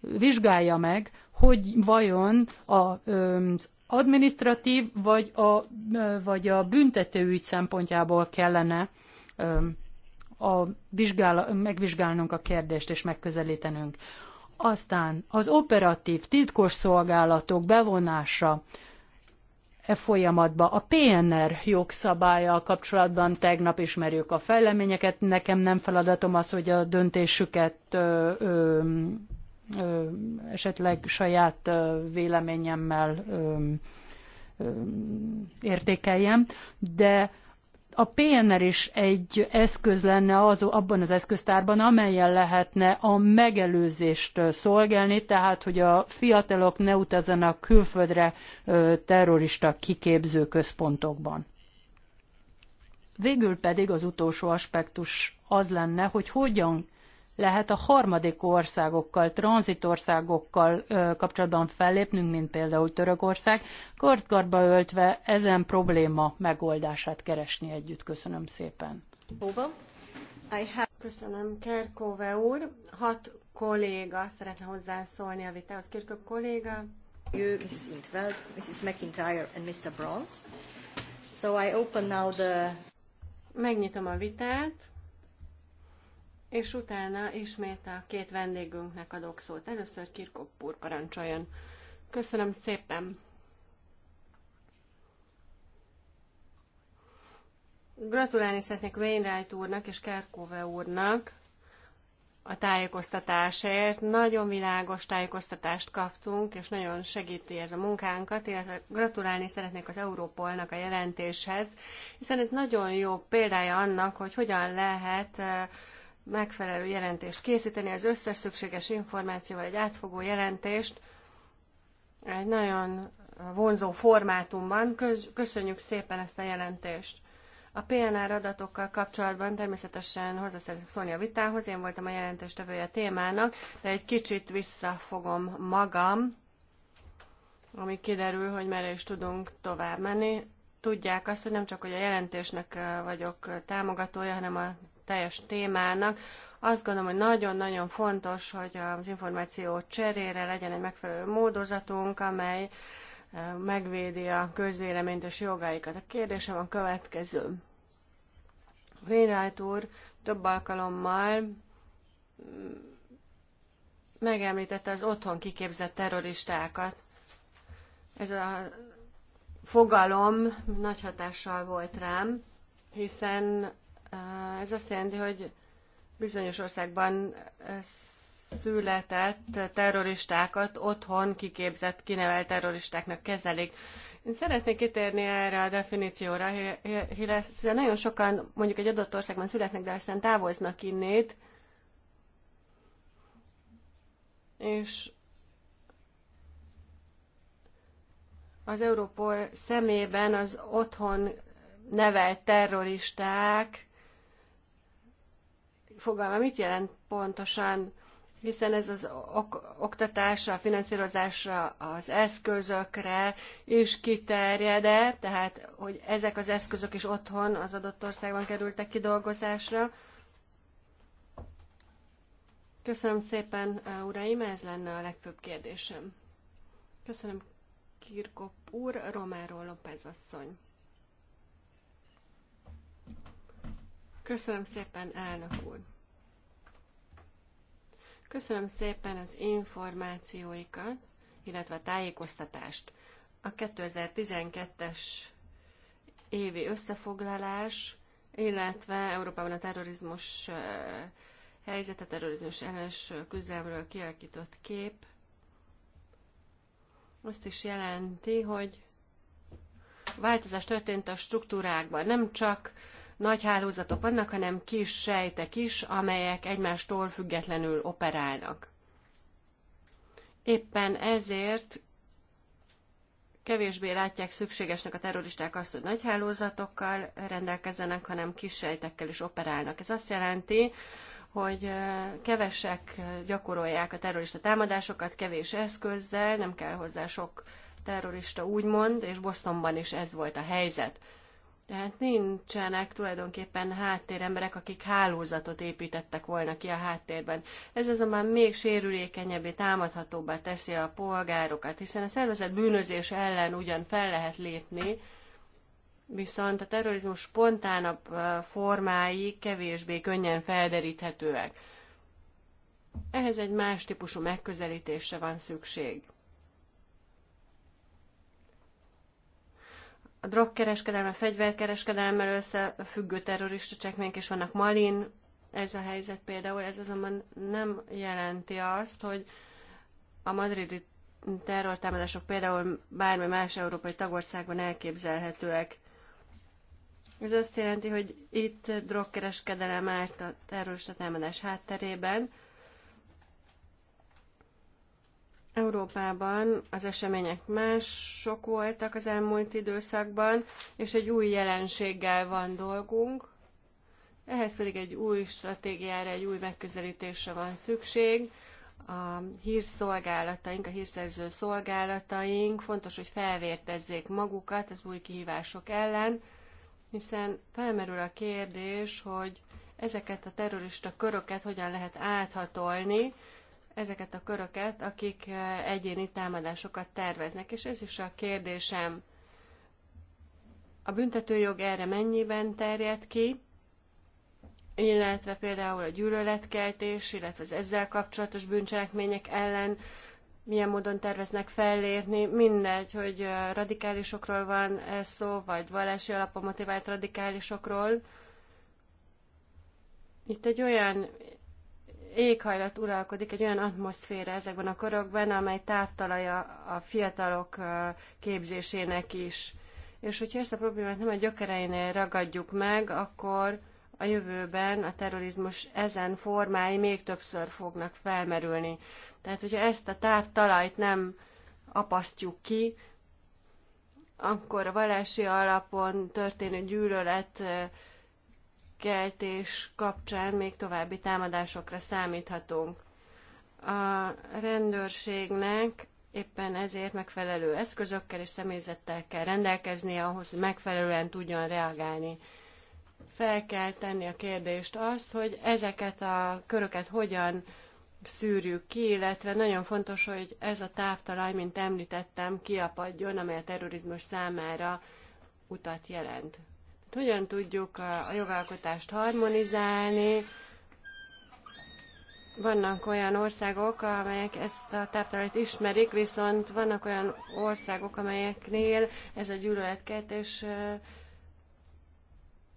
Speaker 1: vizsgálja meg, hogy vajon az administratív vagy a, vagy a büntetőügy szempontjából kellene a vizsgál, megvizsgálnunk a kérdést és megközelítenünk. Aztán az operatív titkos szolgálatok bevonása e folyamatba. A PNR jogszabálya kapcsolatban tegnap ismerjük a fejleményeket. Nekem nem feladatom az, hogy a döntésüket ö, ö, esetleg saját véleményemmel értékeljem, de a PNR is egy eszköz lenne az, abban az eszköztárban, amelyen lehetne a megelőzést szolgálni, tehát hogy a fiatalok ne utazzanak külföldre terrorista kiképző központokban. Végül pedig az utolsó aspektus az lenne, hogy hogyan lehet a harmadik országokkal, tranzitországokkal kapcsolatban fellépnünk, mint például Törökország, kortkarba öltve ezen probléma megoldását keresni együtt. Köszönöm szépen.
Speaker 2: Köszönöm, Kerkove úr. Hat kolléga szeretne hozzászólni a vitához. Kirkök kolléga. You, Mrs. Intveld, Mrs. McIntyre and Mr. Bronze. So I open now the... Megnyitom a vitát és utána ismét a két vendégünknek adok szót. Először Kirkop úr parancsoljon. Köszönöm szépen! Gratulálni szeretnék Wainwright úrnak és Kerkove úrnak a tájékoztatásért. Nagyon világos tájékoztatást kaptunk, és nagyon segíti ez a munkánkat, illetve gratulálni szeretnék az Európolnak a jelentéshez, hiszen ez nagyon jó példája annak, hogy hogyan lehet uh, megfelelő jelentést készíteni, az összes szükséges információval egy átfogó jelentést, egy nagyon vonzó formátumban. köszönjük szépen ezt a jelentést. A PNR adatokkal kapcsolatban természetesen hozzá szeretnék szólni a vitához, én voltam a jelentéstevője a témának, de egy kicsit visszafogom magam, ami kiderül, hogy merre is tudunk tovább menni. Tudják azt, hogy nem csak, hogy a jelentésnek vagyok támogatója, hanem a teljes témának. Azt gondolom, hogy nagyon-nagyon fontos, hogy az információ cserére legyen egy megfelelő módozatunk, amely eh, megvédi a közvéleményt és jogáikat. A kérdésem a következő. Wainwright úr több alkalommal mm, megemlítette az otthon kiképzett terroristákat. Ez a fogalom nagy hatással volt rám, hiszen ez azt jelenti, hogy bizonyos országban született terroristákat otthon kiképzett, kinevelt terroristáknak kezelik. Én szeretnék kitérni erre a definícióra, hiszen nagyon sokan mondjuk egy adott országban születnek, de aztán távoznak innét, és az Európol szemében az otthon nevelt terroristák fogalma mit jelent pontosan, hiszen ez az ok- oktatásra, a finanszírozásra, az eszközökre is kiterjede, tehát hogy ezek az eszközök is otthon az adott országban kerültek kidolgozásra. Köszönöm szépen, uraim, ez lenne a legfőbb kérdésem. Köszönöm, Kirkop úr, Romero López asszony. Köszönöm szépen, elnök úr. Köszönöm szépen az információikat, illetve a tájékoztatást. A 2012-es évi összefoglalás, illetve Európában a terrorizmus helyzet, a terrorizmus ellenes küzdelmről kialakított kép azt is jelenti, hogy változás történt a struktúrákban. Nem csak nagy hálózatok vannak, hanem kis sejtek is, amelyek egymástól függetlenül operálnak. Éppen ezért kevésbé látják szükségesnek a terroristák azt, hogy nagy hálózatokkal rendelkezzenek, hanem kis sejtekkel is operálnak. Ez azt jelenti, hogy kevesek gyakorolják a terrorista támadásokat kevés eszközzel, nem kell hozzá sok terrorista úgymond, és Bostonban is ez volt a helyzet. Tehát nincsenek tulajdonképpen háttéremberek, akik hálózatot építettek volna ki a háttérben. Ez azonban még sérülékenyebbé, támadhatóbbá teszi a polgárokat, hiszen a szervezet bűnözés ellen ugyan fel lehet lépni, viszont a terrorizmus spontánabb formái kevésbé könnyen felderíthetőek. Ehhez egy más típusú megközelítésre van szükség. a drogkereskedelme, a fegyverkereskedelemmel összefüggő terrorista csekmények is vannak Malin, ez a helyzet például, ez azonban nem jelenti azt, hogy a madridi terrortámadások például bármi más európai tagországban elképzelhetőek. Ez azt jelenti, hogy itt drogkereskedelem állt a terrorista támadás hátterében, Európában az események más sok voltak az elmúlt időszakban, és egy új jelenséggel van dolgunk. Ehhez pedig egy új stratégiára, egy új megközelítésre van szükség. A hírszolgálataink, a hírszerző szolgálataink fontos, hogy felvértezzék magukat az új kihívások ellen, hiszen felmerül a kérdés, hogy ezeket a terrorista köröket hogyan lehet áthatolni, ezeket a köröket, akik eh, egyéni támadásokat terveznek. És ez is a kérdésem, a büntetőjog erre mennyiben terjed ki, illetve például a gyűlöletkeltés, illetve az ezzel kapcsolatos bűncselekmények ellen milyen módon terveznek fellépni, mindegy, hogy eh, radikálisokról van eh, szó, vagy vallási alapon motivált radikálisokról. Itt egy olyan éghajlat uralkodik, egy olyan atmoszféra ezekben a körökben, amely táptalaja a fiatalok képzésének is. És hogyha ezt a problémát nem a gyökereinél ragadjuk meg, akkor a jövőben a terrorizmus ezen formái még többször fognak felmerülni. Tehát, hogyha ezt a táptalajt nem apasztjuk ki, akkor a vallási alapon történő gyűlölet keltés kapcsán még további támadásokra számíthatunk. A rendőrségnek éppen ezért megfelelő eszközökkel és személyzettel kell rendelkeznie ahhoz, hogy megfelelően tudjon reagálni. Fel kell tenni a kérdést azt, hogy ezeket a köröket hogyan szűrjük ki, illetve nagyon fontos, hogy ez a táptalaj, mint említettem, kiapadjon, amely a terrorizmus számára utat jelent. Hát hogyan tudjuk a jogalkotást harmonizálni? Vannak olyan országok, amelyek ezt a táptalajt ismerik, viszont vannak olyan országok, amelyeknél ez a gyűlöletkeltés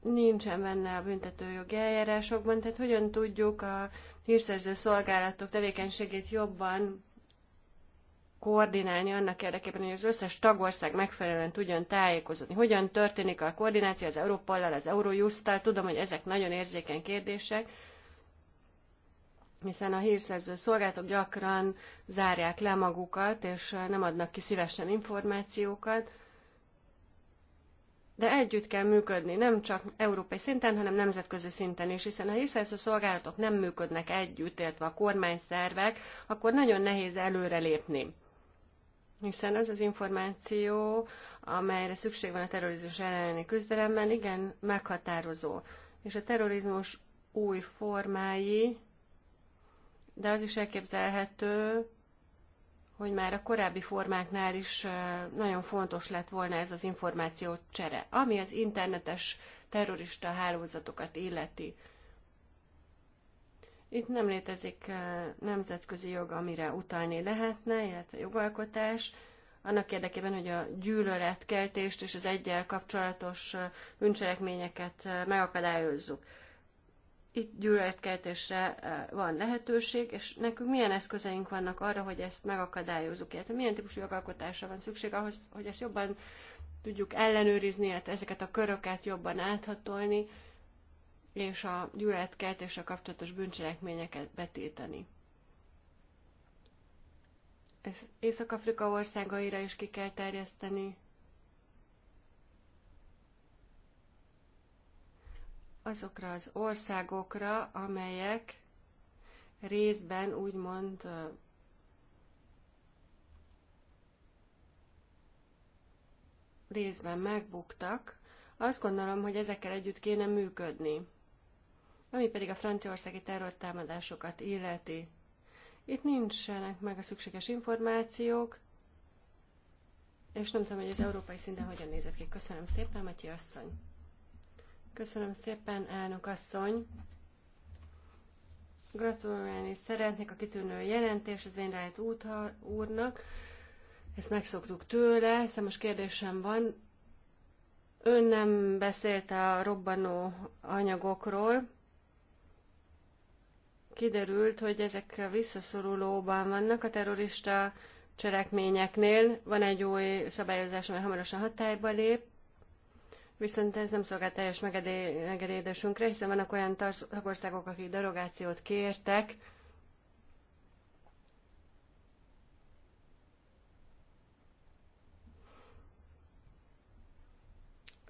Speaker 2: nincsen benne a büntetőjogi eljárásokban, tehát hogyan tudjuk a hírszerző szolgálatok tevékenységét jobban koordinálni annak érdekében, hogy az összes tagország megfelelően tudjon tájékozódni. Hogyan történik a koordináció az Európallal, az Eurojust-tal? Tudom, hogy ezek nagyon érzékeny kérdések, hiszen a hírszerző szolgáltatók gyakran zárják le magukat, és nem adnak ki szívesen információkat, de együtt kell működni, nem csak európai szinten, hanem nemzetközi szinten is, hiszen ha a szolgálatok nem működnek együtt, illetve a kormányszervek, akkor nagyon nehéz előrelépni hiszen az az információ, amelyre szükség van a terrorizmus elleni küzdelemben, igen, meghatározó. És a terrorizmus új formái, de az is elképzelhető, hogy már a korábbi formáknál is nagyon fontos lett volna ez az információ csere, ami az internetes terrorista hálózatokat illeti. Itt nem létezik nemzetközi jog, amire utalni lehetne, illetve jogalkotás, annak érdekében, hogy a gyűlöletkeltést és az egyel kapcsolatos bűncselekményeket megakadályozzuk. Itt gyűlöletkeltésre van lehetőség, és nekünk milyen eszközeink vannak arra, hogy ezt megakadályozzuk, illetve milyen típusú jogalkotásra van szükség ahhoz, hogy ezt jobban tudjuk ellenőrizni, illetve ezeket a köröket jobban áthatolni, és a gyűlöletkeltéssel kapcsolatos bűncselekményeket betiltani. Ez Észak-Afrika országaira is ki kell terjeszteni. Azokra az országokra, amelyek részben úgymond részben megbuktak, azt gondolom, hogy ezekkel együtt kéne működni. Ami pedig a franciaországi támadásokat illeti. Itt nincsenek meg a szükséges információk, és nem tudom, hogy az európai szinten hogyan nézett ki. Köszönöm szépen, Matyi asszony. Köszönöm szépen, elnök asszony. Gratulálni szeretnék a kitűnő jelentés az útha, úrnak. Ezt megszoktuk tőle, számos szóval kérdésem van. Ön nem beszélt a robbanó anyagokról, kiderült, hogy ezek visszaszorulóban vannak a terrorista cselekményeknél. Van egy új szabályozás, ami hamarosan hatályba lép, viszont ez nem szolgál teljes megedédésünkre, hiszen vannak olyan tagországok, akik derogációt kértek,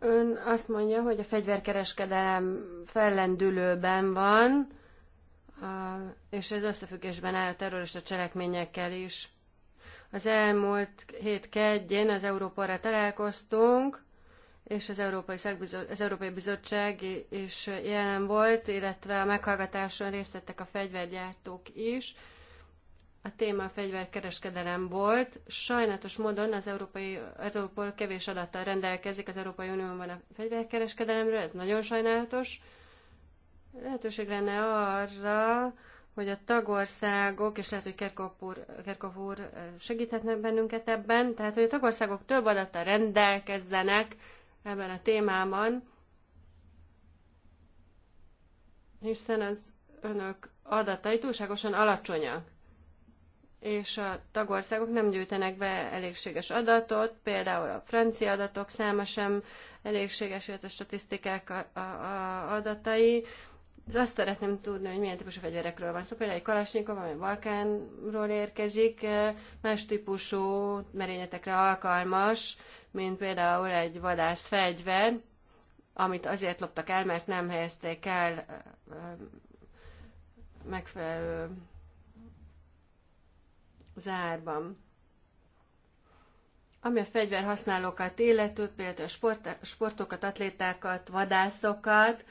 Speaker 2: Ön azt mondja, hogy a fegyverkereskedelem fellendülőben van, és ez összefüggésben áll a terrorista cselekményekkel is. Az elmúlt hét kedjén az Európára találkoztunk, és az Európai, az Európai Bizottság is jelen volt, illetve a meghallgatáson részt vettek a fegyvergyártók is. A téma a fegyverkereskedelem volt. Sajnálatos módon az Európai Európa kevés adattal rendelkezik az Európai Unióban a fegyverkereskedelemről, ez nagyon sajnálatos lehetőség lenne arra, hogy a tagországok, és lehet, hogy Kerkov úr, úr segíthetne bennünket ebben, tehát, hogy a tagországok több adattal rendelkezzenek ebben a témában, hiszen az önök adatai túlságosan alacsonyak, és a tagországok nem gyűjtenek be elégséges adatot, például a francia adatok száma sem elégséges, illetve a statisztikák a, a, a adatai, de azt szeretném tudni, hogy milyen típusú fegyverekről van szó. Szóval például egy kalasnyikov, ami Balkánról érkezik, eh, más típusú merényetekre alkalmas, mint például egy vadász fegyver, amit azért loptak el, mert nem helyezték el eh, eh, megfelelő zárban. Ami a fegyverhasználókat illető, például a sport, sportokat, atlétákat, vadászokat,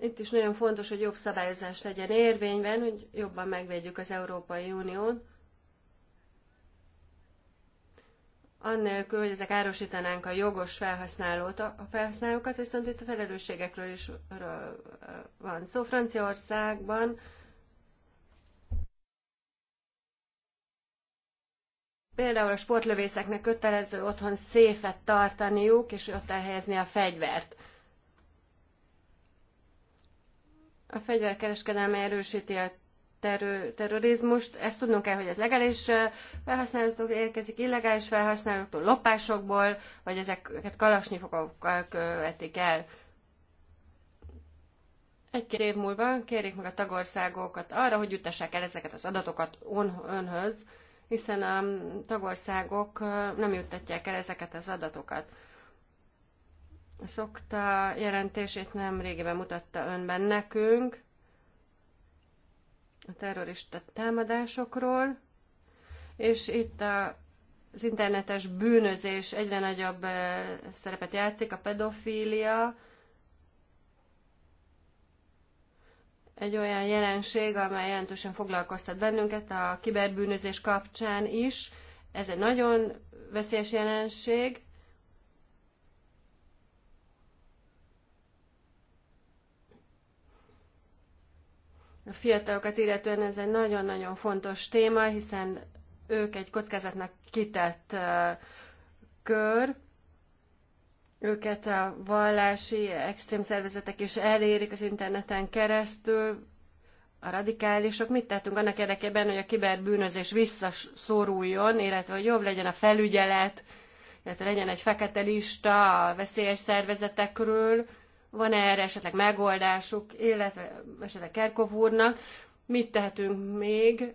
Speaker 2: itt is nagyon fontos, hogy jobb szabályozás legyen érvényben, hogy jobban megvédjük az Európai Unión, annélkül, hogy ezek árosítanánk a jogos felhasználót, a felhasználókat, viszont itt a felelősségekről is van szó. Szóval Franciaországban például a sportlövészeknek kötelező otthon széfet tartaniuk, és ott elhelyezni a fegyvert. A fegyverkereskedelme erősíti a terő, terrorizmust. Ezt tudnunk kell, hogy ez legális felhasználóktól érkezik, illegális felhasználóktól, lopásokból, vagy ezeket kalasnyifokokkal követik el. Egy-két év múlva kérik meg a tagországokat arra, hogy jutassák el ezeket az adatokat önhöz, hiszen a tagországok nem juttatják el ezeket az adatokat szokta jelentését nem régiben mutatta önben nekünk a terrorista támadásokról, és itt a, az internetes bűnözés egyre nagyobb eh, szerepet játszik, a pedofília, egy olyan jelenség, amely jelentősen foglalkoztat bennünket a kiberbűnözés kapcsán is. Ez egy nagyon veszélyes jelenség, A fiatalokat illetően ez egy nagyon-nagyon fontos téma, hiszen ők egy kockázatnak kitett kör, őket a vallási extrém szervezetek is elérik az interneten keresztül, a radikálisok mit tettünk annak érdekében, hogy a kiberbűnözés visszaszoruljon, illetve hogy jobb legyen a felügyelet, illetve legyen egy fekete lista a veszélyes szervezetekről, van -e erre esetleg megoldásuk, illetve esetleg Kerkov úrnak, mit tehetünk még,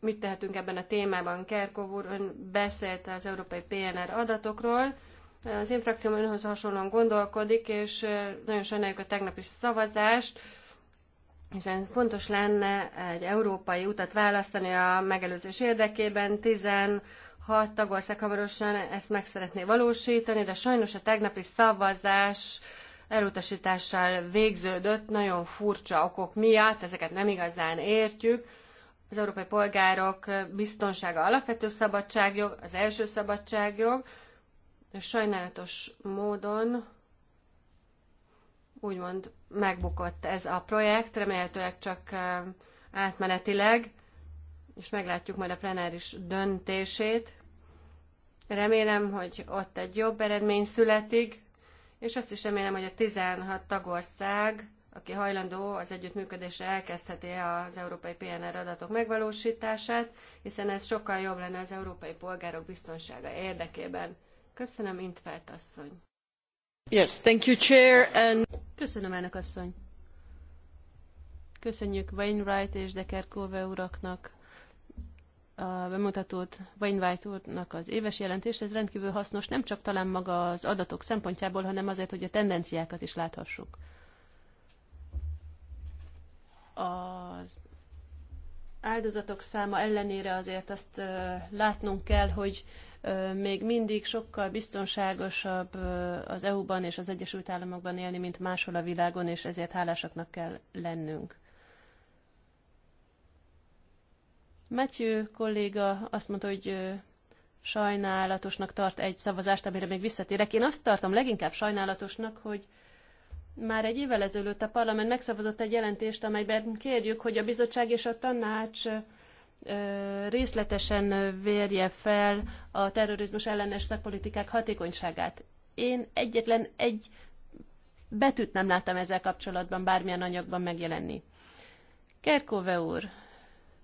Speaker 2: mit tehetünk ebben a témában. Kerkov úr, ön beszélt az európai PNR adatokról, az én frakcióm önhöz hasonlóan gondolkodik, és nagyon sajnáljuk a tegnapi szavazást, hiszen fontos lenne egy európai utat választani a megelőzés érdekében. 16 tagország hamarosan ezt meg szeretné valósítani, de sajnos a tegnapi szavazás elutasítással végződött, nagyon furcsa okok miatt, ezeket nem igazán értjük. Az európai polgárok biztonsága alapvető szabadságjog, az első szabadságjog, és sajnálatos módon úgymond megbukott ez a projekt, remélhetőleg csak átmenetileg, és meglátjuk majd a plenáris döntését. Remélem, hogy ott egy jobb eredmény születik, és azt is remélem, hogy a 16 tagország, aki hajlandó az együttműködésre elkezdheti az európai PNR adatok megvalósítását, hiszen ez sokkal jobb lenne az európai polgárok biztonsága érdekében. Köszönöm, Intfelt asszony. Yes, thank you, Chair, and...
Speaker 3: Köszönöm, elnök asszony. Köszönjük Wainwright és Decker Kove uraknak a bemutatót Wainwright úrnak az éves jelentést. Ez rendkívül hasznos nem csak talán maga az adatok szempontjából, hanem azért, hogy a tendenciákat is láthassuk. Az áldozatok száma ellenére azért azt látnunk kell, hogy még mindig sokkal biztonságosabb az EU-ban és az Egyesült Államokban élni, mint máshol a világon, és ezért hálásaknak kell lennünk. Matthew kolléga azt mondta, hogy sajnálatosnak tart egy szavazást, amire még visszatérek. Én azt tartom leginkább sajnálatosnak, hogy már egy évvel ezelőtt a parlament megszavazott egy jelentést, amelyben kérjük, hogy a bizottság és a tanács részletesen vérje fel a terrorizmus ellenes szakpolitikák hatékonyságát. Én egyetlen egy betűt nem láttam ezzel kapcsolatban bármilyen anyagban megjelenni. Kerkove úr,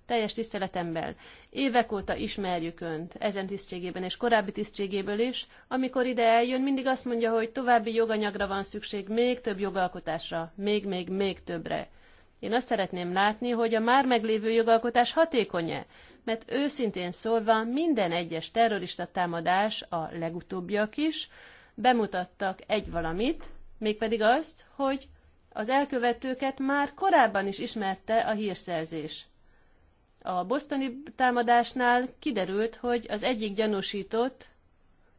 Speaker 3: teljes tiszteletemmel. Évek óta ismerjük Önt ezen tisztségében és korábbi tisztségéből is. Amikor ide eljön, mindig azt mondja, hogy további joganyagra van szükség, még több jogalkotásra, még, még, még többre. Én azt szeretném látni, hogy a már meglévő jogalkotás hatékony-e, mert őszintén szólva minden egyes terrorista támadás, a legutóbbiak is, bemutattak egy valamit, mégpedig azt, hogy az elkövetőket már korábban is ismerte a hírszerzés. A bosztoni támadásnál kiderült, hogy az egyik gyanúsított,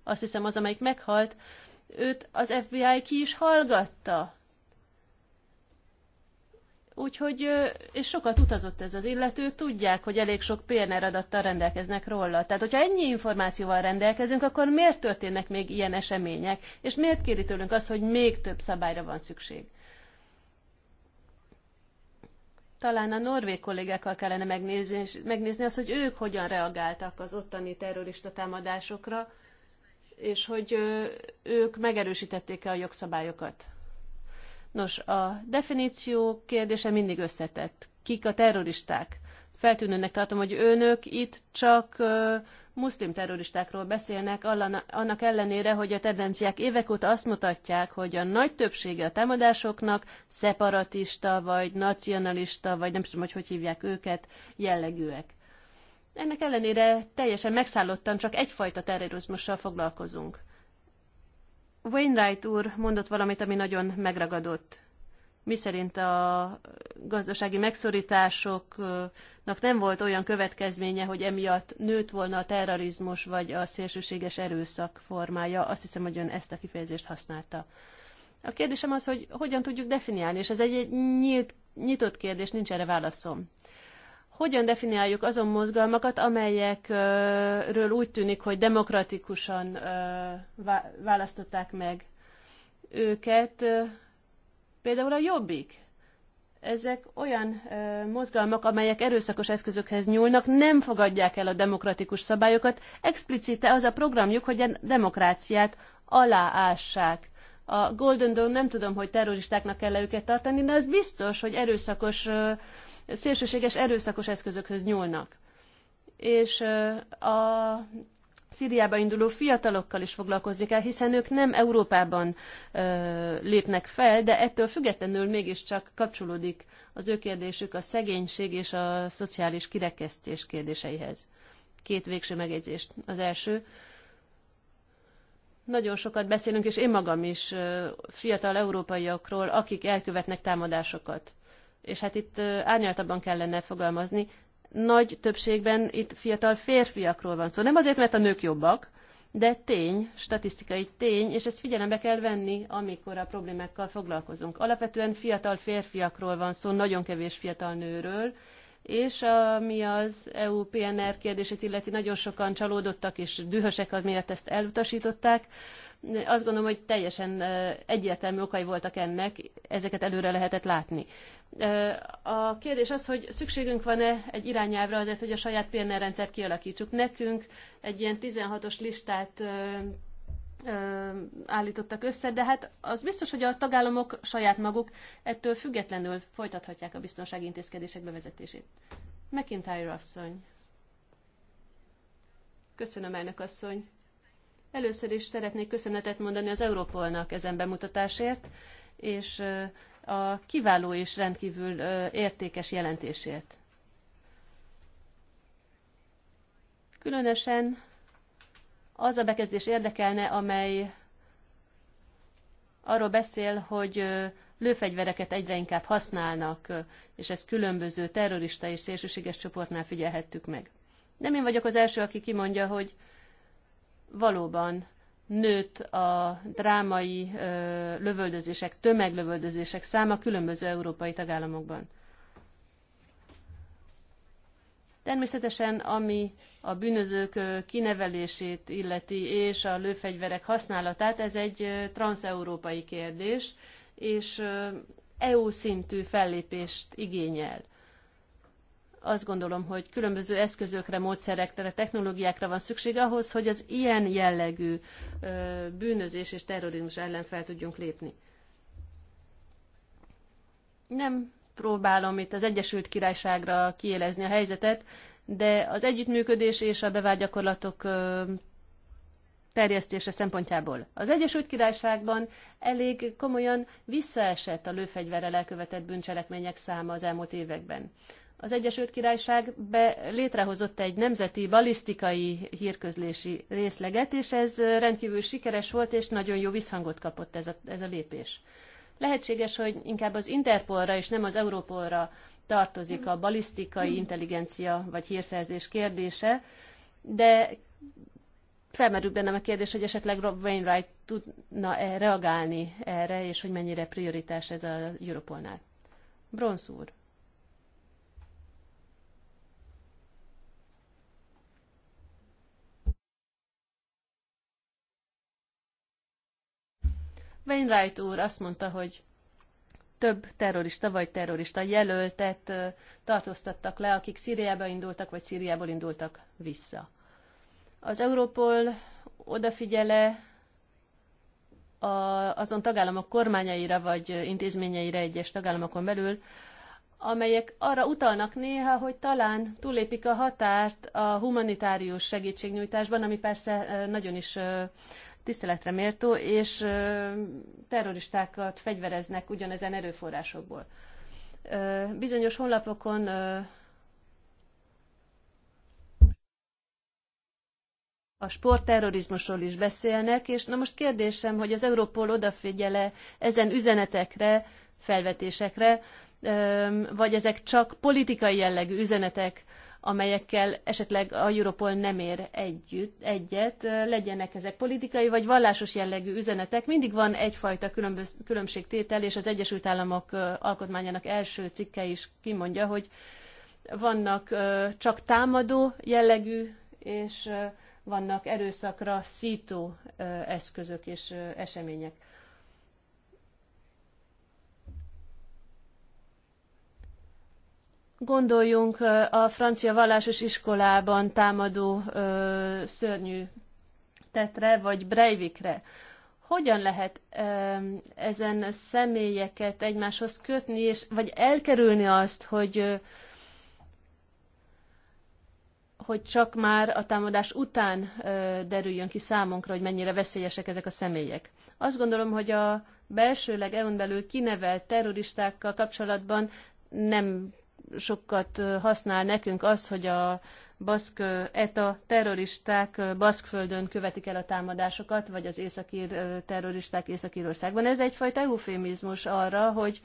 Speaker 3: azt hiszem az, amelyik meghalt, őt az FBI ki is hallgatta. Úgyhogy, és sokat utazott ez az illető, tudják, hogy elég sok PNR adattal rendelkeznek róla. Tehát, hogyha ennyi információval rendelkezünk, akkor miért történnek még ilyen események? És miért kéri tőlünk az, hogy még több szabályra van szükség? talán a norvég kollégákkal kellene megnézni, és megnézni azt, hogy ők hogyan reagáltak az ottani terrorista támadásokra, és hogy ők megerősítették-e a jogszabályokat. Nos, a definíció kérdése mindig összetett. Kik a terroristák? feltűnőnek tartom, hogy önök itt csak muszlim terroristákról beszélnek, annak ellenére, hogy a tendenciák évek óta azt mutatják, hogy a nagy többsége a támadásoknak szeparatista, vagy nacionalista, vagy nem tudom, hogy hogy hívják őket, jellegűek. Ennek ellenére teljesen megszállottan csak egyfajta terrorizmussal foglalkozunk. Wainwright úr mondott valamit, ami nagyon megragadott. Miszerint a gazdasági megszorítások nem volt olyan következménye, hogy emiatt nőtt volna a terrorizmus vagy a szélsőséges erőszak formája. Azt hiszem, hogy ön ezt a kifejezést használta. A kérdésem az, hogy hogyan tudjuk definiálni, és ez egy, egy nyílt, nyitott kérdés, nincs erre válaszom. Hogyan definiáljuk azon mozgalmakat, amelyekről úgy tűnik, hogy demokratikusan választották meg őket, például a jobbik ezek olyan ö, mozgalmak, amelyek erőszakos eszközökhez nyúlnak, nem fogadják el a demokratikus szabályokat. Explicite az a programjuk, hogy a demokráciát aláássák. A Golden Dawn nem tudom, hogy terroristáknak kell -e őket tartani, de az biztos, hogy erőszakos, ö, szélsőséges erőszakos eszközökhöz nyúlnak. És ö, a Szíriába induló fiatalokkal is foglalkozni kell, hiszen ők nem Európában ö, lépnek fel, de ettől függetlenül mégiscsak kapcsolódik az ő kérdésük a szegénység és a szociális kirekesztés kérdéseihez. Két végső megjegyzést. Az első, nagyon sokat beszélünk, és én magam is ö, fiatal európaiakról, akik elkövetnek támadásokat. És hát itt árnyaltabban kellene fogalmazni, nagy többségben itt fiatal férfiakról van szó. Szóval nem azért, mert a nők jobbak, de tény, statisztikai tény, és ezt figyelembe kell venni, amikor a problémákkal foglalkozunk. Alapvetően fiatal férfiakról van szó, nagyon kevés fiatal nőről, és ami az EU PNR kérdését illeti, nagyon sokan csalódottak és dühösek, amiért ezt elutasították. Azt gondolom, hogy teljesen egyértelmű okai voltak ennek, ezeket előre lehetett látni. A kérdés az, hogy szükségünk van-e egy irányelvre azért, hogy a saját PNR rendszert kialakítsuk. Nekünk egy ilyen 16-os listát állítottak össze, de hát az biztos, hogy a tagállamok saját maguk ettől függetlenül folytathatják a biztonsági intézkedések bevezetését. McIntyre asszony. Köszönöm, elnök asszony. Először is szeretnék köszönetet mondani az Európolnak ezen bemutatásért, és a kiváló és rendkívül értékes jelentésért. Különösen az a bekezdés érdekelne, amely arról beszél, hogy lőfegyvereket egyre inkább használnak, és ez különböző terrorista és szélsőséges csoportnál figyelhettük meg. Nem én vagyok az első, aki kimondja, hogy valóban nőtt a drámai ö, lövöldözések, tömeglövöldözések száma különböző európai tagállamokban. Természetesen, ami a bűnözők kinevelését illeti és a lőfegyverek használatát, ez egy transeurópai kérdés, és EU szintű fellépést igényel azt gondolom, hogy különböző eszközökre, módszerekre, technológiákra van szükség ahhoz, hogy az ilyen jellegű bűnözés és terrorizmus ellen fel tudjunk lépni. Nem próbálom itt az Egyesült Királyságra kiélezni a helyzetet, de az együttműködés és a bevált gyakorlatok terjesztése szempontjából. Az Egyesült Királyságban elég komolyan visszaesett a lőfegyverrel elkövetett bűncselekmények száma az elmúlt években az Egyesült Királyság be, létrehozott egy nemzeti balisztikai hírközlési részleget, és ez rendkívül sikeres volt, és nagyon jó visszhangot kapott ez a, ez a lépés. Lehetséges, hogy inkább az Interpolra és nem az Europolra tartozik a balisztikai intelligencia vagy hírszerzés kérdése, de felmerül bennem a kérdés, hogy esetleg Rob Wainwright tudna -e reagálni erre, és hogy mennyire prioritás ez a Europolnál. Bronz úr. Wainwright úr azt mondta, hogy több terrorista vagy terrorista jelöltet tartóztattak le, akik Szíriába indultak, vagy Szíriából indultak vissza. Az Európol odafigyele a, azon tagállamok kormányaira, vagy intézményeire egyes tagállamokon belül, amelyek arra utalnak néha, hogy talán túlépik a határt a humanitárius segítségnyújtásban, ami persze nagyon is tiszteletre méltó, és terroristákat fegyvereznek ugyanezen erőforrásokból. Bizonyos honlapokon a sportterrorizmusról is beszélnek, és na most kérdésem, hogy az Európol odafigyele ezen üzenetekre, felvetésekre, vagy ezek csak politikai jellegű üzenetek, amelyekkel esetleg a Europol nem ér együtt, egyet, legyenek ezek politikai vagy vallásos jellegű üzenetek, mindig van egyfajta különböz, különbségtétel, és az Egyesült Államok alkotmányának első cikke is kimondja, hogy vannak csak támadó jellegű, és vannak erőszakra szító eszközök és események. Gondoljunk a francia vallásos iskolában támadó ö, szörnyű tetre, vagy Breivikre. Hogyan lehet ö, ezen személyeket egymáshoz kötni, és vagy elkerülni azt, hogy ö, hogy csak már a támadás után ö, derüljön ki számunkra, hogy mennyire veszélyesek ezek a személyek. Azt gondolom, hogy a belsőleg EU-n belül kinevelt terroristákkal kapcsolatban nem sokat használ nekünk az, hogy a baszk ETA terroristák baszkföldön követik el a támadásokat, vagy az északír terroristák Észak-Írországban. Ez egyfajta eufémizmus arra, hogy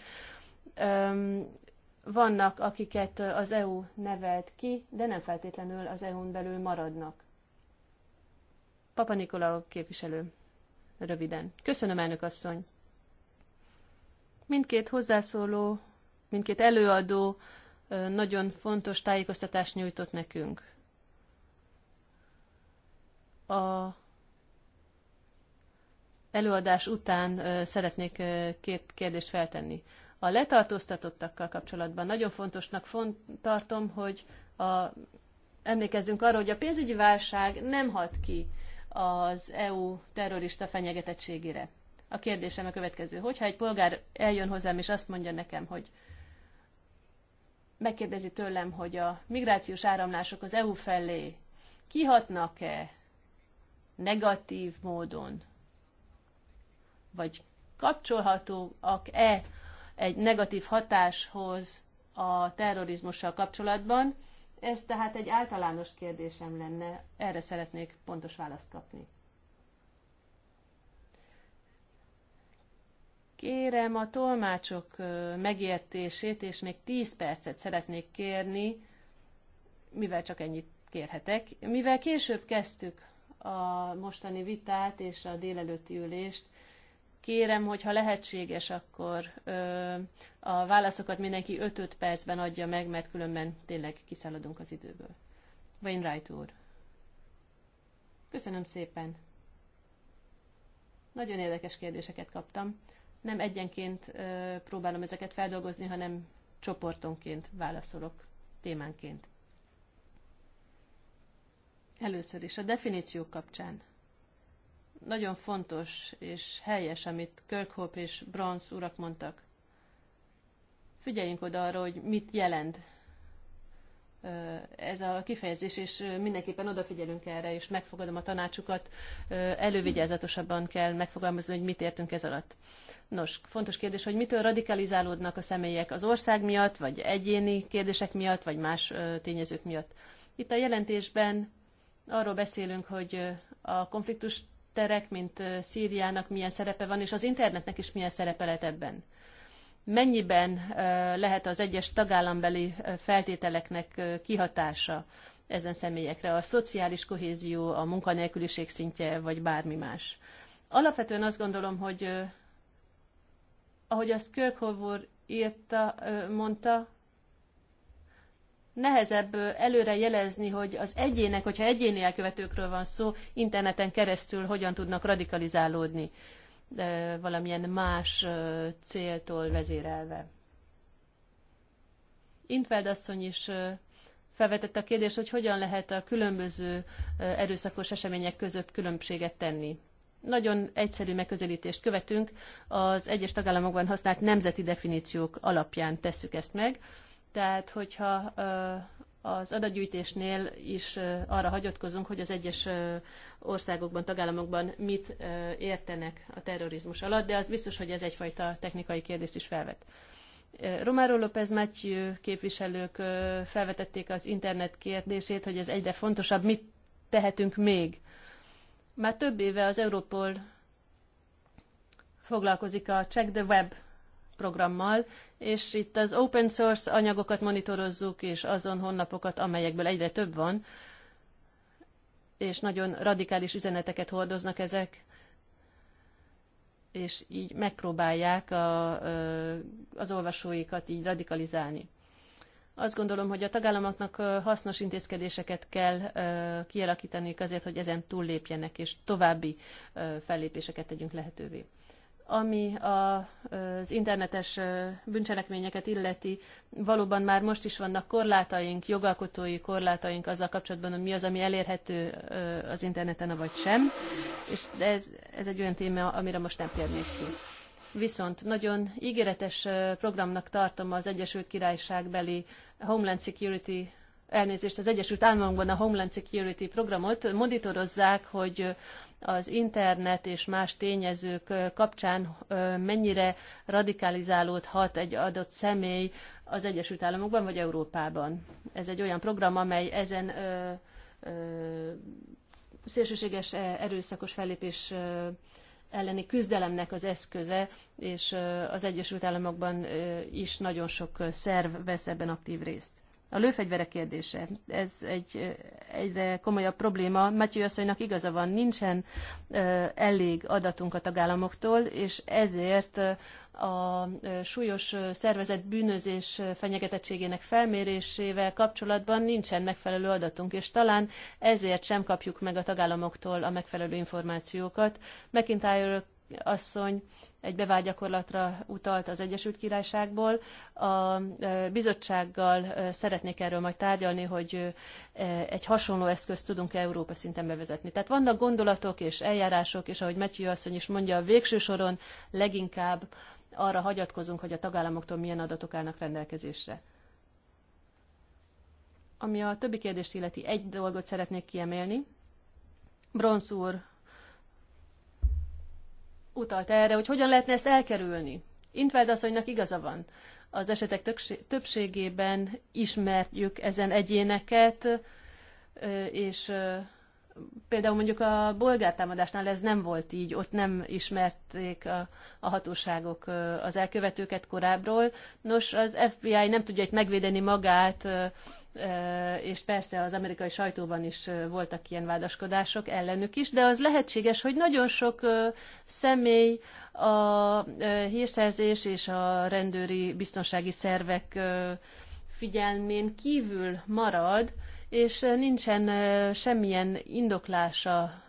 Speaker 3: öm, vannak, akiket az EU nevelt ki, de nem feltétlenül az EU-n belül maradnak. Papa Nikola képviselő. Röviden. Köszönöm, elnök asszony. Mindkét hozzászóló, mindkét előadó nagyon fontos tájékoztatást nyújtott nekünk. A előadás után szeretnék két kérdést feltenni. A letartóztatottakkal kapcsolatban nagyon fontosnak font, tartom, hogy a, emlékezzünk arra, hogy a pénzügyi válság nem hat ki az EU terrorista fenyegetettségére. A kérdésem a következő. Hogyha egy polgár eljön hozzám és azt mondja nekem, hogy megkérdezi tőlem, hogy a migrációs áramlások az EU felé kihatnak-e negatív módon, vagy kapcsolhatóak-e egy negatív hatáshoz a terrorizmussal kapcsolatban. Ez tehát egy általános kérdésem lenne, erre szeretnék pontos választ kapni. Kérem a tolmácsok megértését, és még 10 percet szeretnék kérni, mivel csak ennyit kérhetek. Mivel később kezdtük a mostani vitát és a délelőtti ülést, kérem, hogy ha lehetséges, akkor ö, a válaszokat mindenki 5-5 percben adja meg, mert különben tényleg kiszaladunk az időből. Wainwright úr. Köszönöm szépen. Nagyon érdekes kérdéseket kaptam nem egyenként próbálom ezeket feldolgozni, hanem csoportonként válaszolok témánként. Először is a definíció kapcsán. Nagyon fontos és helyes, amit Kirkhope és Brons urak mondtak. Figyeljünk oda arra, hogy mit jelent ez a kifejezés, és mindenképpen odafigyelünk erre, és megfogadom a tanácsukat, elővigyázatosabban kell megfogalmazni, hogy mit értünk ez alatt. Nos, fontos kérdés, hogy mitől radikalizálódnak a személyek az ország miatt, vagy egyéni kérdések miatt, vagy más tényezők miatt. Itt a jelentésben arról beszélünk, hogy a konfliktus terek, mint Szíriának milyen szerepe van, és az internetnek is milyen szerepe lett ebben mennyiben lehet az egyes tagállambeli feltételeknek kihatása ezen személyekre, a szociális kohézió, a munkanélküliség szintje, vagy bármi más. Alapvetően azt gondolom, hogy ahogy azt Kirkhoff úr
Speaker 1: írta, mondta,
Speaker 3: nehezebb előre jelezni, hogy az egyének, hogyha egyéni elkövetőkről van szó, interneten keresztül hogyan tudnak radikalizálódni valamilyen más céltól vezérelve. Intveld asszony is felvetette a kérdést, hogy hogyan lehet a különböző erőszakos események között különbséget tenni. Nagyon egyszerű megközelítést követünk, az egyes tagállamokban használt nemzeti definíciók alapján tesszük ezt meg. Tehát, hogyha az adatgyűjtésnél is arra hagyatkozunk, hogy az egyes országokban, tagállamokban mit értenek a terrorizmus alatt, de az biztos, hogy ez egyfajta technikai kérdést is felvet. Romáról López Matthew képviselők felvetették az internet kérdését, hogy ez egyre fontosabb, mit tehetünk még. Már több éve az Europol foglalkozik a Check the Web programmal, és itt az open source anyagokat monitorozzuk, és azon honlapokat, amelyekből egyre több van, és nagyon radikális üzeneteket hordoznak ezek, és így megpróbálják a, az olvasóikat így radikalizálni. Azt gondolom, hogy a tagállamoknak hasznos intézkedéseket kell kialakítani azért, hogy ezen túllépjenek, és további fellépéseket tegyünk lehetővé ami a, az internetes bűncselekményeket illeti, valóban már most is vannak korlátaink, jogalkotói korlátaink azzal kapcsolatban, hogy mi az, ami elérhető az interneten, vagy sem. És ez, ez egy olyan téma, amire most nem térnék ki. Viszont nagyon ígéretes programnak tartom az Egyesült Királyság beli Homeland Security elnézést az Egyesült Államokban a Homeland Security programot, monitorozzák, hogy az internet és más tényezők kapcsán mennyire radikalizálódhat egy adott személy az Egyesült Államokban vagy Európában. Ez egy olyan program, amely ezen ö, ö, szélsőséges e, erőszakos fellépés elleni küzdelemnek az eszköze, és az Egyesült Államokban is nagyon sok szerv vesz ebben aktív részt. A lőfegyverek kérdése, ez egy egyre komolyabb probléma. Matthew asszonynak igaza van, nincsen elég adatunk a tagállamoktól, és ezért a súlyos szervezett bűnözés fenyegetettségének felmérésével kapcsolatban nincsen megfelelő adatunk, és talán ezért sem kapjuk meg a tagállamoktól a megfelelő információkat. McIntyre asszony egy bevágyakorlatra utalt az Egyesült Királyságból. A bizottsággal szeretnék erről majd tárgyalni, hogy egy hasonló eszközt tudunk Európa szinten bevezetni. Tehát vannak gondolatok és eljárások, és ahogy Matthew asszony is mondja, a végső soron leginkább arra hagyatkozunk, hogy a tagállamoktól milyen adatok állnak rendelkezésre. Ami a többi kérdést illeti, egy dolgot szeretnék kiemelni. Bronz úr utalt erre, hogy hogyan lehetne ezt elkerülni. Intveld asszonynak igaza van. Az esetek többségében ismerjük ezen egyéneket, és például mondjuk a bolgártámadásnál ez nem volt így, ott nem ismerték a, a hatóságok az elkövetőket korábbról. Nos, az FBI nem tudja itt megvédeni magát és persze az amerikai sajtóban is voltak ilyen vádaskodások ellenük is, de az lehetséges, hogy nagyon sok személy a hírszerzés és a rendőri biztonsági szervek figyelmén kívül marad, és nincsen semmilyen indoklása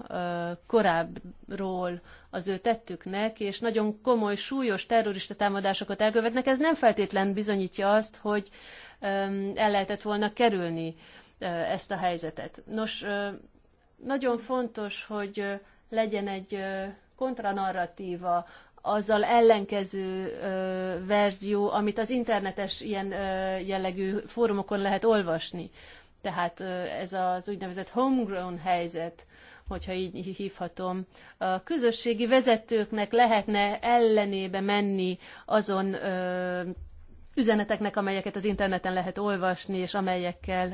Speaker 3: korábbról az ő tettüknek, és nagyon komoly, súlyos terrorista támadásokat elkövetnek. Ez nem feltétlen bizonyítja azt, hogy el lehetett volna kerülni ezt a helyzetet. Nos, nagyon fontos, hogy legyen egy kontranarratíva, azzal ellenkező ö, verzió, amit az internetes ilyen ö, jellegű fórumokon lehet olvasni. Tehát ö, ez az úgynevezett homegrown helyzet, hogyha így hívhatom, a közösségi vezetőknek lehetne ellenébe menni azon ö, üzeneteknek, amelyeket az interneten lehet olvasni, és amelyekkel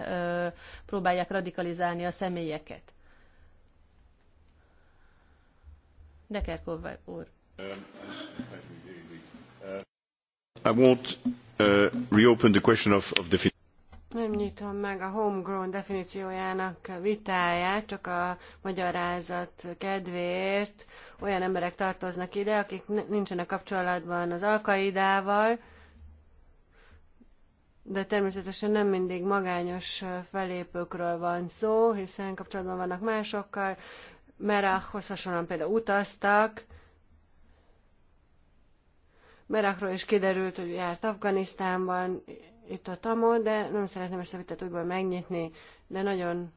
Speaker 3: ö, próbálják radikalizálni a személyeket.
Speaker 2: Dekerkov úr.
Speaker 1: I won't uh, reopen the question of, of
Speaker 2: nem nyitom meg a homegrown definíciójának vitáját, csak a magyarázat kedvéért olyan emberek tartoznak ide, akik nincsenek kapcsolatban az alkaidával, de természetesen nem mindig magányos felépőkről van szó, hiszen kapcsolatban vannak másokkal, Merachhoz hasonlóan például utaztak, Merákról is kiderült, hogy járt Afganisztánban, itt a Tamó, de nem szeretném ezt a vitát úgyból megnyitni, de nagyon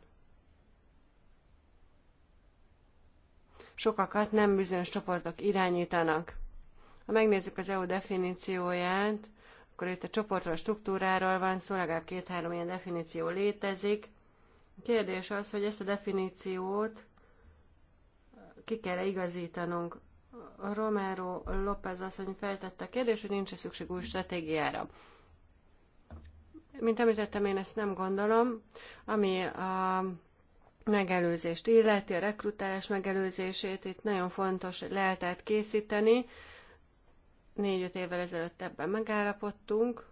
Speaker 2: sokakat nem bizonyos csoportok irányítanak. Ha megnézzük az EU definícióját, akkor itt a csoportról, a struktúráról van szó, legalább két-három ilyen definíció létezik. A kérdés az, hogy ezt a definíciót ki kell igazítanunk. Romero López hogy feltette a kérdést, hogy nincs-e szükség új stratégiára. Mint említettem, én ezt nem gondolom. Ami a megelőzést illeti, a rekrutálás megelőzését, itt nagyon fontos lehetett készíteni, Négy-öt évvel ezelőtt ebben megállapodtunk.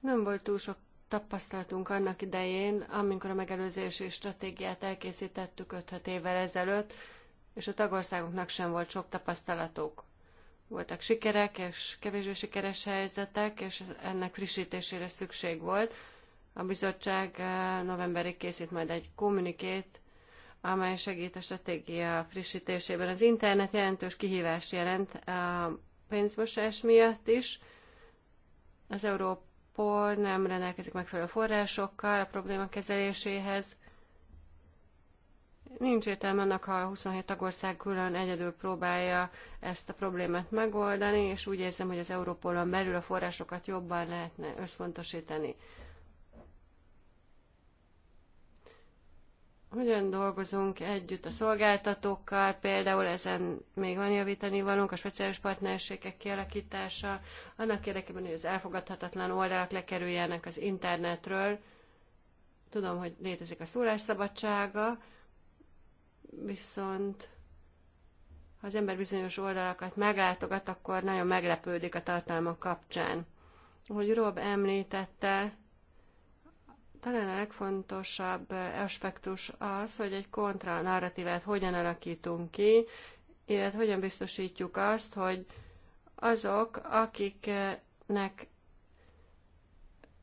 Speaker 2: Nem volt túl sok tapasztalatunk annak idején, amikor a megelőzési stratégiát elkészítettük 5-6 évvel ezelőtt, és a tagországoknak sem volt sok tapasztalatuk. Voltak sikerek és kevésbé sikeres helyzetek, és ennek frissítésére szükség volt. A bizottság eh, novemberig készít majd egy kommunikét amely segít a stratégia frissítésében. Az internet jelentős kihívást jelent a pénzmosás miatt is. Az Európol nem rendelkezik megfelelő forrásokkal a probléma kezeléséhez. Nincs értelme annak, ha a 27 tagország külön egyedül próbálja ezt a problémát megoldani, és úgy érzem, hogy az Európolon belül a forrásokat jobban lehetne összpontosítani. hogyan dolgozunk együtt a szolgáltatókkal, például ezen még van javítani valunk, a speciális partnerségek kialakítása, annak érdekében, hogy az elfogadhatatlan oldalak lekerüljenek az internetről. Tudom, hogy létezik a szólásszabadsága, viszont ha az ember bizonyos oldalakat meglátogat, akkor nagyon meglepődik a tartalmak kapcsán. Ahogy Rob említette, talán a legfontosabb aspektus az, hogy egy kontra-narratívát hogyan alakítunk ki, illetve hogyan biztosítjuk azt, hogy azok, akiknek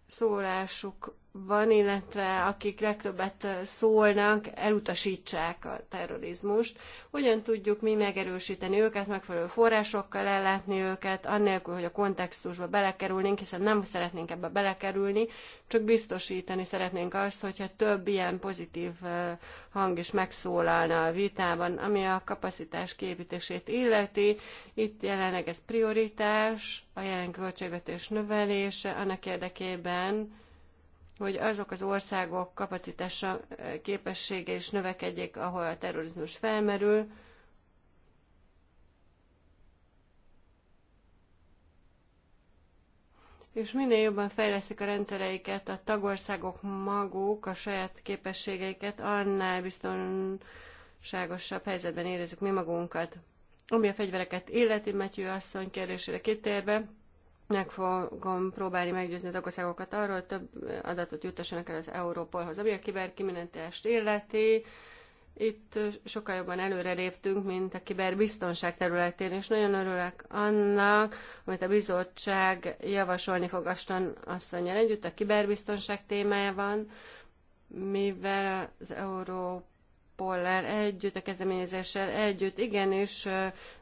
Speaker 2: szólásuk van, illetve akik legtöbbet szólnak, elutasítsák a terrorizmust. Hogyan tudjuk mi megerősíteni őket, megfelelő forrásokkal ellátni őket, annélkül, hogy a kontextusba belekerülnénk, hiszen nem szeretnénk ebbe belekerülni, csak biztosítani szeretnénk azt, hogyha több ilyen pozitív hang is megszólalna a vitában, ami a kapacitás képítését illeti. Itt jelenleg ez prioritás, a jelen költségvetés növelése annak érdekében, hogy azok az országok kapacitása, képessége is növekedjék, ahol a terrorizmus felmerül, és minél jobban fejlesztik a rendszereiket, a tagországok maguk a saját képességeiket, annál biztonságosabb helyzetben érezzük mi magunkat. Ami a fegyvereket illeti, Matyő asszony kérdésére kitérve, meg fogom próbálni meggyőzni a tagországokat arról, hogy több adatot juttassanak el az Európolhoz. Ami a kiberkriminalitást illeti, itt sokkal jobban előre léptünk, mint a kiberbiztonság területén, és nagyon örülök annak, amit a bizottság javasolni fog Aston asszonyjal együtt a kiberbiztonság témájában, mivel az Európollal együtt, a kezdeményezéssel együtt, igenis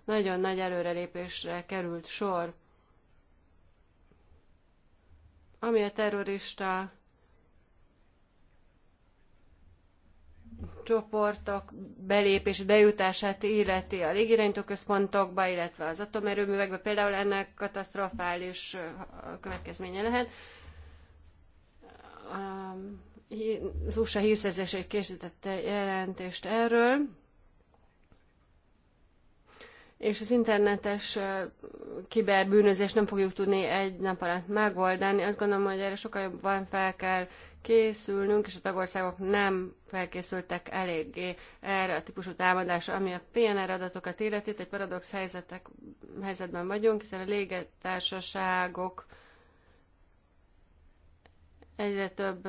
Speaker 2: nagyon nagy előrelépésre került sor. Ami a terrorista csoportok belépés, bejutását illeti a légirányító központokba, illetve az atomerőművekbe, például ennek katasztrofális következménye lehet. Az USA hírszerzéség készítette jelentést erről és az internetes kiberbűnözést nem fogjuk tudni egy nap alatt megoldani. Azt gondolom, hogy erre sokkal jobban fel kell készülnünk, és a tagországok nem felkészültek eléggé erre a típusú támadásra, ami a PNR adatokat illeti. Egy paradox helyzetek, helyzetben vagyunk, hiszen a légitársaságok egyre több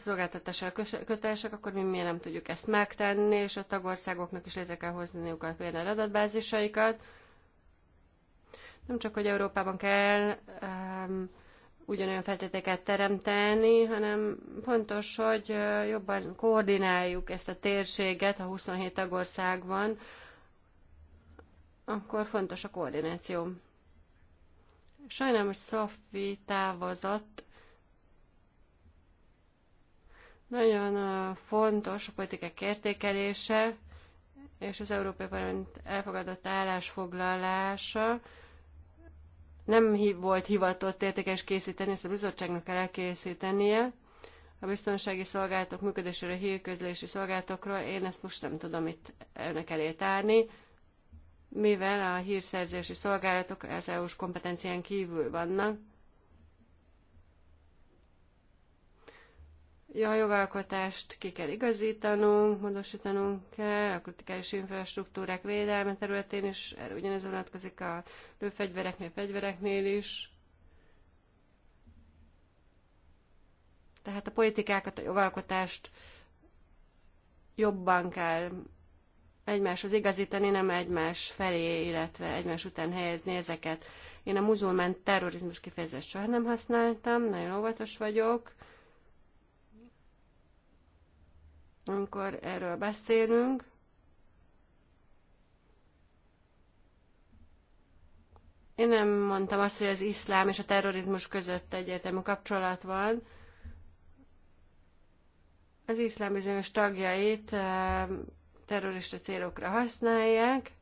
Speaker 2: szolgáltatással kötelesek, akkor mi miért nem tudjuk ezt megtenni, és a tagországoknak is létre kell hozniuk a például adatbázisaikat. Nem csak, hogy Európában kell um, ugyanolyan feltéteket teremteni, hanem fontos, hogy jobban koordináljuk ezt a térséget, ha 27 tagország van, akkor fontos a koordináció. Sajnálom, hogy Szofi távozott, nagyon fontos a politikák értékelése és az Európai Parlament elfogadott állásfoglalása nem volt hivatott értékes készíteni, ezt a bizottságnak kell elkészítenie. A biztonsági szolgálatok működésére, hírközlési szolgálatokról én ezt most nem tudom itt önök elé tárni, mivel a hírszerzési szolgálatok az EU-s kompetencián kívül vannak, Ja, a jogalkotást ki kell igazítanunk, módosítanunk kell, a kritikális infrastruktúrák védelme területén is, Erre ugyanez vonatkozik a lőfegyvereknél, fegyvereknél is. Tehát a politikákat, a jogalkotást jobban kell egymáshoz igazítani, nem egymás felé, illetve egymás után helyezni ezeket. Én a muzulmán terrorizmus kifejezést soha nem használtam, nagyon óvatos vagyok amikor erről beszélünk, Én nem mondtam azt, hogy az iszlám és a terrorizmus között egyértelmű kapcsolat van. Az iszlám bizonyos tagjait eh, terrorista célokra használják,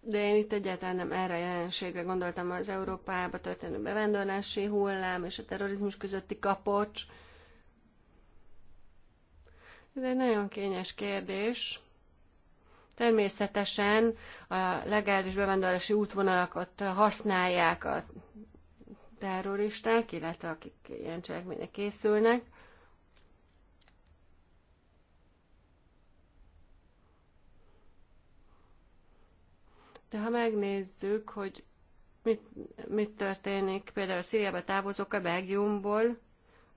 Speaker 2: de én itt egyáltalán nem erre a jelenségre gondoltam az Európába történő bevándorlási hullám és a terrorizmus közötti kapocs. Ez egy nagyon kényes kérdés. Természetesen a legális bevándorlási útvonalakat használják a terroristák, illetve akik ilyen cselekményre készülnek. De ha megnézzük, hogy mit, mit történik például a Szíriába távozók a Belgiumból,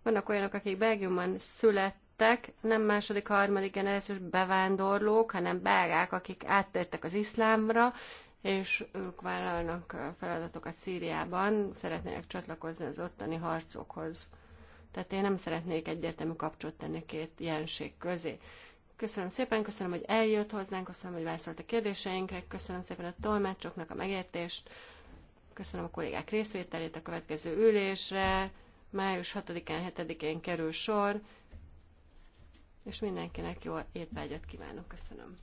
Speaker 2: vannak olyanok, akik Belgiumban születtek, jöttek, nem második, harmadik generációs bevándorlók, hanem belgák, akik áttértek az iszlámra, és ők vállalnak feladatokat Szíriában, szeretnének csatlakozni az ottani harcokhoz. Tehát én nem szeretnék egyértelmű kapcsot tenni két jelenség közé. Köszönöm szépen, köszönöm, hogy eljött hozzánk, köszönöm, hogy válaszolt a kérdéseinkre, köszönöm szépen a tolmácsoknak a megértést, köszönöm a kollégák részvételét a következő ülésre, május 6-án, 7-én kerül sor és mindenkinek jó étvágyat kívánok. Köszönöm.